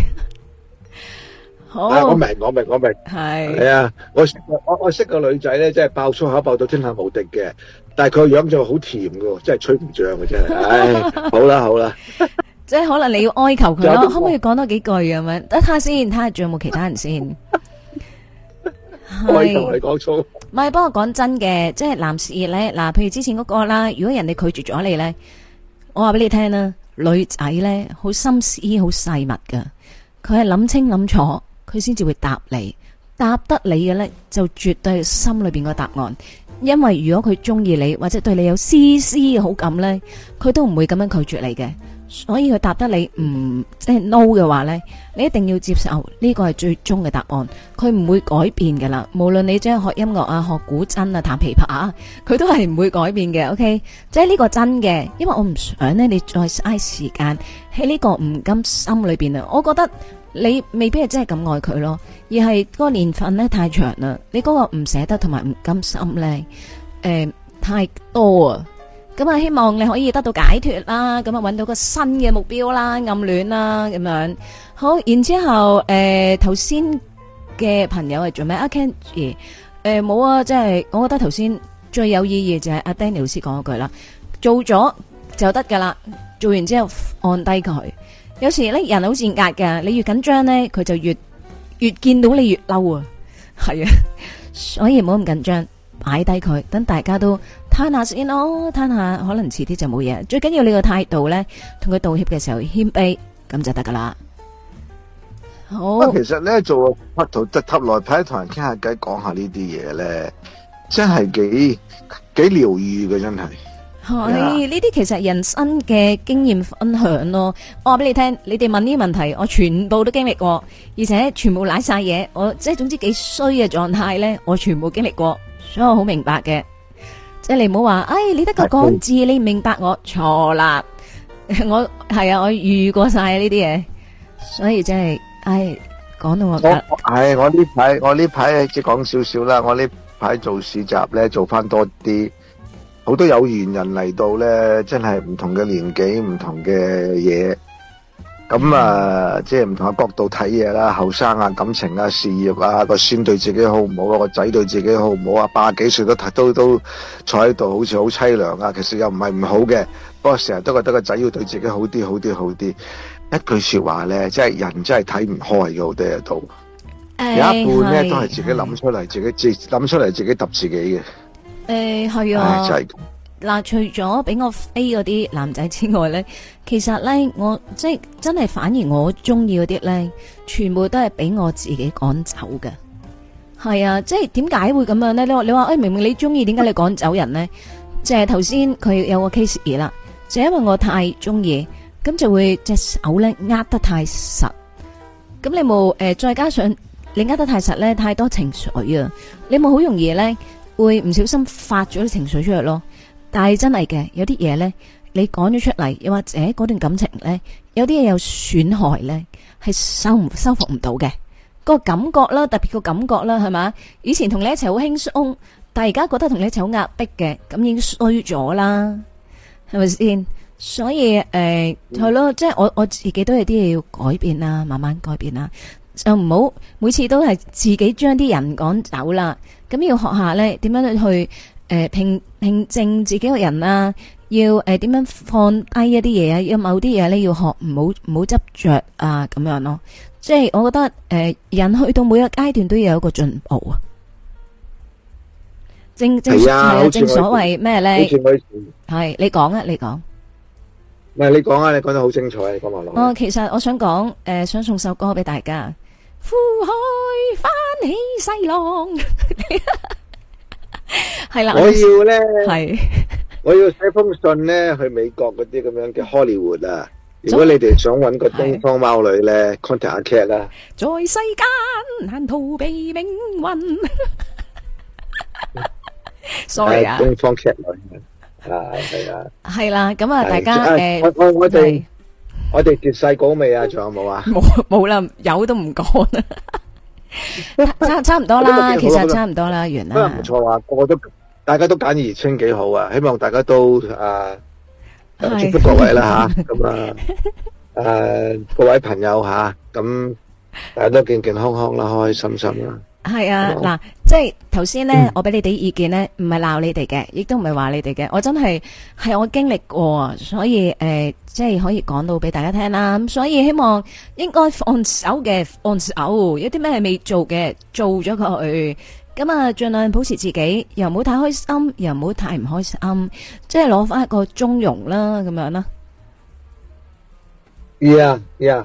我明好、啊，我明白，我明係係是啊！我我我識個女仔咧，即係爆粗口爆到天下無敵嘅，但係佢個樣就好甜噶，真係吹唔脹嘅，真係。唉，好啦好啦， 即係可能你要哀求佢咯，是可唔可以講多幾句咁樣？得下先，睇下仲有冇其他人先。唔係你講粗，唔係幫我講真嘅，即係男士咧嗱，譬如之前嗰個啦，如果人哋拒絕咗你咧，我話俾你聽啦，女仔咧好心思好細密噶，佢係諗清諗楚。佢先至會答你，答得你嘅呢，就絕對係心裏邊個答案，因為如果佢中意你或者對你有絲絲嘅好感呢，佢都唔會咁樣拒絕你嘅。所以佢答得你唔即係 no 嘅話呢，你一定要接受呢個係最終嘅答案，佢唔會改變噶啦。無論你即係學音樂啊、學古箏啊、彈琵琶啊，佢都係唔會改變嘅。OK，即係呢個真嘅，因為我唔想呢，你再嘥時間喺呢個唔甘心裏邊啊，我覺得。你未必係真係咁愛佢咯，而係嗰個年份咧太長啦，你嗰個唔捨得同埋唔甘心咧，誒、呃、太多，啊。咁啊希望你可以得到解脱啦，咁啊搵到個新嘅目標啦，暗戀啦咁樣，好，然之後誒頭先嘅朋友係做咩阿 Ken 誒冇啊，即係、呃啊、我覺得頭先最有意義就係阿 Daniel 老師講嗰句啦，做咗就得噶啦，做完之後按低佢。有時咧人好賤格嘅，你越緊張咧，佢就越越見到你越嬲啊，係啊，所以唔好咁緊張，擺低佢，等大家都攤下先咯，攤下可能遲啲就冇嘢。最緊要你個態度咧，同佢道歉嘅時候謙卑，咁就得噶啦。好。其實咧做乜都得，吸耐排同人傾下偈，講下呢啲嘢咧，真係幾幾療愈嘅，真係。呢啲其實人生嘅經驗分享咯，我話俾你聽，你哋問呢啲問題，我全部都經歷過，而且全部瀨晒嘢，我即係總之幾衰嘅狀態咧，我全部經歷過，所以我好明白嘅。即係你唔好話，哎，你得個講字，對你唔明白我錯啦。我係啊，我遇過晒呢啲嘢，所以真係，哎，講到我，我，我係我呢排，我呢排即講少少啦，我呢排做市集咧，做翻多啲。好多有緣人嚟到呢，真係唔同嘅年紀，唔同嘅嘢，咁啊，即係唔同嘅角度睇嘢啦。後生啊，感情啊，事業啊，個孫對自己好唔好啊，個仔對自己好唔好啊？八幾歲都都都坐喺度，好似好凄涼啊。其實又唔係唔好嘅，不過成日都覺得個仔要對自己好啲，好啲，好啲。一句說話呢，即係人真係睇唔開嘅好多度都，哎、有一半呢，的都係自己諗出嚟，自己自諗出嚟，的自己揼自己嘅。誒，係、欸、啊，嗱、啊，除咗俾我 A 嗰啲男仔之外咧，其實咧，我即係真係反而我中意嗰啲咧，全部都係俾我自己趕走嘅。係啊，即係點解會咁樣咧？你說你話誒、哎，明明你中意，點解你趕走人咧？就係頭先佢有個 case 啦，就係、因為我太中意，咁就會隻手咧握得太實。咁你冇誒、呃，再加上你握得太實咧，太多情緒啊，你冇好容易咧。會唔小心發咗啲情緒出嚟咯，但係真係嘅，有啲嘢呢，你講咗出嚟，又或者嗰段感情呢，有啲嘢又損害呢，係收唔收服唔到嘅。個感覺啦，特別個感覺啦，係嘛？以前同你一齊好輕鬆，但係而家覺得同你一齊好壓迫嘅，咁已經衰咗啦，係咪先？所以誒，係咯，即係我我自己都有啲嘢要改變啦，慢慢改變啦，就唔好每次都係自己將啲人趕走啦。咁要學下咧，點樣去誒平平靜自己個人啊？要誒點樣放低一啲嘢啊？有某啲嘢咧要學，唔好唔好執着啊，咁樣咯。即係我覺得誒，人去到每一個階段都要有一個進步啊。正正係啊，正所謂咩咧？係你講啊，你講。唔係你講啊，你講得好精彩，講埋落去。哦，其實我想講，誒，想送首歌俾大家。呼海翻起細浪，係啦！我要咧，係我要寫封信咧去美國嗰啲咁樣嘅 Hollywood 啊！如果你哋想揾個東方貓女咧，contact 下 cat 啦。在世間難逃，逃避命運，sorry 啊，啊，東方 cat 女啊，係啊，係啦，咁、嗯、啊，大家、啊啊啊、我我哋。我哋絕世講未啊？仲有冇啊？冇冇啦，有都唔講，差差唔多啦，其實差唔多啦，原來。唔錯啊，過咗，大家都揀二千幾好啊，希望大家都啊祝福各位啦吓，咁啊誒各位朋友吓，咁大家都健健康康啦，開開心心啦。係啊，嗱。即係頭先呢，嗯、我俾你哋意見呢，唔係鬧你哋嘅，亦都唔係話你哋嘅，我真係係我經歷過，所以誒、呃，即係可以講到俾大家聽啦。咁所以希望應該放手嘅放手，有啲咩係未做嘅，做咗佢。咁啊，盡量保持自己，又唔好太開心，又唔好太唔開心，即係攞翻一個中庸、啊、yeah, yeah. 啦，咁樣啦。yeah yeah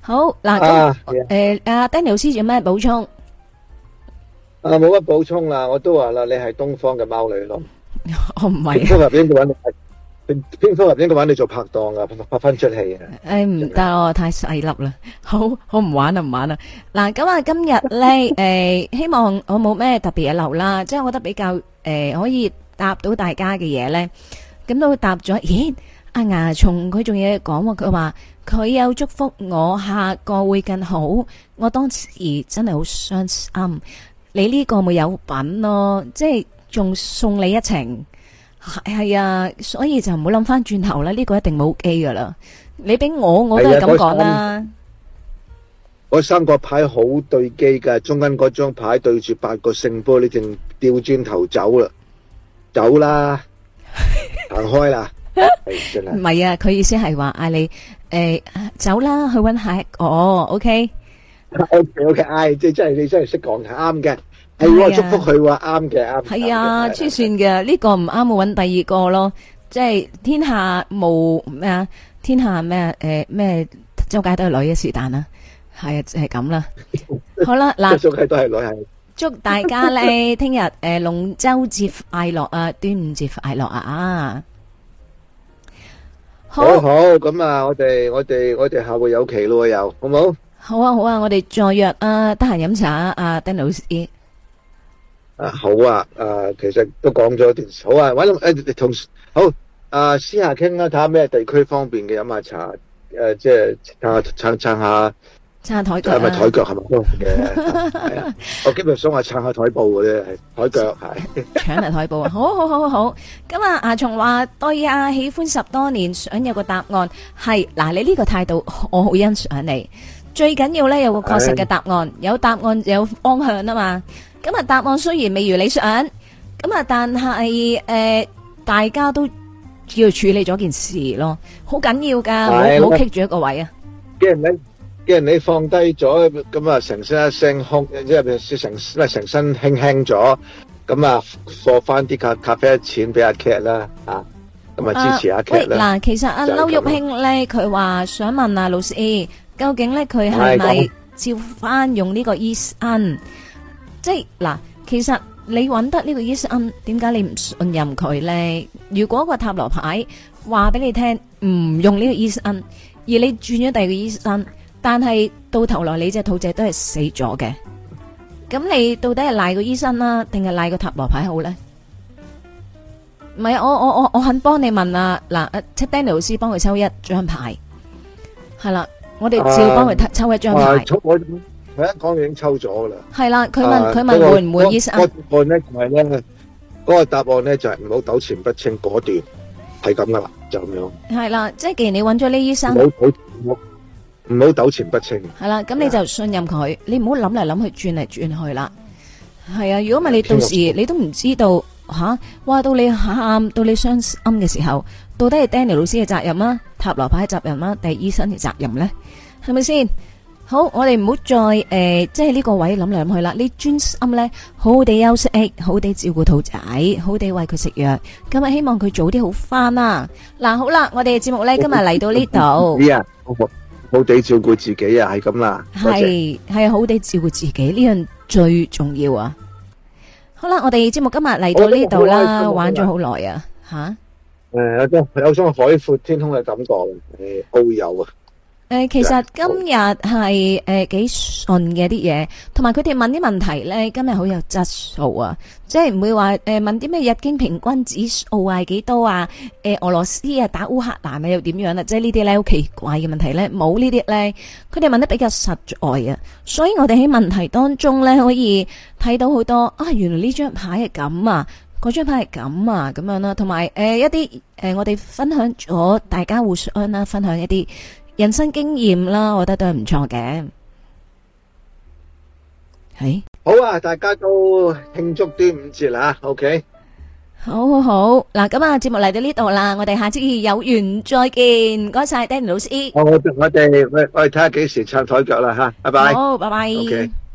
好嗱，咁誒，阿 Daniel 老師有咩補充？啊！冇乜補充啦，我都話啦，你係東方嘅貓女咯。我唔係。蝙蝠入邊嘅話，蝙蝙蝠入邊嘅話，你做拍檔啊，拍翻出戲啊。誒，唔得哦，太細粒啦，好好唔玩啊，唔玩啊。嗱，咁啊，今日咧誒，希望我冇咩特別嘅留啦，即係我覺得比較誒可以答到大家嘅嘢咧，咁都答咗。咦，阿牙從佢仲嘢講，佢話佢有祝福我下個會更好，我當時真係好傷心。你呢個咪有，有，有品咯，即係仲送你一程，係啊，所以就唔好諗翻轉頭啦。呢、這個一定冇機噶啦，你俾我，我都係咁講啦。我、啊、三個牌好對機噶，中間嗰張牌對住八個聖杯，你正掉轉頭走啦，走啦，行 開啦，真係、 哎。唔係啊，佢意思係話嗌你誒、欸、走啦，去搵下一 OK O、okay, K、okay，哎，即係真係你真係識講，啱嘅，係祝福佢喎，啱嘅，啱。係啊，黐線嘅呢、這個唔啱，我揾第二個咯。即係天下無咩啊，天下咩誒咩，祝、呃、周街都係女是但啊，係啊，係咁啦。 好啦，嗱，祝周街都係女祝大家咧，聽日誒龍舟節快樂啊，端午節快樂啊啊！好，好，咁啊，我哋我哋我哋下個有期咯又，好唔好？好啊，好啊，啊，啊，好啊，好啊，我哋再約啊，得閒飲茶啊，Danny 老師。啊，好啊，啊，其實都講咗一段。好啊。喂，者誒，同好啊，私下傾啦、啊，睇下咩地區方便嘅飲下茶誒、啊，即係撐下撐撐下撐下台。係咪台腳係咪都好嘅？我基本上想話撐下台步嘅啫，台腳係搶埋台步啊！好好好好好。咁、嗯、啊，阿松話對啊。喜歡十多年，想有個答案係嗱，你呢個態度我好欣賞你。最緊要咧，有個確實嘅答案，的有答案有方向啊嘛！咁、嗯、啊，答案雖然未如理想，咁、嗯、啊，但係誒、呃，大家都要處理咗件事咯，好緊要噶，唔好棘住一個位啊！既然你既然你放低咗，咁啊成身一聲空，即係成成身輕輕咗，咁啊過翻啲咖咖啡錢俾阿 a Cat 啦，啊咁啊支持阿 Cat 啦、啊。喂，嗱啦，其實阿、啊、劉玉卿咧，佢話想問啊老師。究竟咧，佢係咪照翻用呢個醫生？即係嗱，其實你揾得呢個醫生，點解你唔信任佢咧？如果個塔羅牌話俾你聽唔用呢個醫生，而你轉咗第二個醫生，但係到頭來你隻兔仔都係死咗嘅，咁你到底係賴個醫生啦，定係賴個塔羅牌好咧？唔係我我我我肯幫你問啊嗱，陳 Danny 老師幫佢抽一張牌，係啦。我哋照幫佢抽一張牌。係，我我一講已經抽咗噶啦。係啦，佢問佢問會唔會醫生？答案咧，答案咧，嗰個答案咧就係唔好糾纏不清，嗰段係咁噶啦，就咁樣。係啦，即係既然你揾咗呢醫生，唔好唔好唔好糾纏不清。係啦，咁你就信任佢，你唔好諗嚟諗去，轉嚟轉去啦。係啊，如果唔係你到時你都唔知道吓，哇到你喊，到你傷心嘅時候。到底係 Danny 老師嘅責任嗎？塔羅牌責任嗎？定係醫生嘅責任呢？係咪先？好，我哋唔好再誒，即係呢個位諗嚟諗去啦。你專心咧，好好地休息，好好地照顧兔仔，好好地餵佢食藥。今日希望佢早啲好翻啊！嗱，好啦，我哋嘅節目咧今日嚟到呢度。啊，好好好地照顧自己啊，係咁啦，係係好好地照顧自己呢樣最重要啊！好啦，我哋節目今日嚟到呢度啦，玩咗好耐啊，吓。誒，有種有種海闊天空嘅感覺，誒、呃，遨遊啊！誒、呃，其實今日係誒幾順嘅啲嘢，同埋佢哋問啲問題呢，今日好有質素啊！即係唔會話誒、呃、問啲咩日經平均指數係、啊、幾多啊？誒、呃，俄羅斯啊打烏克蘭啊又點樣啊。即係呢啲咧好奇怪嘅問題呢，冇呢啲呢。佢哋問得比較實在啊！所以我哋喺問題當中呢，可以睇到好多啊，原來呢張牌係咁啊！嗰張牌係咁啊，咁樣啦，同埋誒一啲誒，我哋分享咗大家互相啦，分享一啲人生經驗啦，我覺得都係唔錯嘅。係好啊，大家都慶祝端午節啦，OK。好好好嗱，咁啊，節目嚟到呢度啦，我哋下次有緣再見，多謝 Danny 老師。我我我哋喂喂，睇下幾時撐台腳啦吓，拜拜。好，拜拜。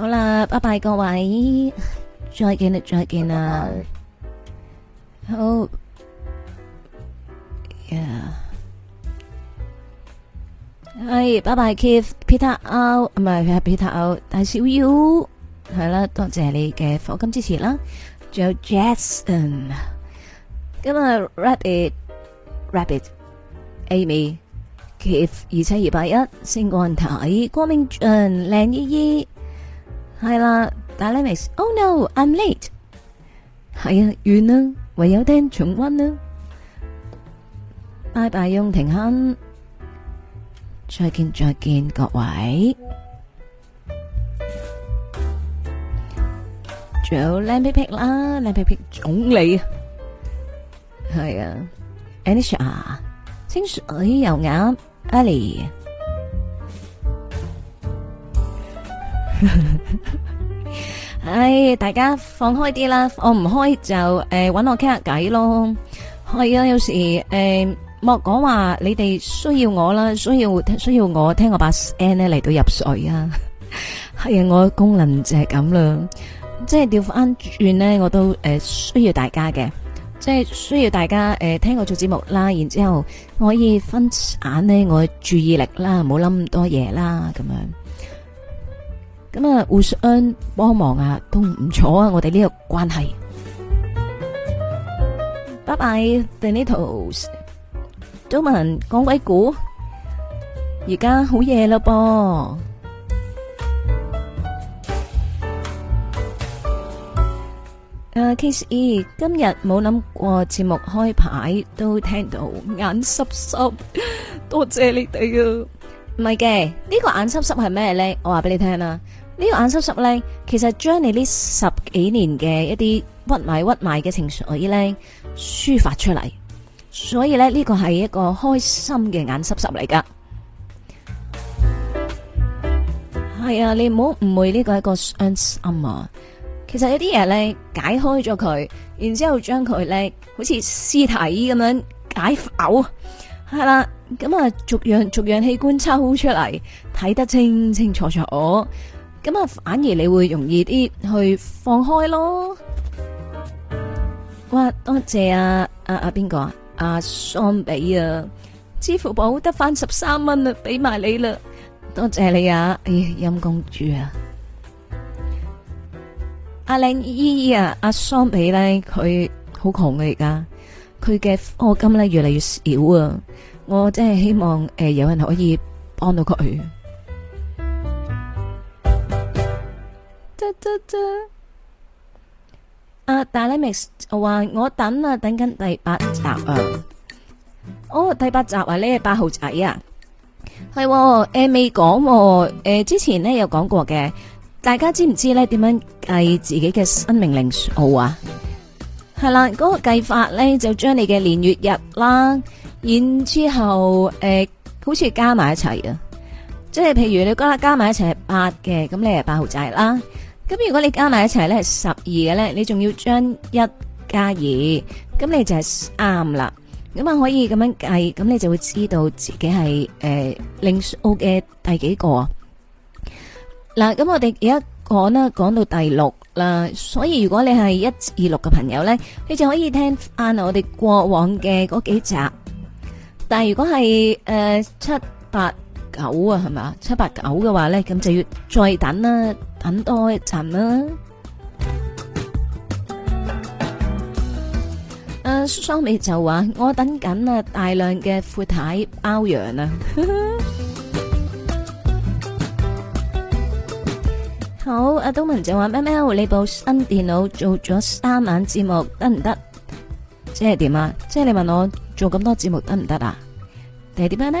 好啦，拜拜各位，再見啦，再見啦。拜拜好，呀、yeah. hey，係，拜拜，Keith，Peter，歐唔係係 Peter，歐係小 U，係啦，多謝你嘅火金支持啦，仲有 Jason，今日 Rabbit，Rabbit，Amy，Keith 二七二八一 s i n g 光明俊，靚姨姨。靚依依係啦，打你微信。Oh no, I'm late。係啊，完啦，唯有聽重溫啦。拜拜，用停刊。再見，再見，各位。仲有靚皮皮啦，靚皮皮總理。係啊，Anisha，清水油鴨，Ellie。唉、 哎，大家放開啲啦，放唔開就誒搵、呃、我傾下偈咯。係啦、啊，有時誒、呃、莫講話你哋需要我啦，需要需要我聽我把聲咧嚟到入睡啊。係、 啊、我功能就係咁啦，即係調翻轉咧，我都誒、呃、需要大家嘅，即係需要大家誒、呃、聽我做節目啦。然之後我可以分散呢，我嘅注意力啦，唔好諗咁多嘢啦，咁樣。咁啊，互相幫忙啊，都唔錯啊！我哋呢個關係，拜拜！對呢套，周文講鬼古，而家好夜咯噃。誒，Case E，今日冇諗過節目開牌都聽到眼濕濕，多謝你哋啊！唔係嘅，呢個眼濕濕係咩咧？我話俾你聽啊。呢個眼濕濕咧，其實將你呢十幾年嘅一啲屈埋屈埋嘅情緒咧，抒發出嚟，所以咧，呢個係一個開心嘅眼濕濕嚟噶。係啊，你唔好誤會呢個係一個傷心啊。其實有啲嘢咧，解開咗佢，然之後將佢咧，好似屍體咁樣解剖，係啦，咁啊逐樣逐樣器官抽出嚟，睇得清清楚楚。咁啊，反而你會容易啲去放開咯。哇，多謝阿阿阿邊個啊？阿、啊、桑比啊，支付寶得翻十三蚊啊，俾埋你啦。多謝你啊，陰、哎、公豬啊！阿靚姨啊，阿、啊、桑比咧，佢好窮嘅而家，佢嘅課金咧越嚟越少啊！我真係希望誒、呃，有人可以幫到佢。啊，大 l i m i 話我等啊，等緊第八集啊。哦，第八集啊，呢係八號仔啊，係誒未講誒，之前呢有講過嘅。大家知唔知咧點樣計自己嘅生命令號啊？係啦，嗰、那個計法咧就將你嘅年月日啦，然之後誒、呃，好似加埋一齊啊。即係譬如你嗰日加埋一齊係八嘅，咁你係八號仔啦。咁如果你加埋一齊咧，係十二嘅咧，你仲要將一加二，咁你就係啱啦。咁啊可以咁樣計，咁你就會知道自己係誒靈數嘅第幾個啊？嗱，咁我哋而家講啦，講到第六啦，所以如果你係一、二、六嘅朋友咧，你就可以聽翻我哋過往嘅嗰幾集。但係如果係誒七八，呃 7, 8, 九啊，係咪啊？七八九嘅話咧，咁就要再等啦，等多一陣啦。誒、啊，蘇雙美就話：我等緊 啊，大量嘅闊太包養啊！好，阿東文就話：M L 你部新電腦做咗三晚節目得唔得？即係點啊？即係你問我做咁多節目得唔得啊？定係點樣呢？」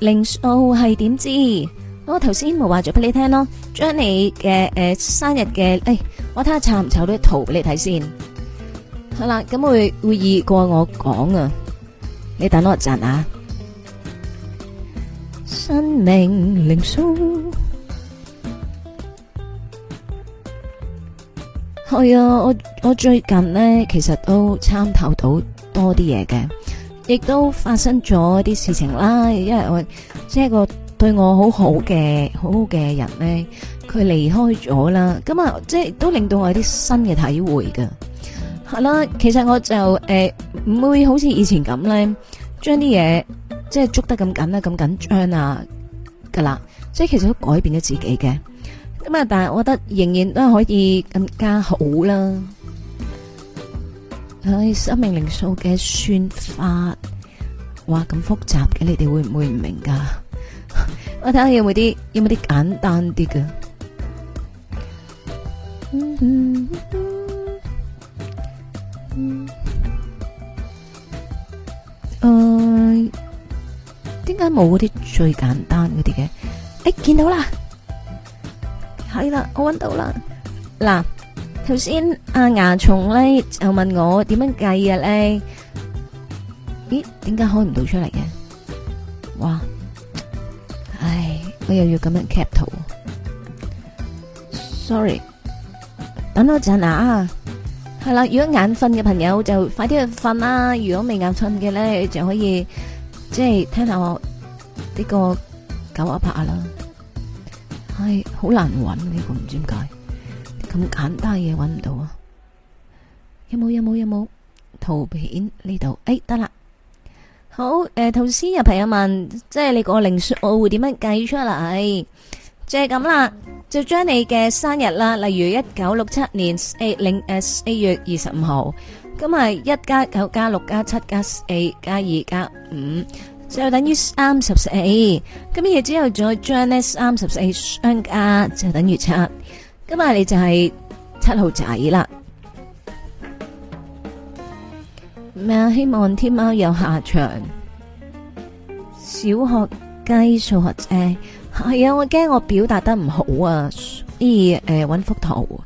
零售係點知？我頭先冇話咗俾你聽咯，將你嘅誒生日嘅誒，我睇下查唔查到啲圖俾你睇先。好啦，咁我容易過我講啊，你等我一陣啊。生命靈數，係啊，我我最近咧其實都參透到多啲嘢嘅。亦都發生咗啲事情啦，因為我即係個對我好好嘅好好嘅人咧，佢離開咗啦，咁啊即係都令到我有啲新嘅體會噶，係啦，其實我就誒唔、呃、會好似以前咁咧，將啲嘢即係捉得咁緊啊，咁緊張啊噶啦，即係其實都改變咗自己嘅，咁啊但係我覺得仍然都可以更加好啦。生命靈數嘅算法，哇咁複雜嘅，你哋會唔會唔明噶？我睇下有冇啲有冇啲簡單啲嘅。嗯嗯嗯嗯。誒，點解冇嗰啲最簡單嗰啲嘅？誒，見到啦，係啦，我搵到啦，嗱。頭先阿牙松咧就問我點樣計嘅咧？咦？點解開唔到出嚟嘅？哇！唉，我又要咁樣 cap 圖，sorry。等多陣啊，係啦。如果眼瞓嘅朋友就快啲去瞓啦。如果未眼瞓嘅咧，就可以即係聽下我呢個九一拍啦。係好難揾呢個，唔知點解。咁簡單嘢搵唔到啊！有冇有冇有冇圖片呢度？哎，得、欸、啦，好誒，頭先有朋友問，即係你個靈數我會點樣計出嚟？即係咁啦，就將、是、你嘅生日啦，例如一九六七年 A 零誒四月二十五號，咁係一加九加六加七加四加二加五，5, 就等於三十四。咁嘢之後再將呢三十四相加，就等於七。今日你就係七號仔啦，咩啊？希望天喵有下場。小學雞數學誒，係、哎、啊！我驚我表達得唔好啊，咦，以、呃、誒揾幅圖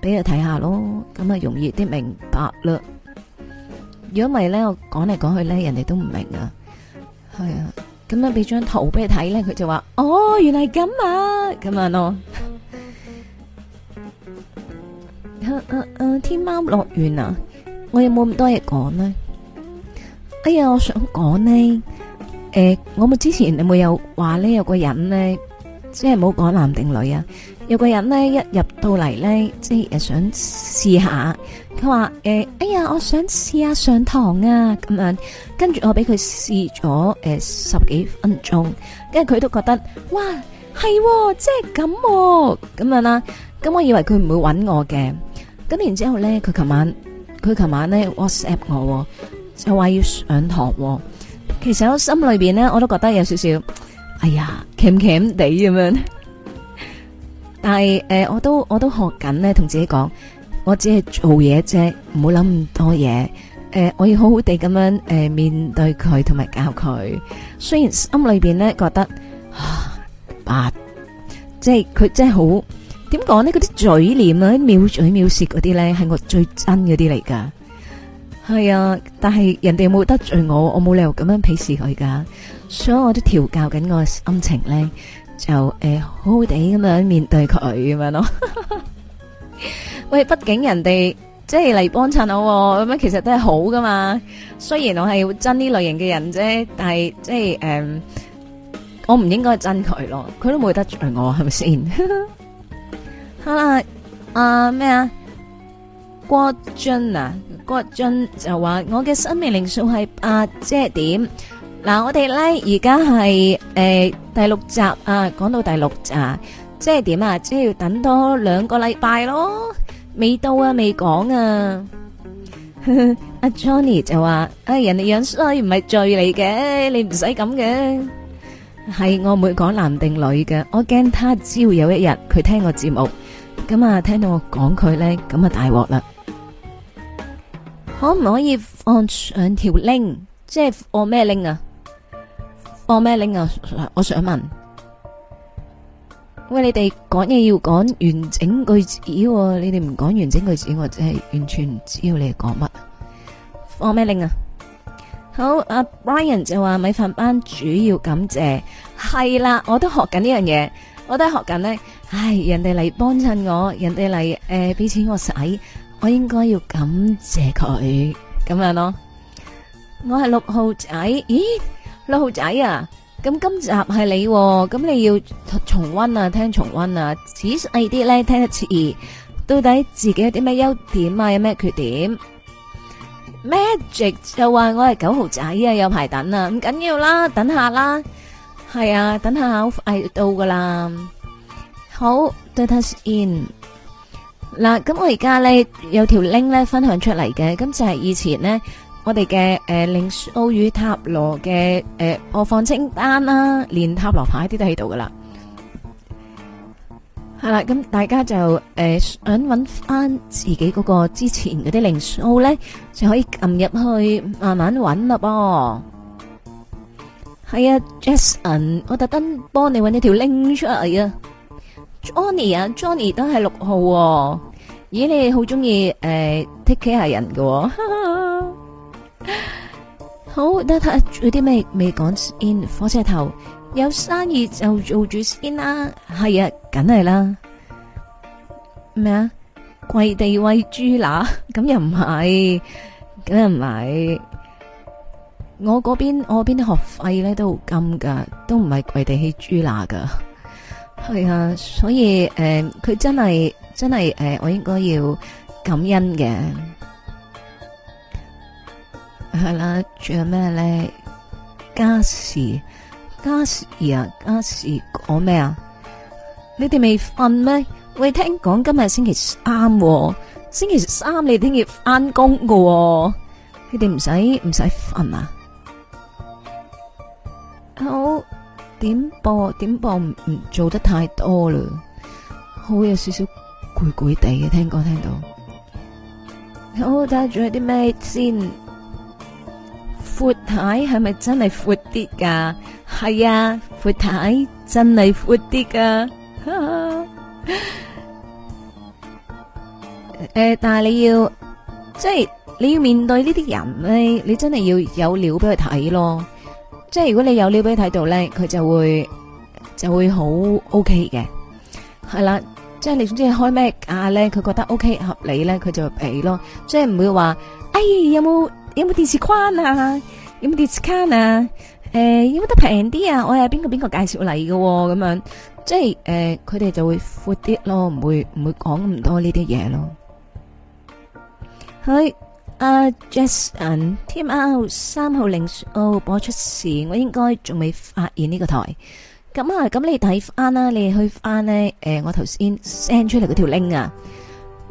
俾佢睇下咯，咁啊容易啲明白啦。如果唔係咧，我講嚟講去咧，人哋都唔明啊。係啊，咁樣俾張圖俾佢睇咧，佢就話：哦，原來咁啊，咁樣咯。誒誒、啊啊、天貓樂園啊，我有冇咁多嘢講呢？哎呀，我想講呢。誒、呃，我咪之前你冇有話呢？有個人呢，即係唔好講男定女啊，有個人呢，一入到嚟呢，即係想試下，佢話誒，哎呀，我想試下上堂啊，咁樣，跟住我俾佢試咗誒十幾分鐘，跟住佢都覺得哇係，即係咁咁樣啦，哦。咁、啊啊、我以為佢唔會揾我嘅。咁然之後咧，佢琴晚佢琴晚咧 WhatsApp 我、哦，就話要上堂、哦。其實我心裏邊咧，我都覺得有少少，哎呀，鉗鉗地咁樣。 但係誒、呃，我都我都學緊咧，同自己講，我只係做嘢啫，唔好諗咁多嘢。誒、呃，我要好好地咁樣誒、呃、面對佢同埋教佢。雖然心裏邊咧覺得，啊，即係佢真係好。點講咧？嗰啲嘴臉啊，啲藐嘴藐舌嗰啲咧，係我最憎嗰啲嚟噶。係啊，但係人哋冇得罪我，我冇理由咁樣鄙視佢噶。所以我都調教緊我心情咧，就誒好好地咁樣面對佢咁樣咯。喂，畢竟人哋即係嚟幫襯我咁樣，其實都係好噶嘛。雖然我係會憎呢類型嘅人啫，但係即係誒，我唔應該憎佢咯。佢都冇得罪我，係咪先？好啦，阿咩啊郭俊啊，郭俊就話我嘅生命靈數係八即係點？嗱，我哋咧而家係誒第六集啊，講到第六集啊，即係點啊？即係要等多兩個禮拜咯，未到啊，未講啊。阿 Johnny 就話：，誒，人哋樣衰唔係罪嚟嘅，你唔使咁嘅。係我唔會講男定女嘅，我驚他只要有一日佢聽我節目。咁啊，聽到我講佢咧，咁啊大鑊啦！可唔可以放上條 link？即係放咩 link 啊？放咩 link 啊？我想問。喂，你哋講嘢要講完整句子，你哋唔講完整句子，我真係完全唔知道你哋講乜。放咩 link 啊？好，阿 Brian 就話米飯班主要感謝係啦，我都學緊呢樣嘢，我都係學緊呢。唉，人哋嚟幫襯我，人哋嚟誒俾錢我使，我應該要感謝佢咁樣咯。我係六號仔，咦六號仔啊！咁今集係你，咁你要重温啊，聽重温啊，仔細啲咧，聽得切。到底自己有啲咩優點啊，有咩缺點？Magic 又話我係九號仔啊，有排等啊，唔緊要啦，等下啦，係啊，等下快到噶啦。好，dutus in 嗱，咁我而家咧有條 link 咧分享出嚟嘅，咁就係以前咧我哋嘅誒靈數與塔羅嘅誒播放清單啦，連塔羅牌啲都喺度噶啦，係啦，咁大家就誒想揾翻自己嗰個之前嗰啲靈數咧，就可以撳入去慢慢揾咯。係啊，Jason，我特登幫你搵一條 link 出嚟啊。Johnny 啊，Johnny 都係六號，哦。咦，你好中意誒 take care 下人嘅，哦。 好，等下啲咩未講？先火車頭有生意就做住先啦。係啊，梗係啦。咩啊？跪地餵豬乸？咁 又唔係？咁又唔係？我嗰邊我邊啲學費咧都好金噶，都唔係跪地起豬乸噶。係啊，所以誒，佢、呃、真係真係誒、呃，我應該要感恩嘅。係啦，仲有咩咧？嘉士，嘉士啊，嘉士講咩啊？什麼你哋未瞓咩？喂，聽講今日星期三、哦，星期三你哋要翻工噶，你哋唔使唔使瞓啊？好。點播點播唔做得太多啦，好有少少攰攰地嘅。聽講聽到，好睇仲有啲咩先？闊太係咪真係闊啲噶？係啊，闊太真係闊啲噶。誒、 呃，但係你要即係、就是、你要面對呢啲人呢，你你真係要有料俾佢睇咯。即係如果你有料俾睇到咧，佢就會就會好 OK 嘅，係啦。即係你總之開咩價咧，佢覺得 OK 合理咧，佢就俾咯。即係唔會話，哎，有冇有冇電視框啊？有冇電視卡啊？誒、呃，有冇得平啲啊？我係邊個邊個介紹嚟嘅咁樣。即係誒，佢、呃、哋就會闊啲咯，唔會唔會講咁多呢啲嘢咯。係。阿 Justin Team L 三號零號播出時，我應該仲未發現呢個台。咁啊，咁你睇翻啦，你去翻咧。誒，我頭先 send 出嚟嗰條 link 啊，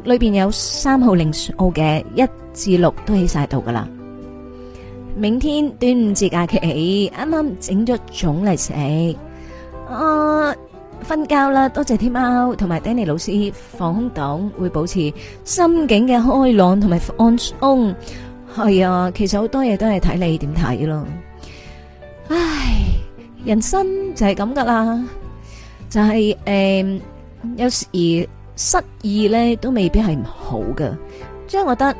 裏邊有三號零號嘅一至六都喺晒度噶啦。明天端午節假期，啱啱整咗粽嚟食。啊！瞓覺啦，多謝天喵同埋 Danny 老師，防空黨會保持心境嘅開朗同埋放鬆。係啊，其實好多嘢都係睇你點睇咯。唉，人生就係咁噶啦，就係誒，有時失意咧都未必係唔好嘅。即係我覺得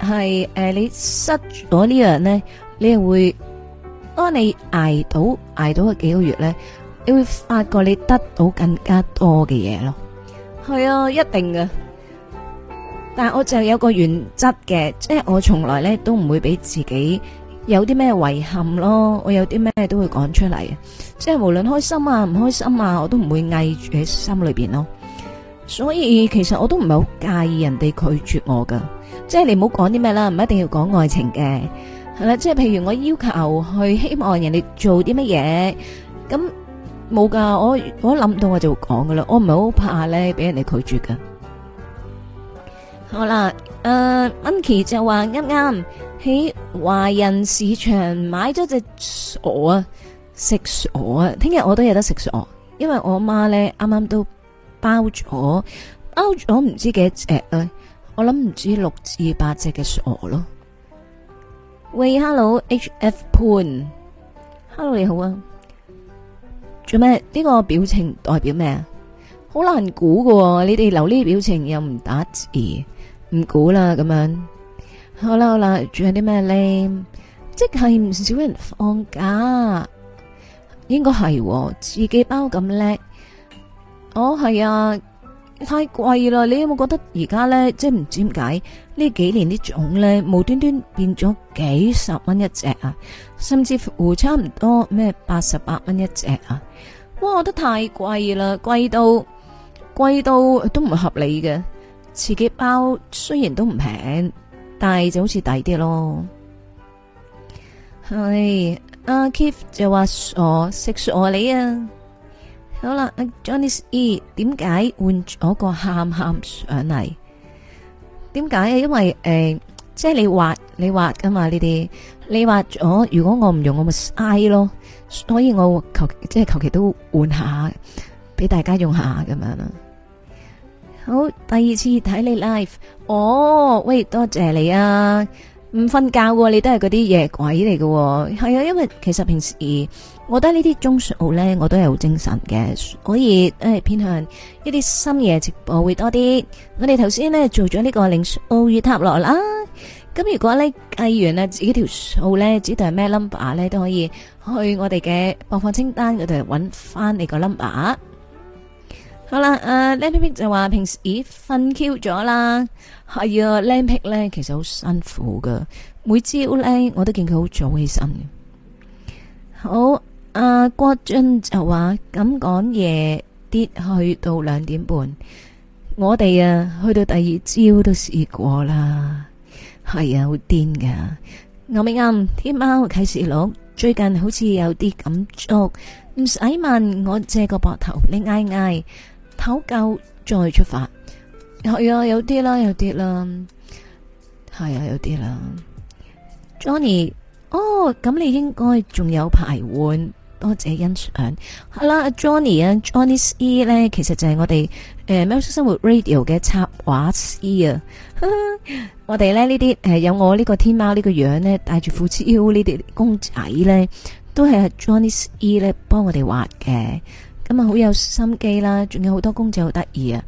係誒，你失咗呢樣咧，你又會當你捱到捱到個幾個月咧。你會發覺你得到更加多嘅嘢咯，係啊，一定嘅。但係我就有個原則嘅，即係我從來咧都唔會俾自己有啲咩遺憾咯。我有啲咩都會講出嚟，即係無論開心啊、唔開心啊，我都唔會嗌住喺心裏邊咯。所以其實我都唔係好介意人哋拒絕我噶，即係你唔好講啲咩啦，唔一定要講愛情嘅，係啦。即係譬如我要求去希望人哋做啲乜嘢咁。那冇噶，我我諗到我就會講噶啦，我唔係好怕咧俾人哋拒絕噶。好啦，誒、呃，Monkey 就係話啱啱喺華人市場買咗隻鵝啊，食鵝啊，聽日我都有得食鵝，因為我媽咧啱啱都包咗包咗唔知幾隻啊。我諗唔知六至八隻嘅鵝咯。喂，Hello H F Poon，Hello 你好啊。做咩？呢、這個表情代表咩啊？好難估噶、哦，你哋留呢表情又唔打字，唔估啦咁樣。好啦好啦，仲有啲咩咧？即係唔少人放假，應該係、哦、自己包咁叻。哦，係啊。太貴啦！你有冇覺得而家咧，即係唔知點解呢幾年啲種咧，無端端變咗幾十蚊一隻啊，甚至乎差唔多咩八十八蚊一隻啊！哇，我覺得太貴啦，貴到貴到都唔合理嘅。自己包雖然都唔平，但係就好似抵啲咯。係啊，阿 Keith 就話我識傻你啊！好啦，Jonas E，點解換咗個喊喊上嚟？點解啊？因為誒、呃，即係你畫你畫噶嘛呢啲，你畫咗如果我唔用我咪嘥咯，所以我求即係求其都換下，俾大家用下咁樣啦。好，第二次睇你 live，哦，喂，多謝你啊！唔瞓覺你都係嗰啲夜鬼嚟喎。係啊，因為其實平時。我覺得呢啲鐘數咧，我都係好精神嘅，可以誒、哎、偏向一啲深夜直播會多啲。我哋頭先咧做咗呢、這個靈數與塔羅啦，咁、嗯、如果咧計完啊自己條數咧，指定係咩 number 咧，都可以去我哋嘅播放清單嗰度揾翻你個 number。好啦，誒、啊，Lampick 就話平時咦瞓 Q 咗啦，係、哎、啊，Lampick 咧其實好辛苦噶每朝咧我都見佢好早起身嘅，好。阿郭俊就話咁講嘢跌去到兩點半，我哋啊去到第二朝都試過啦，係啊好癲噶。牛美暗天貓啟示錄最近好似有啲咁足，唔使問我借個膊頭，你嗌嗌唞夠再出發。係啊，有啲啦，有啲啦，係啊，有啲啦。Johnny，哦，咁你應該仲有排換。多謝欣賞，係啦，Johnny 啊，Johnny E 咧，其實就係我哋誒，喵、呃、式生活 Radio 嘅插畫師啊。 我哋咧呢啲誒、呃，有我呢個天喵呢個樣咧，戴住虎子 U 呢啲公仔咧，都係 Johnny E 咧幫我哋畫嘅。咁、嗯、啊，好有心機啦，仲有好多公仔好得意啊。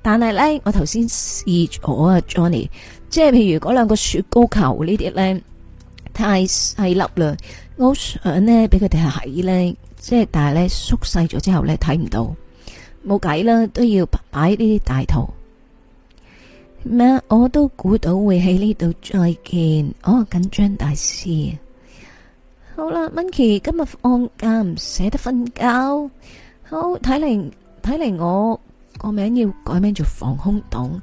但係咧，我頭先試咗啊，Johnny，即係譬如嗰兩個雪糕球呢啲咧，太細粒啦。我想咧俾佢哋睇咧，即係但係咧縮細咗之後咧睇唔到，冇計啦，都要擺呢啲大圖咩？我都估到會喺呢度再見，哦緊張大師。好啦，Monkey 今日放假唔捨得瞓覺，好睇嚟睇嚟，我個名要改名做防空洞，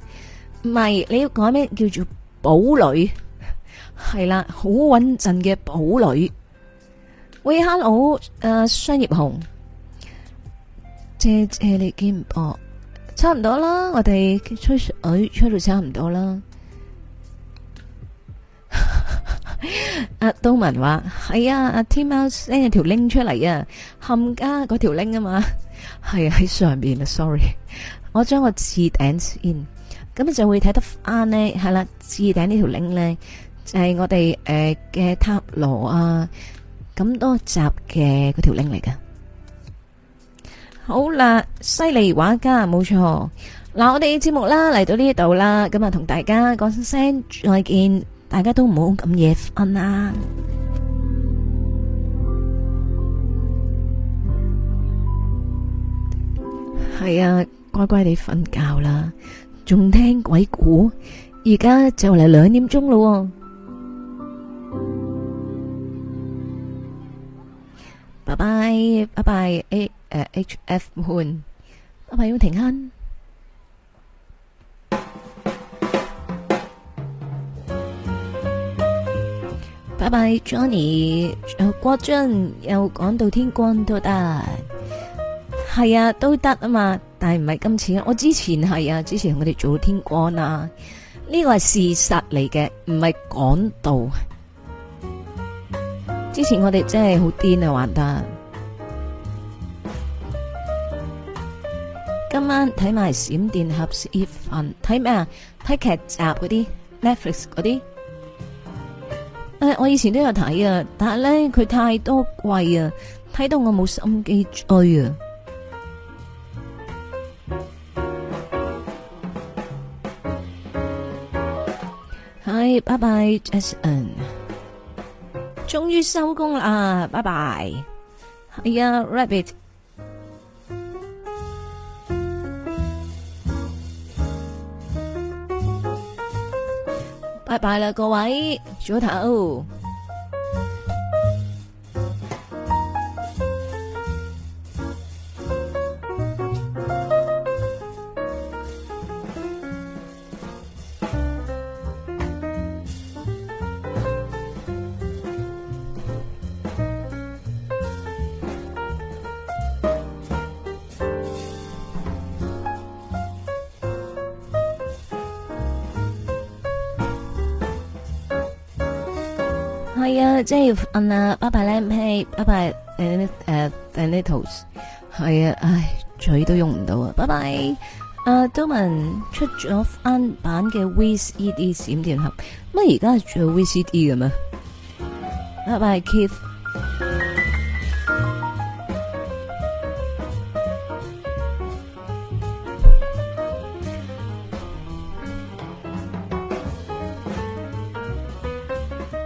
唔係你要改名叫做堡壘，係啦，好穩陣嘅堡壘。喂，hello，誒、uh,，商業紅，謝謝你見博、哦，差唔多啦，我哋吹水吹，吹到差唔多、 啊都哎 T Sorry、我我啦。阿東文話係啊，阿 team u send 條 link 出嚟啊，冚家嗰條 link 啊嘛，係喺上邊啊，sorry，我將個置頂先，咁就會睇得啱呢。係啦，置頂呢條 link 咧就係我哋誒嘅塔羅啊。咁多集嘅嗰條領嚟㗎，好啦，犀利畫家冇錯，嗱我哋節目啦嚟到呢度啦，咁啊同大家講聲再見，大家都唔好咁夜瞓啦，係啊，乖乖哋瞓覺啦，仲聽鬼故，而家就嚟兩點鐘咯。拜拜，拜拜，A 誒、uh，H F Moon，阿朋友停慳，拜拜，Johnny，、uh, 郭俊又講到天光都得，係啊，都得啊嘛。但係唔係今次，我之前係啊，之前我哋做到天光啊，呢、這個係事實嚟嘅，唔係講到。之前我哋真係好癲啊玩得，今晚睇埋閃電俠、《Eve》、《凡》，睇咩啊？睇劇集嗰啲 Netflix 嗰啲，誒，我以前都有睇啊，但係咧佢太多季啊，睇到我冇心機追啊。係，拜拜，Jason。終於收工啦，拜拜。係呀，Rabbit，拜拜啦，各位，早唞。即係要摁啊！拜拜，Lampy，拜拜，誒誒，誒呢套，係啊，唉，嘴都用唔到啊！拜拜，阿、uh, Domin 出咗翻版嘅 VCD 閃電俠，乜而家係仲有 VCD 嘅咩？拜拜，Keith。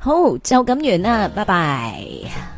好，就咁完啦，拜拜。